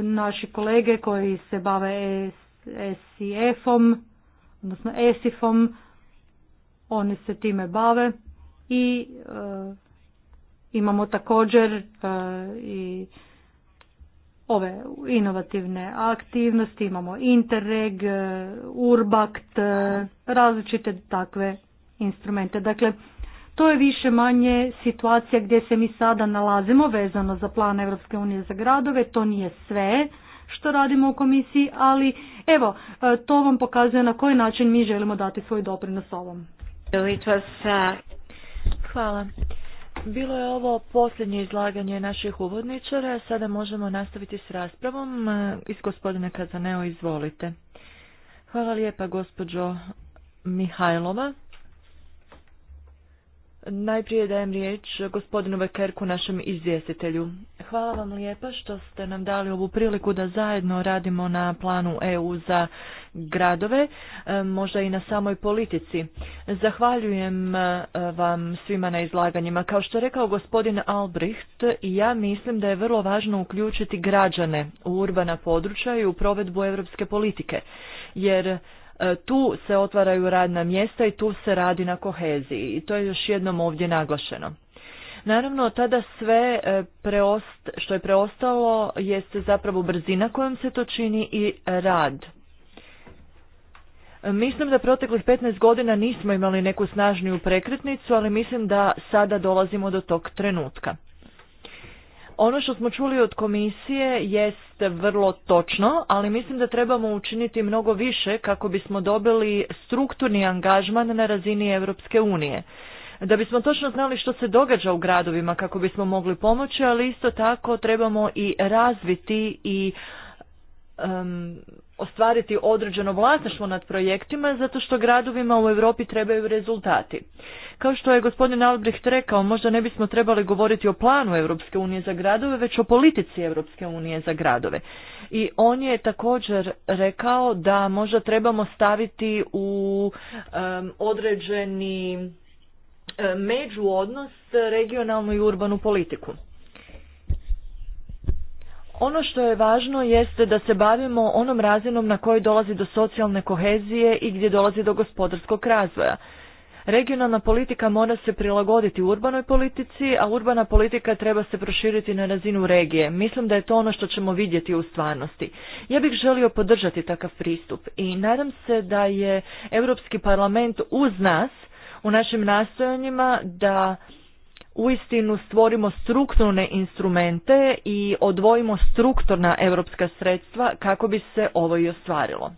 naši kolege koji se bave SIF-om, odnosno ESIF-om, oni se time bave i e, imamo također e, i ove inovativne aktivnosti, imamo Interreg, e, Urbakt, različite takve instrumente. Dakle, to je više manje situacija gdje se mi sada nalazimo vezano za plan Europske unije za gradove, to nije sve što radimo u komisiji, ali evo, to vam pokazuje na koji način mi želimo dati svoj doprinos ovom. Uh, Hvala. Bilo je ovo posljednje izlaganje naših uvodničara, sada možemo nastaviti s raspravom. Uh, iz gospodine Kazaneo, izvolite. Hvala lijepa gospođo Mihajlova. Najprije dajem riječ gospodinu Vekerku, našem izvjestitelju. Hvala vam lijepa što ste nam dali ovu priliku da zajedno radimo na planu EU za gradove, e, možda i na samoj politici. Zahvaljujem e, vam svima na izlaganjima. Kao što je rekao gospodin Albrecht, ja mislim da je vrlo važno uključiti građane u urbana područja i u provedbu europske politike, jer E, tu se otvaraju radna mjesta i tu se radi na koheziji i to je još jednom ovdje naglašeno. Naravno, tada sve e, preost, što je preostalo jeste zapravo brzina kojom se to čini i rad. E, mislim da proteklih 15 godina nismo imali neku snažniju prekretnicu, ali mislim da sada dolazimo do tog trenutka. Ono što smo čuli od komisije jest vrlo točno, ali mislim da trebamo učiniti mnogo više kako bismo dobili strukturni angažman na razini Europske unije. Da bismo točno znali što se događa u gradovima kako bismo mogli pomoći, ali isto tako trebamo i razviti i ostvariti određeno vlasništvo nad projektima zato što gradovima u Europi trebaju rezultati. Kao što je gospodin Albrecht rekao, možda ne bismo trebali govoriti o planu Europske unije za gradove, već o politici Europske unije za gradove. I on je također rekao da možda trebamo staviti u određeni um, međuodnos regionalnu i urbanu politiku. Ono što je važno jeste da se bavimo onom razinom na kojoj dolazi do socijalne kohezije i gdje dolazi do gospodarskog razvoja. Regionalna politika mora se prilagoditi urbanoj politici, a urbana politika treba se proširiti na razinu regije. Mislim da je to ono što ćemo vidjeti u stvarnosti. Ja bih želio podržati takav pristup i nadam se da je Europski parlament uz nas u našim nastojanjima da uistinu stvorimo strukturne instrumente i odvojimo strukturna europska sredstva kako bi se ovo i ostvarilo.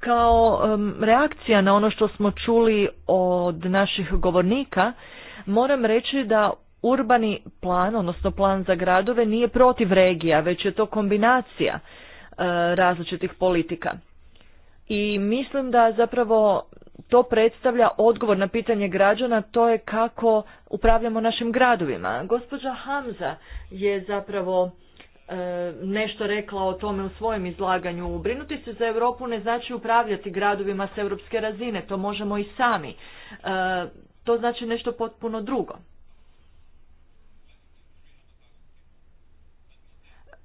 Kao reakcija na ono što smo čuli od naših govornika, moram reći da urbani plan, odnosno plan za gradove, nije protiv regija, već je to kombinacija e, različitih politika. I mislim da zapravo to predstavlja odgovor na pitanje građana, to je kako upravljamo našim gradovima. Gospođa Hamza je zapravo e, nešto rekla o tome u svojem izlaganju. Brinuti se za Europu ne znači upravljati gradovima s europske razine, to možemo i sami. E, to znači nešto potpuno drugo.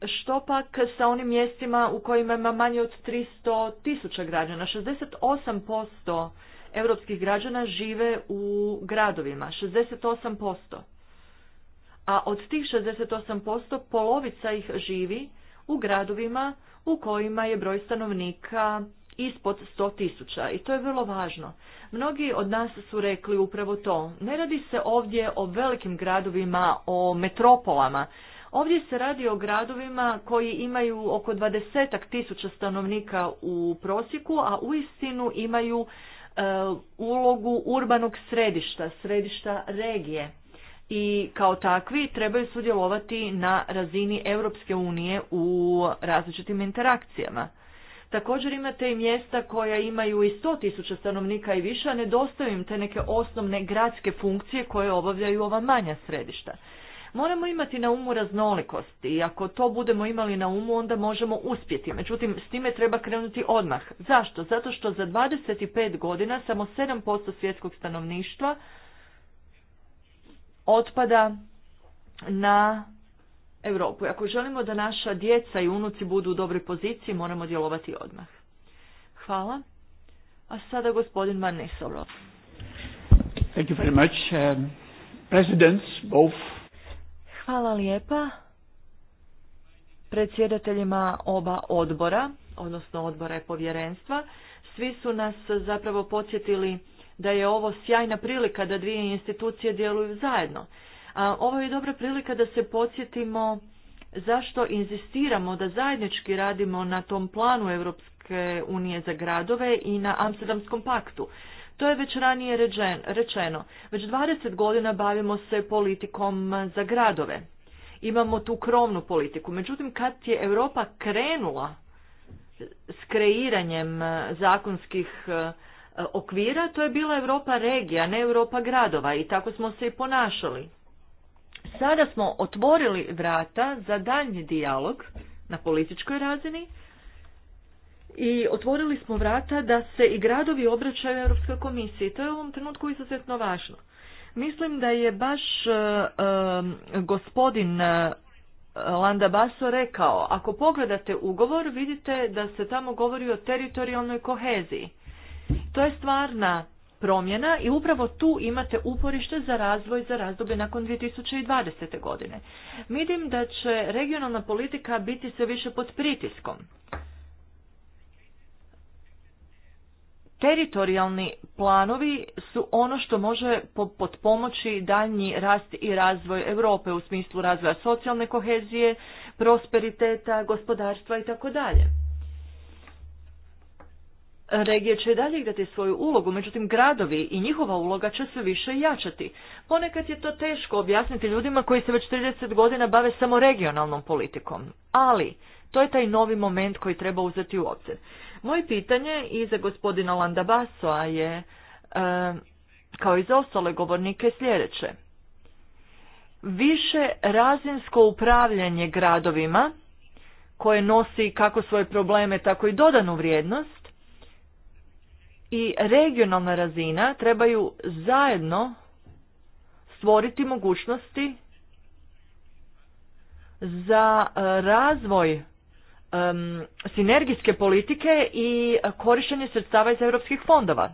Što pak sa onim mjestima u kojima ima manje od 300 tisuća građana? 68% europskih građana žive u gradovima, 68%. A od tih 68% polovica ih živi u gradovima u kojima je broj stanovnika ispod 100 tisuća i to je vrlo važno. Mnogi od nas su rekli upravo to. Ne radi se ovdje o velikim gradovima, o metropolama. Ovdje se radi o gradovima koji imaju oko 20 tisuća stanovnika u prosjeku, a u istinu imaju E, ulogu urbanog središta, središta regije i kao takvi trebaju sudjelovati na razini Europske unije u različitim interakcijama. Također imate i mjesta koja imaju i tisuća stanovnika i više, a nedostaju im te neke osnovne gradske funkcije koje obavljaju ova manja središta. Moramo imati na umu raznolikost i ako to budemo imali na umu, onda možemo uspjeti. Međutim, s time treba krenuti odmah. Zašto? Zato što za 25 godina samo 7% svjetskog stanovništva otpada na Europu. Ako želimo da naša djeca i unuci budu u dobroj poziciji, moramo djelovati odmah. Hvala. A sada gospodin Van Thank you very much. Um, both Hvala lijepa predsjedateljima oba odbora, odnosno odbora i povjerenstva. Svi su nas zapravo podsjetili da je ovo sjajna prilika da dvije institucije djeluju zajedno. A ovo je dobra prilika da se podsjetimo zašto inzistiramo da zajednički radimo na tom planu Europske unije za gradove i na Amsterdamskom paktu. To je već ranije rečeno. Već 20 godina bavimo se politikom za gradove. Imamo tu krovnu politiku. Međutim, kad je Europa krenula s kreiranjem e, zakonskih e, okvira, to je bila Europa regija, ne Europa gradova i tako smo se i ponašali. Sada smo otvorili vrata za daljnji dijalog na političkoj razini, i otvorili smo vrata da se i gradovi obraćaju Europskoj komisiji. To je u ovom trenutku izuzetno važno. Mislim da je baš e, e, gospodin e, Landa Baso rekao, ako pogledate ugovor vidite da se tamo govori o teritorijalnoj koheziji. To je stvarna promjena i upravo tu imate uporište za razvoj za razdoblje nakon 2020. godine. Vidim da će regionalna politika biti sve više pod pritiskom. Teritorijalni planovi su ono što može pomoći daljnji rast i razvoj Europe u smislu razvoja socijalne kohezije, prosperiteta, gospodarstva i tako dalje. Regije će dalje igrati svoju ulogu, međutim gradovi i njihova uloga će se više jačati. Ponekad je to teško objasniti ljudima koji se već 30 godina bave samo regionalnom politikom, ali to je taj novi moment koji treba uzeti u obzir. Moje pitanje i za gospodina Landabasoa je, e, kao i za ostale govornike, sljedeće. Više razinsko upravljanje gradovima, koje nosi kako svoje probleme, tako i dodanu vrijednost, i regionalna razina trebaju zajedno stvoriti mogućnosti za e, razvoj um, sinergijske politike i korištenje sredstava iz europskih fondova.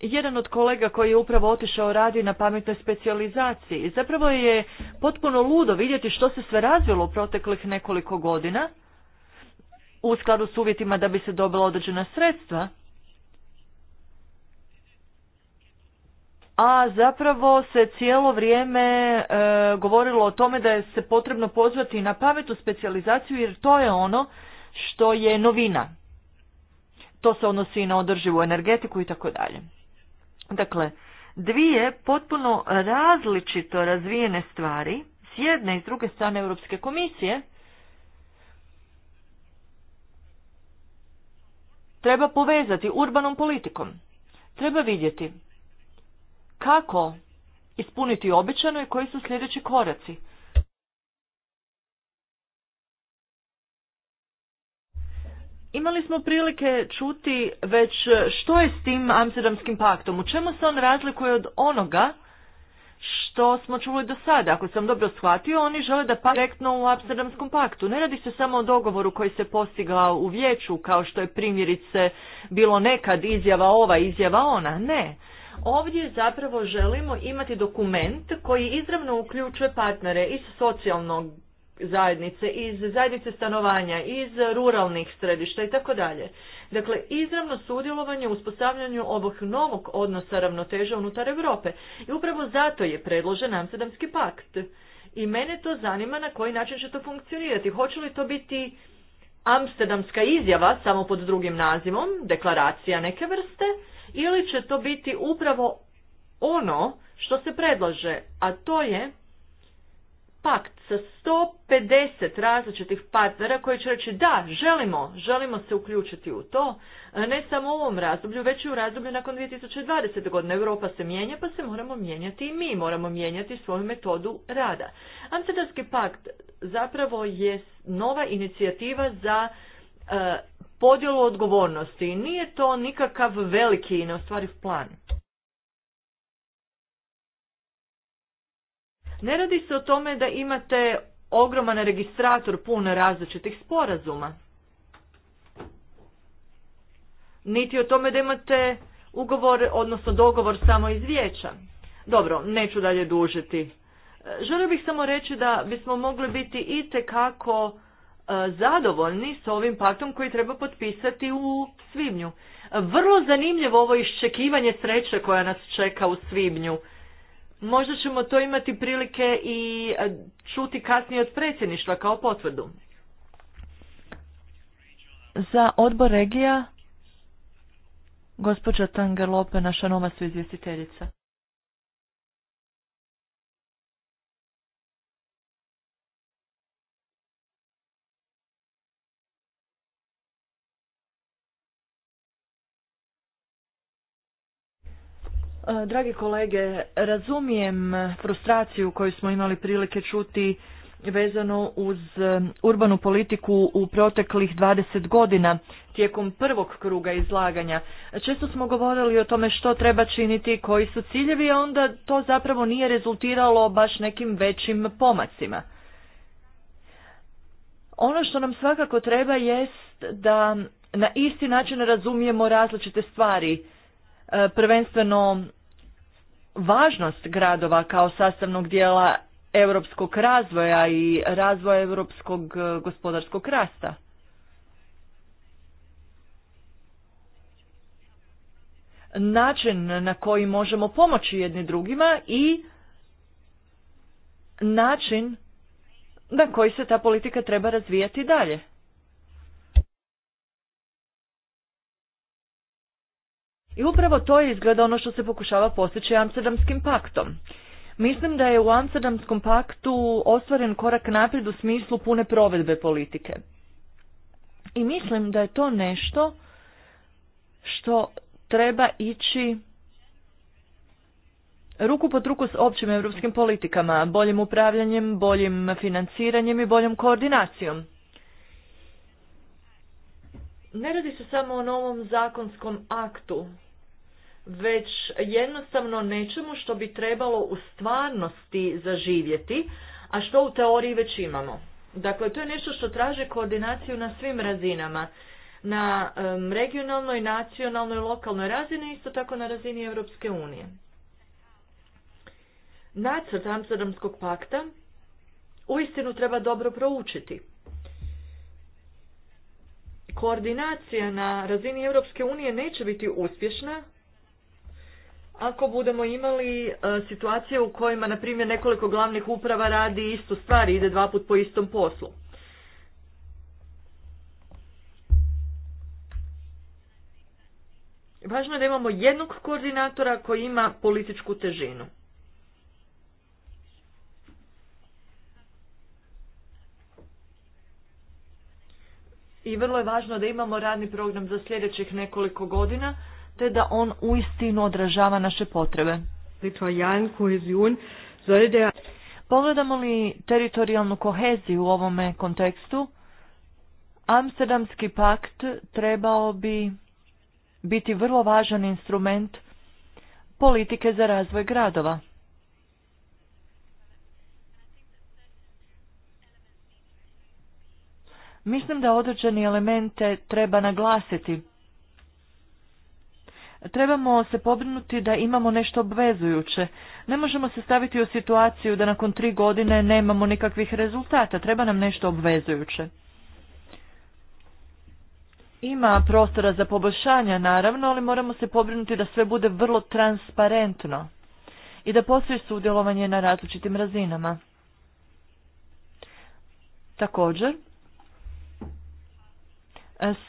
Jedan od kolega koji je upravo otišao radi na pametnoj specijalizaciji. Zapravo je potpuno ludo vidjeti što se sve razvilo u proteklih nekoliko godina u skladu s uvjetima da bi se dobila određena sredstva a zapravo se cijelo vrijeme e, govorilo o tome da je se potrebno pozvati na pametnu specijalizaciju jer to je ono što je novina. To se odnosi na održivu energetiku i tako dalje. Dakle, dvije potpuno različito razvijene stvari, s jedne i s druge strane Europske komisije, treba povezati urbanom politikom. Treba vidjeti kako ispuniti običano i koji su sljedeći koraci. Imali smo prilike čuti već što je s tim Amsterdamskim paktom, u čemu se on razlikuje od onoga što smo čuli do sada. Ako sam dobro shvatio, oni žele da pa direktno u Amsterdamskom paktu. Ne radi se samo o dogovoru koji se postigao u vijeću, kao što je primjerice bilo nekad izjava ova, izjava ona. Ne. Ovdje zapravo želimo imati dokument koji izravno uključuje partnere iz socijalnog zajednice, iz zajednice stanovanja, iz ruralnih središta i tako dalje. Dakle, izravno sudjelovanje u uspostavljanju ovog novog odnosa ravnoteža unutar Europe. I upravo zato je predložen Amsterdamski pakt. I mene to zanima na koji način će to funkcionirati. Hoće li to biti Amsterdamska izjava, samo pod drugim nazivom, deklaracija neke vrste, ili će to biti upravo ono što se predlaže, a to je pakt sa 150 različitih partnera koji će reći da, želimo, želimo se uključiti u to, ne samo u ovom razdoblju, već i u razdoblju nakon 2020. godine. Europa se mijenja, pa se moramo mijenjati i mi moramo mijenjati svoju metodu rada. Amsterdamski pakt zapravo je nova inicijativa za e, podjelu odgovornosti. Nije to nikakav veliki i neostvariv plan. Ne radi se o tome da imate ogroman registrator pun različitih sporazuma. Niti o tome da imate ugovor, odnosno dogovor samo iz vijeća. Dobro, neću dalje dužiti. Želio bih samo reći da bismo mogli biti itekako E, zadovoljni s ovim paktom koji treba potpisati u svibnju. Vrlo zanimljivo ovo iščekivanje sreće koja nas čeka u svibnju. Možda ćemo to imati prilike i e, čuti kasnije od predsjedništva kao potvrdu. Za odbor regija, gospođa Tangerlope, naša nova su izvjestiteljica. E, dragi kolege, razumijem frustraciju koju smo imali prilike čuti vezano uz e, urbanu politiku u proteklih 20 godina tijekom prvog kruga izlaganja. Često smo govorili o tome što treba činiti, koji su ciljevi, a onda to zapravo nije rezultiralo baš nekim većim pomacima. Ono što nam svakako treba jest da na isti način razumijemo različite stvari, e, prvenstveno važnost gradova kao sastavnog dijela europskog razvoja i razvoja europskog e, gospodarskog rasta. Način na koji možemo pomoći jedni drugima i način na koji se ta politika treba razvijati dalje. I upravo to je izgleda ono što se pokušava postići Amsterdamskim paktom. Mislim da je u Amsterdamskom paktu ostvaren korak naprijed u smislu pune provedbe politike. I mislim da je to nešto što treba ići ruku pod ruku s općim europskim politikama, boljim upravljanjem, boljim financiranjem i boljom koordinacijom. Ne radi se samo o novom zakonskom aktu već jednostavno nečemu što bi trebalo u stvarnosti zaživjeti, a što u teoriji već imamo. Dakle, to je nešto što traže koordinaciju na svim razinama, na regionalnoj, nacionalnoj, lokalnoj razini, isto tako na razini Europske unije. Nacrt Amsterdamskog pakta uistinu treba dobro proučiti. Koordinacija na razini Europske unije neće biti uspješna ako budemo imali e, situacije u kojima, na primjer, nekoliko glavnih uprava radi istu stvar i ide dva put po istom poslu. Važno je da imamo jednog koordinatora koji ima političku težinu. I vrlo je važno da imamo radni program za sljedećih nekoliko godina te da on uistinu odražava naše potrebe. Pogledamo li teritorijalnu koheziju u ovome kontekstu, Amsterdamski pakt trebao bi biti vrlo važan instrument politike za razvoj gradova. Mislim da određeni elemente treba naglasiti Trebamo se pobrinuti da imamo nešto obvezujuće. Ne možemo se staviti u situaciju da nakon tri godine nemamo nikakvih rezultata. Treba nam nešto obvezujuće. Ima prostora za poboljšanja, naravno, ali moramo se pobrinuti da sve bude vrlo transparentno i da postoji sudjelovanje na različitim razinama. Također,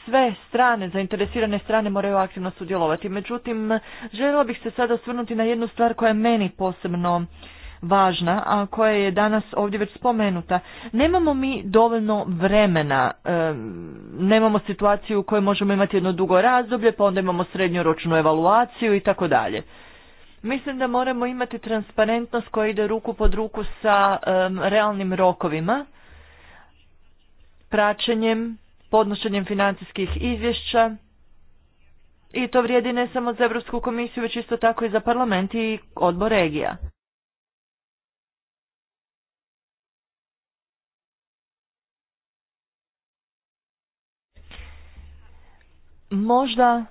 sve strane, zainteresirane strane moraju aktivno sudjelovati. Međutim, željela bih se sada osvrnuti na jednu stvar koja je meni posebno važna, a koja je danas ovdje već spomenuta. Nemamo mi dovoljno vremena, nemamo situaciju u kojoj možemo imati jedno dugo razdoblje, pa onda imamo srednjoročnu evaluaciju i tako dalje. Mislim da moramo imati transparentnost koja ide ruku pod ruku sa realnim rokovima, praćenjem podnošenjem financijskih izvješća i to vrijedi ne samo za Europsku komisiju, već isto tako i za parlament i odbor regija. Možda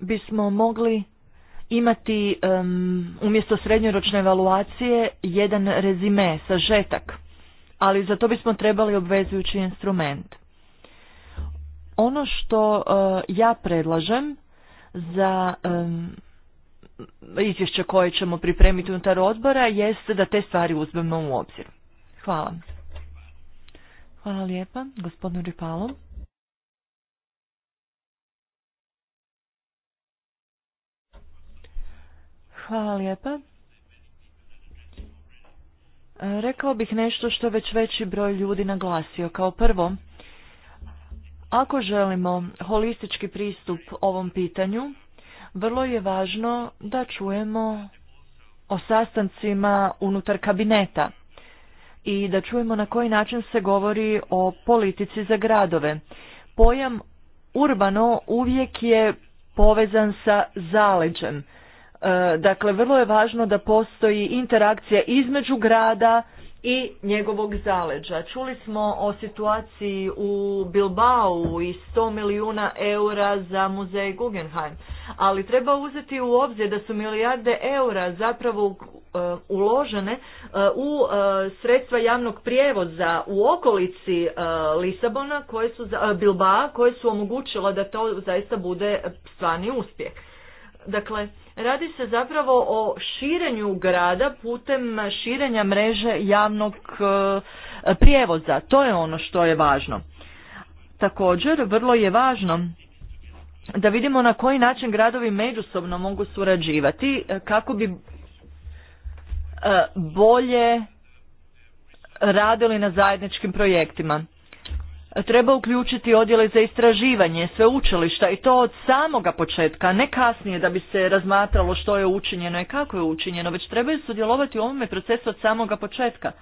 bismo mogli imati umjesto srednjoročne evaluacije jedan rezime, sažetak ali za to bismo trebali obvezujući instrument. Ono što eh, ja predlažem za izvješće koje ćemo pripremiti unutar odbora jeste da te stvari uzmemo u obzir. Hvala. Hvala lijepa, gospodinu Ripalom. Hvala lijepa. Rekao bih nešto što već veći broj ljudi naglasio. Kao prvo, ako želimo holistički pristup ovom pitanju, vrlo je važno da čujemo o sastancima unutar kabineta i da čujemo na koji način se govori o politici za gradove. Pojam urbano uvijek je povezan sa zaleđem. E, dakle, vrlo je važno da postoji interakcija između grada i njegovog zaleđa. Čuli smo o situaciji u Bilbao i 100 milijuna eura za muzej Guggenheim, ali treba uzeti u obzir da su milijarde eura zapravo e, uložene e, u sredstva javnog prijevoza u okolici Lisabona, koje su, Bilbao, koje su omogućila da to zaista bude stvarni uspjeh. Dakle, radi se zapravo o širenju grada putem širenja mreže javnog e, prijevoza. To je ono što je važno. Također, vrlo je važno da vidimo na koji način gradovi međusobno mogu surađivati e, kako bi e, bolje radili na zajedničkim projektima treba uključiti odjele za istraživanje učilišta i to od samoga početka, ne kasnije da bi se razmatralo što je učinjeno i kako je učinjeno, već trebaju sudjelovati u ovome procesu od samoga početka.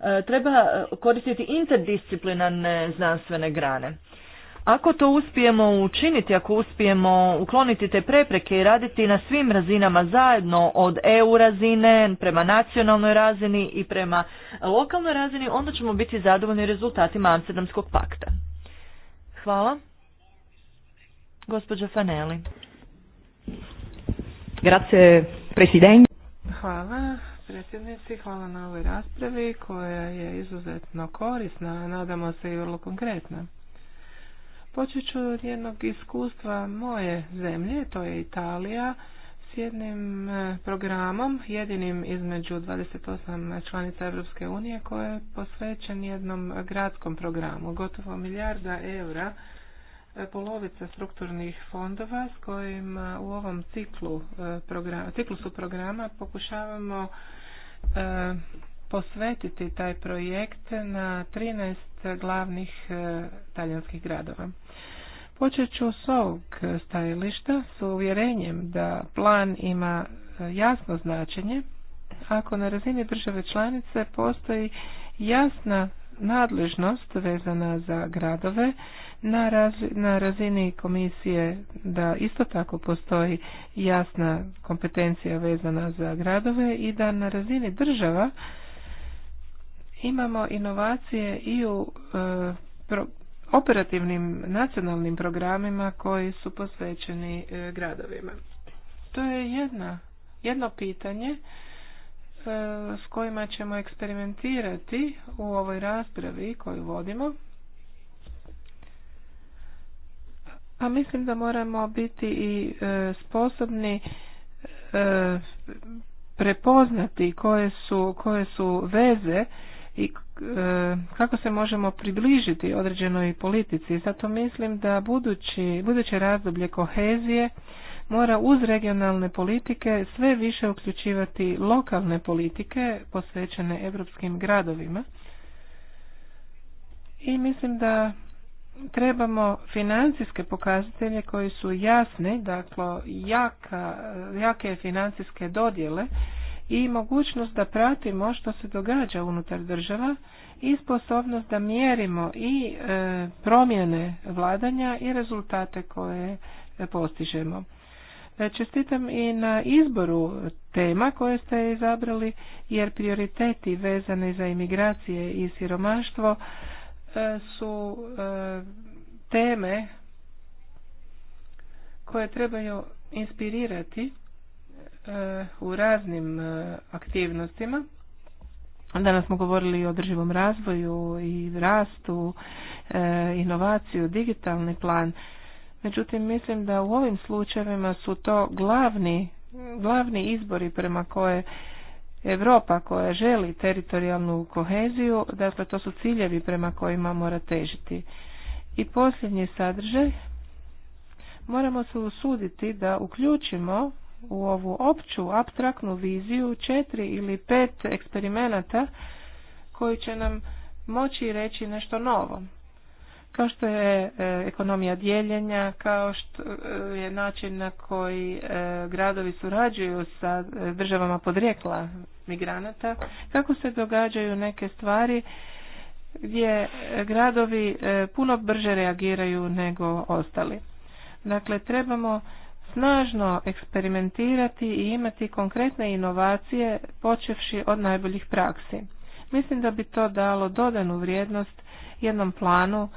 E, treba e, koristiti interdisciplinarne znanstvene grane. Ako to uspijemo učiniti, ako uspijemo ukloniti te prepreke i raditi na svim razinama zajedno od EU razine prema nacionalnoj razini i prema lokalnoj razini, onda ćemo biti zadovoljni rezultatima Amsterdamskog pakta. Hvala. Gospođa Faneli. Grazie, Hvala predsjednici, hvala na ovoj raspravi koja je izuzetno korisna, nadamo se i vrlo konkretna. Počet ću od jednog iskustva moje zemlje, to je Italija, s jednim e, programom, jedinim između 28 članica Europske unije, koji je posvećen jednom gradskom programu. Gotovo milijarda eura, e, polovica strukturnih fondova s kojim u ovom ciklu, e, ciklusu programa pokušavamo posvetiti taj projekt na 13 glavnih e, talijanskih gradova. Počet ću s ovog stajališta s uvjerenjem da plan ima e, jasno značenje ako na razini države članice postoji jasna nadležnost vezana za gradove na razini komisije da isto tako postoji jasna kompetencija vezana za gradove i da na razini država imamo inovacije i u e, operativnim nacionalnim programima koji su posvećeni e, gradovima. To je jedna, jedno pitanje e, s kojima ćemo eksperimentirati u ovoj raspravi koju vodimo. A mislim da moramo biti i sposobni prepoznati koje su, koje su veze i e, kako se možemo približiti određenoj politici. Zato mislim da budući, buduće razdoblje kohezije mora uz regionalne politike sve više uključivati lokalne politike posvećene europskim gradovima. I mislim da trebamo financijske pokazatelje koji su jasni, dakle jaka, jake financijske dodjele i mogućnost da pratimo što se događa unutar država i sposobnost da mjerimo i e, promjene vladanja i rezultate koje e, postižemo. E, čestitam i na izboru tema koje ste izabrali jer prioriteti vezani za imigracije i siromaštvo su teme koje trebaju inspirirati u raznim e, aktivnostima. Danas smo govorili o održivom razvoju i rastu, e, inovaciju, digitalni plan. Međutim, mislim da u ovim slučajevima su to glavni, glavni izbori prema koje Europa koja želi teritorijalnu koheziju, dakle to su ciljevi prema kojima mora težiti. I posljednji sadržaj, moramo se usuditi da uključimo u ovu opću, abstraktnu viziju četiri ili pet eksperimenata koji će nam moći reći nešto novo. Kao što je e, ekonomija dijeljenja, kao što e, je način na koji e, gradovi surađuju sa državama podrijekla migranata, kako se događaju neke stvari gdje gradovi puno brže reagiraju nego ostali. Dakle, trebamo snažno eksperimentirati i imati konkretne inovacije počevši od najboljih praksi. Mislim da bi to dalo dodanu vrijednost jednom planu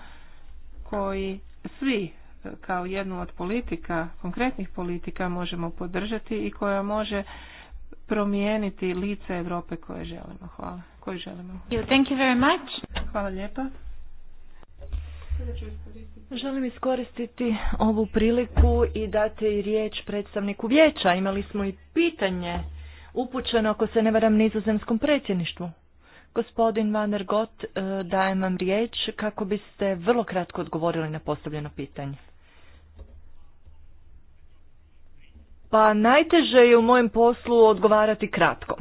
koji svi e, kao jednu od politika, konkretnih politika možemo podržati i koja može promijeniti lice Europe koje želimo. Hvala. koji želimo. Thank you very much. Hvala lijepa. Želim iskoristiti ovu priliku i dati riječ predstavniku vijeća. Imali smo i pitanje upućeno, ako se ne varam, nizozemskom predsjedništvu. Gospodin Van Gott, e, dajem vam riječ kako biste vrlo kratko odgovorili na postavljeno pitanje. Pa najteže je u mojem poslu odgovarati kratko.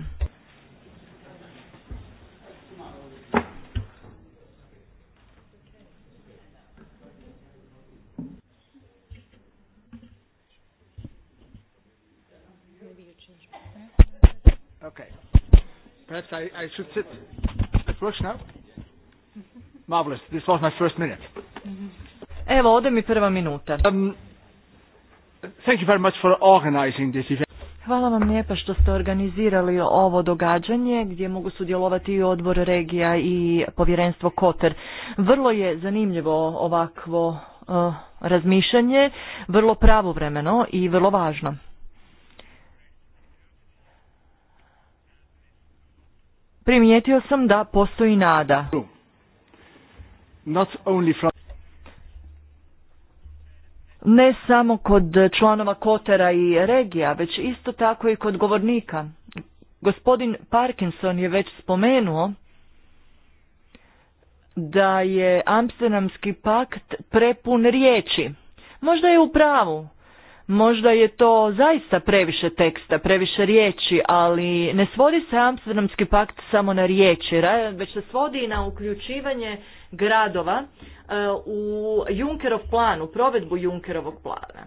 Okay. Perhaps I, I should sit. It works now? Marvelous. This was my first minute. Evo, ode mi prva minuta. Um, thank you very much for organizing this event. Hvala vam lijepa što ste organizirali ovo događanje gdje mogu sudjelovati i odbor regija i povjerenstvo Koter. Vrlo je zanimljivo ovakvo uh, razmišljanje, vrlo pravovremeno i vrlo važno. primijetio sam da postoji nada. Ne samo kod članova Kotera i regija, već isto tako i kod govornika. Gospodin Parkinson je već spomenuo da je Amsterdamski pakt prepun riječi. Možda je u pravu, Možda je to zaista previše teksta, previše riječi, ali ne svodi se Amsterdamski pakt samo na riječi, već se svodi i na uključivanje gradova e, u Junkerov plan, u provedbu Junkerovog plana.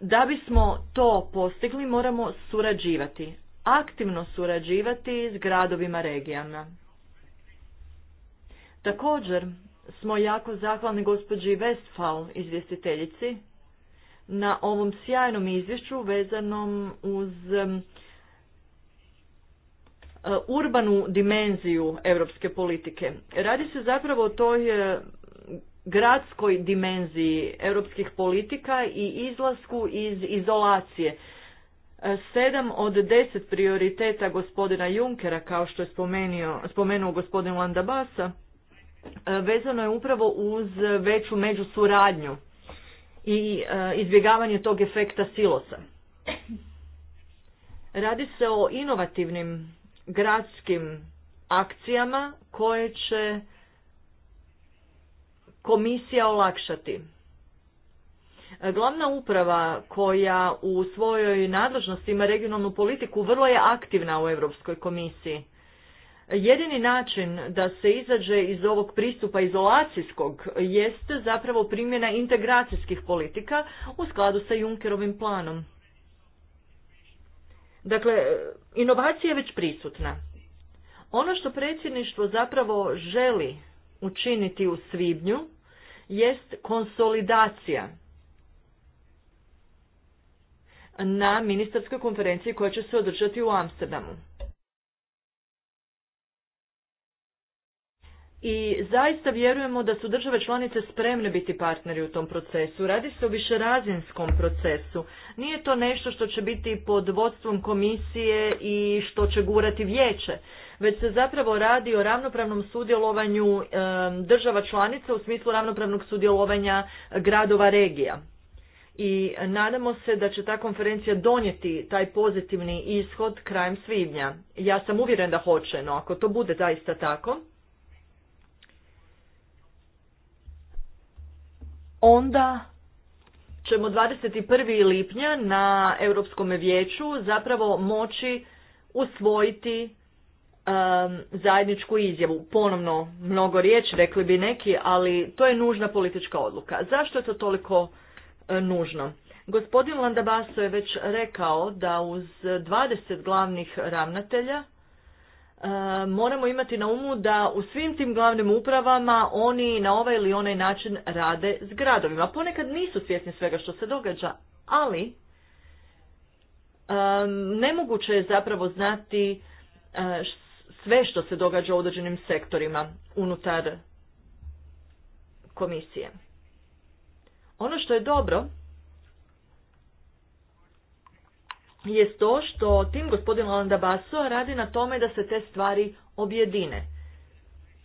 Da bismo to postigli moramo surađivati, aktivno surađivati s gradovima regijama. Također smo jako zahvalni gospođi Westfall, izvjestiteljici, na ovom sjajnom izvješću vezanom uz e, urbanu dimenziju europske politike. Radi se zapravo o toj e, gradskoj dimenziji europskih politika i izlasku iz izolacije. E, sedam od deset prioriteta gospodina Junkera, kao što je spomenuo, spomenuo gospodin Landabasa, vezano je upravo uz veću međusuradnju i e, izbjegavanje tog efekta silosa. Radi se o inovativnim gradskim akcijama koje će komisija olakšati. Glavna uprava koja u svojoj nadležnosti ima regionalnu politiku vrlo je aktivna u Europskoj komisiji. Jedini način da se izađe iz ovog pristupa izolacijskog jest zapravo primjena integracijskih politika u skladu sa Junkerovim planom. Dakle, inovacija je već prisutna. Ono što predsjedništvo zapravo želi učiniti u svibnju jest konsolidacija na ministarskoj konferenciji koja će se održati u Amsterdamu. i zaista vjerujemo da su države članice spremne biti partneri u tom procesu. Radi se o višerazinskom procesu. Nije to nešto što će biti pod vodstvom komisije i što će gurati vijeće, već se zapravo radi o ravnopravnom sudjelovanju država članica u smislu ravnopravnog sudjelovanja gradova regija. I nadamo se da će ta konferencija donijeti taj pozitivni ishod krajem svibnja. Ja sam uvjeren da hoće, no ako to bude zaista tako, onda ćemo 21. lipnja na Europskom vijeću zapravo moći usvojiti um, zajedničku izjavu. Ponovno mnogo riječi, rekli bi neki, ali to je nužna politička odluka. Zašto je to toliko uh, nužno? Gospodin Landabaso je već rekao da uz 20 glavnih ravnatelja E, moramo imati na umu da u svim tim glavnim upravama oni na ovaj ili onaj način rade s gradovima. Ponekad nisu svjesni svega što se događa, ali nemoguće je zapravo znati e, sve što se događa u određenim sektorima unutar komisije. Ono što je dobro je to što tim gospodin Landa Basso radi na tome da se te stvari objedine.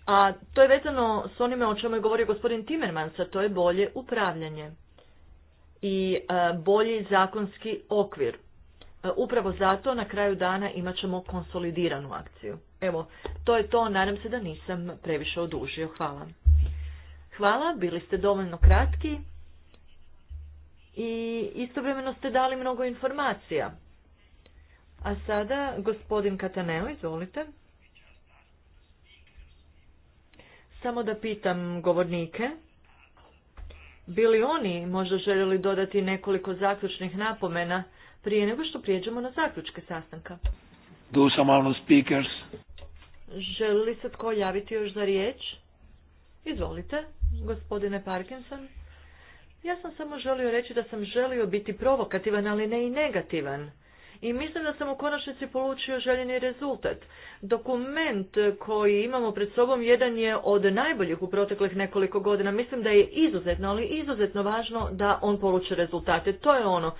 A to je vezano s onime o čemu je govorio gospodin Timmermans, a to je bolje upravljanje i e, bolji zakonski okvir. E, upravo zato na kraju dana imat ćemo konsolidiranu akciju. Evo, to je to, nadam se da nisam previše odužio. Hvala. Hvala, bili ste dovoljno kratki i istovremeno ste dali mnogo informacija. A sada gospodin Kataneo, izvolite. Samo da pitam govornike, bili oni možda željeli dodati nekoliko zaključnih napomena prije nego što prijeđemo na zaključke sastanka? Do some speakers. Želi li se tko javiti još za riječ? Izvolite, gospodine Parkinson. Ja sam samo želio reći da sam želio biti provokativan, ali ne i negativan i mislim da sam u konačnici polučio željeni rezultat. Dokument koji imamo pred sobom jedan je od najboljih u proteklih nekoliko godina. Mislim da je izuzetno, ali izuzetno važno da on poluče rezultate. To je ono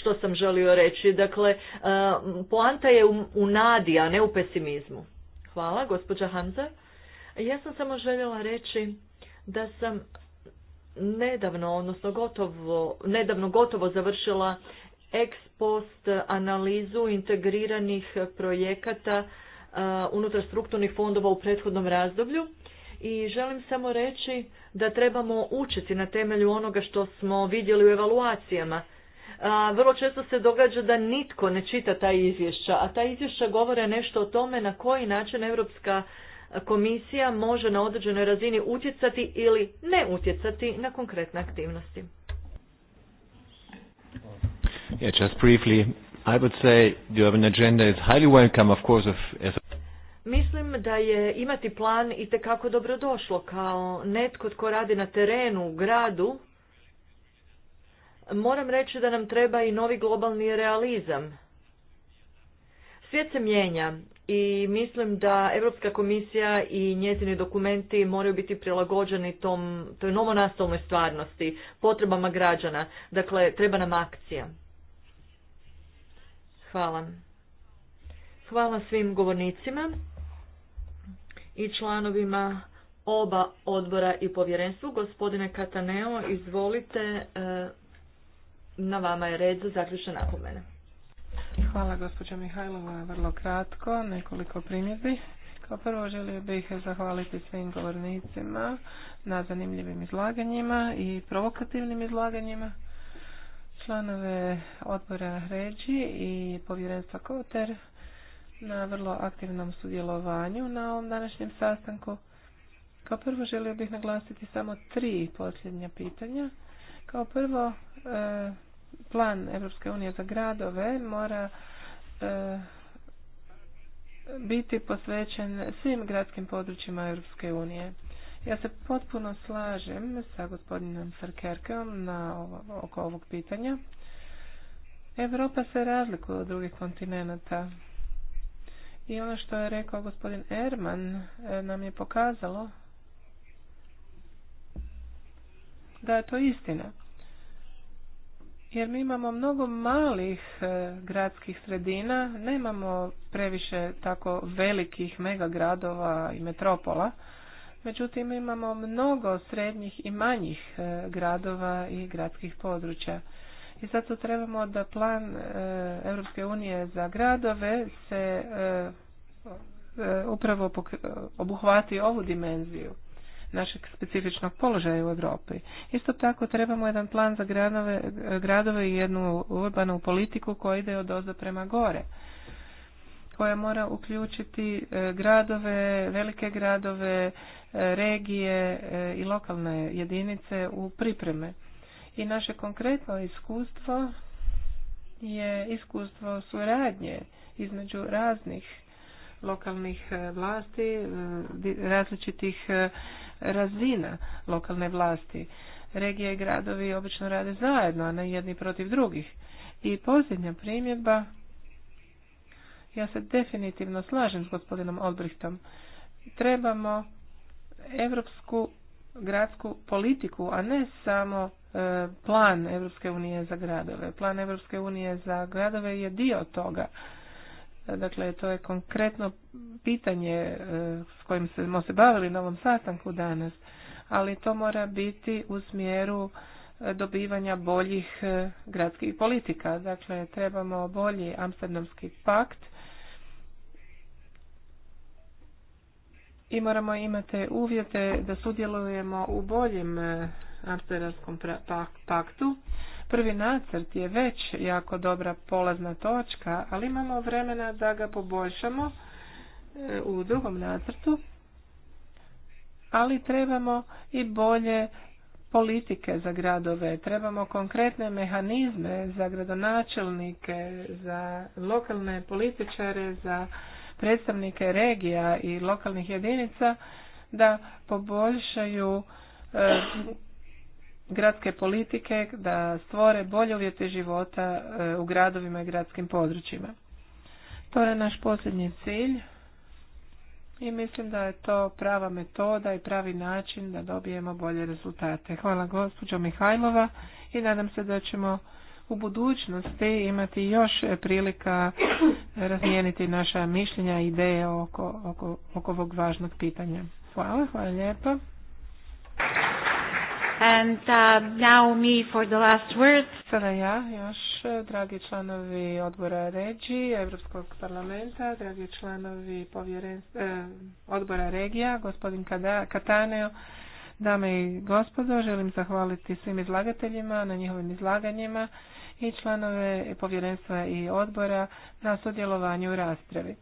što sam želio reći. Dakle, e, poanta je u nadi, a ne u pesimizmu. Hvala, gospođa Hanza. Ja sam samo željela reći da sam nedavno, odnosno gotovo, nedavno gotovo završila ex post analizu integriranih projekata e, unutar strukturnih fondova u prethodnom razdoblju i želim samo reći da trebamo učiti na temelju onoga što smo vidjeli u evaluacijama. Vrlo često se događa da nitko ne čita ta izvješća, a ta izvješća govore nešto o tome na koji način Europska komisija može na određenoj razini utjecati ili ne utjecati na konkretne aktivnosti. Yeah, just briefly, I would say agenda is highly welcome, of course, as Mislim da je imati plan i tekako dobrodošlo kao netko tko radi na terenu, u gradu. Moram reći da nam treba i novi globalni realizam. Svijet se mijenja i mislim da Europska komisija i njezini dokumenti moraju biti prilagođeni tom, toj novonastalnoj stvarnosti, potrebama građana. Dakle, treba nam akcija. Hvala. Hvala svim govornicima i članovima oba odbora i povjerenstvu. Gospodine Kataneo, izvolite, e, na vama je red za zaključne napomene. Hvala gospođa Mihajlova, vrlo kratko, nekoliko primjedbi. Kao prvo želio bih zahvaliti svim govornicima na zanimljivim izlaganjima i provokativnim izlaganjima članove odbora Ređi i povjerenstva Koter na vrlo aktivnom sudjelovanju na ovom današnjem sastanku. Kao prvo želio bih naglasiti samo tri posljednja pitanja. Kao prvo, e, plan Europske unije za gradove mora e, biti posvećen svim gradskim područjima Europske unije. Ja se potpuno slažem sa gospodinom Sarkerkeom na oko ovog pitanja. Europa se razlikuje od drugih kontinenata. I ono što je rekao gospodin Erman e, nam je pokazalo da je to istina. Jer mi imamo mnogo malih e, gradskih sredina, nemamo previše tako velikih megagradova i metropola. Međutim, imamo mnogo srednjih i manjih e, gradova i gradskih područja. I zato trebamo da plan e, Europske unije za gradove se e, upravo obuhvati ovu dimenziju našeg specifičnog položaja u Europi. Isto tako trebamo jedan plan za gradove, i jednu urbanu politiku koja ide od oza prema gore koja mora uključiti e, gradove, velike gradove, e, regije e, i lokalne jedinice u pripreme. I naše konkretno iskustvo je iskustvo suradnje između raznih lokalnih vlasti, različitih razina lokalne vlasti. Regije i gradovi obično rade zajedno, a ne jedni protiv drugih. I posljednja primjedba ja se definitivno slažem s gospodinom Olbrichtom. Trebamo evropsku gradsku politiku, a ne samo e, plan Europske unije za gradove. Plan Europske unije za gradove je dio toga. E, dakle, to je konkretno pitanje e, s kojim smo se bavili na ovom sastanku danas, ali to mora biti u smjeru dobivanja boljih gradskih politika. Dakle, trebamo bolji Amsterdamski pakt i moramo imati uvjete da sudjelujemo u boljem e, Amsterdamskom paktu. Prvi nacrt je već jako dobra polazna točka, ali imamo vremena da ga poboljšamo e, u drugom nacrtu, ali trebamo i bolje politike za gradove, trebamo konkretne mehanizme za gradonačelnike, za lokalne političare, za predstavnike regija i lokalnih jedinica da poboljšaju e, gradske politike, da stvore bolje uvjete života e, u gradovima i gradskim područjima. To je naš posljednji cilj i mislim da je to prava metoda i pravi način da dobijemo bolje rezultate. Hvala gospođo Mihajlova i nadam se da ćemo u budućnosti imati još prilika razmijeniti naša mišljenja i ideje oko, oko, ovog važnog pitanja. Hvala, hvala lijepa. And uh, now me for the last word. Sada ja, još dragi članovi odbora regije Europskog parlamenta, dragi članovi e, odbora Regija, gospodin Kataneo, dame i gospodo, želim zahvaliti svim izlagateljima na njihovim izlaganjima i članove povjerenstva i odbora na sudjelovanju u rastrevi.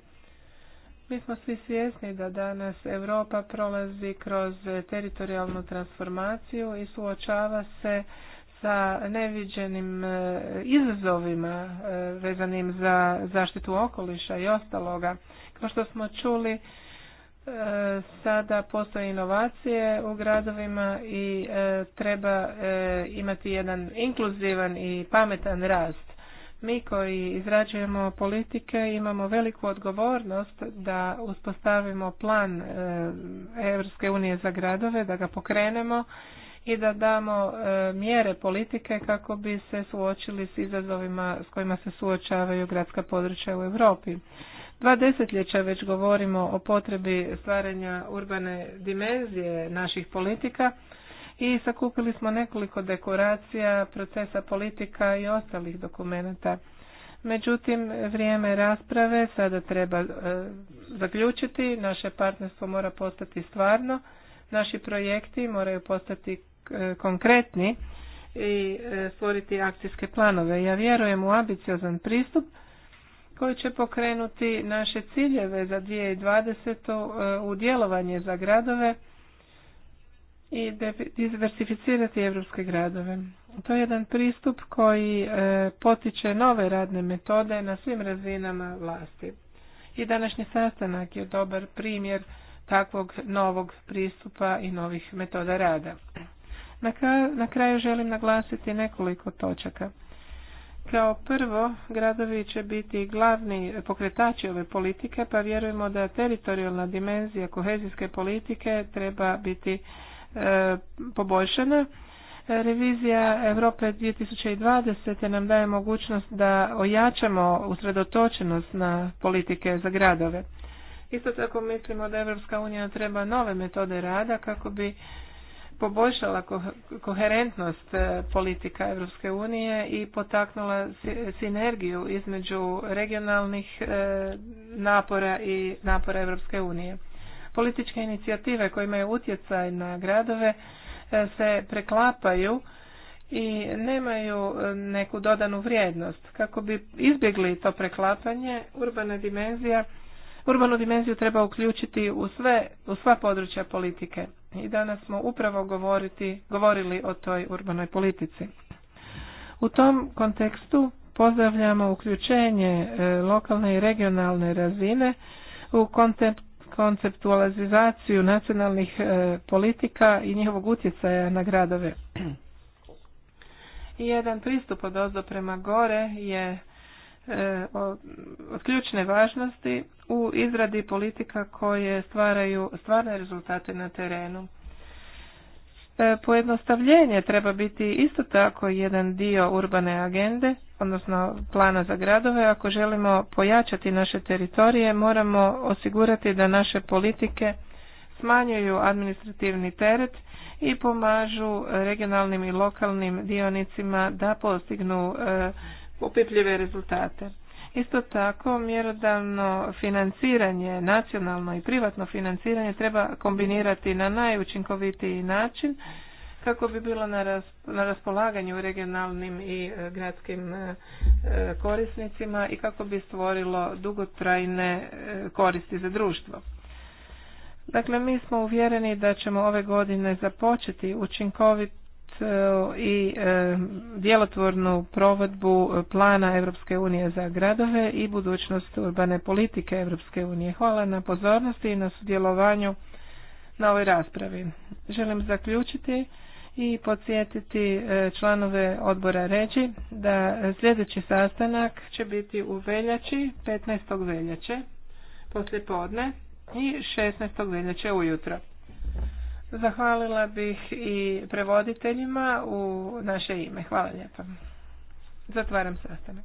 Mi smo svi svjesni da danas Europa prolazi kroz teritorijalnu transformaciju i suočava se sa neviđenim e, izazovima e, vezanim za zaštitu okoliša i ostaloga. Kao što smo čuli, sada postoje inovacije u gradovima i e, treba e, imati jedan inkluzivan i pametan rast. Mi koji izrađujemo politike imamo veliku odgovornost da uspostavimo plan Europske unije za gradove, da ga pokrenemo i da damo e, mjere politike kako bi se suočili s izazovima s kojima se suočavaju gradska područja u Europi. Dva desetljeća već govorimo o potrebi stvaranja urbane dimenzije naših politika i sakupili smo nekoliko dekoracija, procesa politika i ostalih dokumenata. Međutim, vrijeme rasprave sada treba e, zaključiti, naše partnerstvo mora postati stvarno, naši projekti moraju postati e, konkretni i e, stvoriti akcijske planove. Ja vjerujem u ambiciozan pristup koji će pokrenuti naše ciljeve za 2020. u djelovanje za gradove i diversificirati evropske gradove. To je jedan pristup koji e, potiče nove radne metode na svim razinama vlasti. I današnji sastanak je dobar primjer takvog novog pristupa i novih metoda rada. Na kraju želim naglasiti nekoliko točaka. Kao prvo, gradovi će biti glavni pokretači ove politike, pa vjerujemo da teritorijalna dimenzija kohezijske politike treba biti e, poboljšana. E, revizija Europe 2020 nam daje mogućnost da ojačamo usredotočenost na politike za gradove. Isto tako mislimo da Europska unija treba nove metode rada kako bi poboljšala koherentnost e, politika Europske unije i potaknula sinergiju između regionalnih e, napora i napora Europske unije. Političke inicijative koje imaju utjecaj na gradove e, se preklapaju i nemaju neku dodanu vrijednost. Kako bi izbjegli to preklapanje, urbana dimenzija, urbanu dimenziju treba uključiti u sve u sva područja politike i danas smo upravo govoriti, govorili o toj urbanoj politici. U tom kontekstu pozdravljamo uključenje e, lokalne i regionalne razine u koncept, konceptualizaciju nacionalnih e, politika i njihovog utjecaja na gradove. i Jedan pristup od prema gore je e, od ključne važnosti u izradi politika koje stvaraju stvarne rezultate na terenu. E, pojednostavljenje treba biti isto tako jedan dio urbane agende, odnosno plana za gradove. Ako želimo pojačati naše teritorije, moramo osigurati da naše politike smanjuju administrativni teret i pomažu regionalnim i lokalnim dionicima da postignu e, opipljive rezultate. Isto tako, mjerodavno financiranje, nacionalno i privatno financiranje treba kombinirati na najučinkovitiji način kako bi bilo na raspolaganju regionalnim i e, gradskim e, e, korisnicima i kako bi stvorilo dugotrajne koristi za društvo. Dakle, mi smo uvjereni da ćemo ove godine započeti učinkovit E, i e, djelotvornu provedbu plana Europske unije za gradove i budućnost urbane politike Europske unije. Hvala na pozornosti i na sudjelovanju na ovoj raspravi. Želim zaključiti i podsjetiti e, članove odbora reći da sljedeći sastanak će biti u veljači, 15. veljače, poslijepodne podne i 16. veljače ujutro. Zahvalila bih i prevoditeljima u naše ime. Hvala lijepa. Zatvaram sastanak.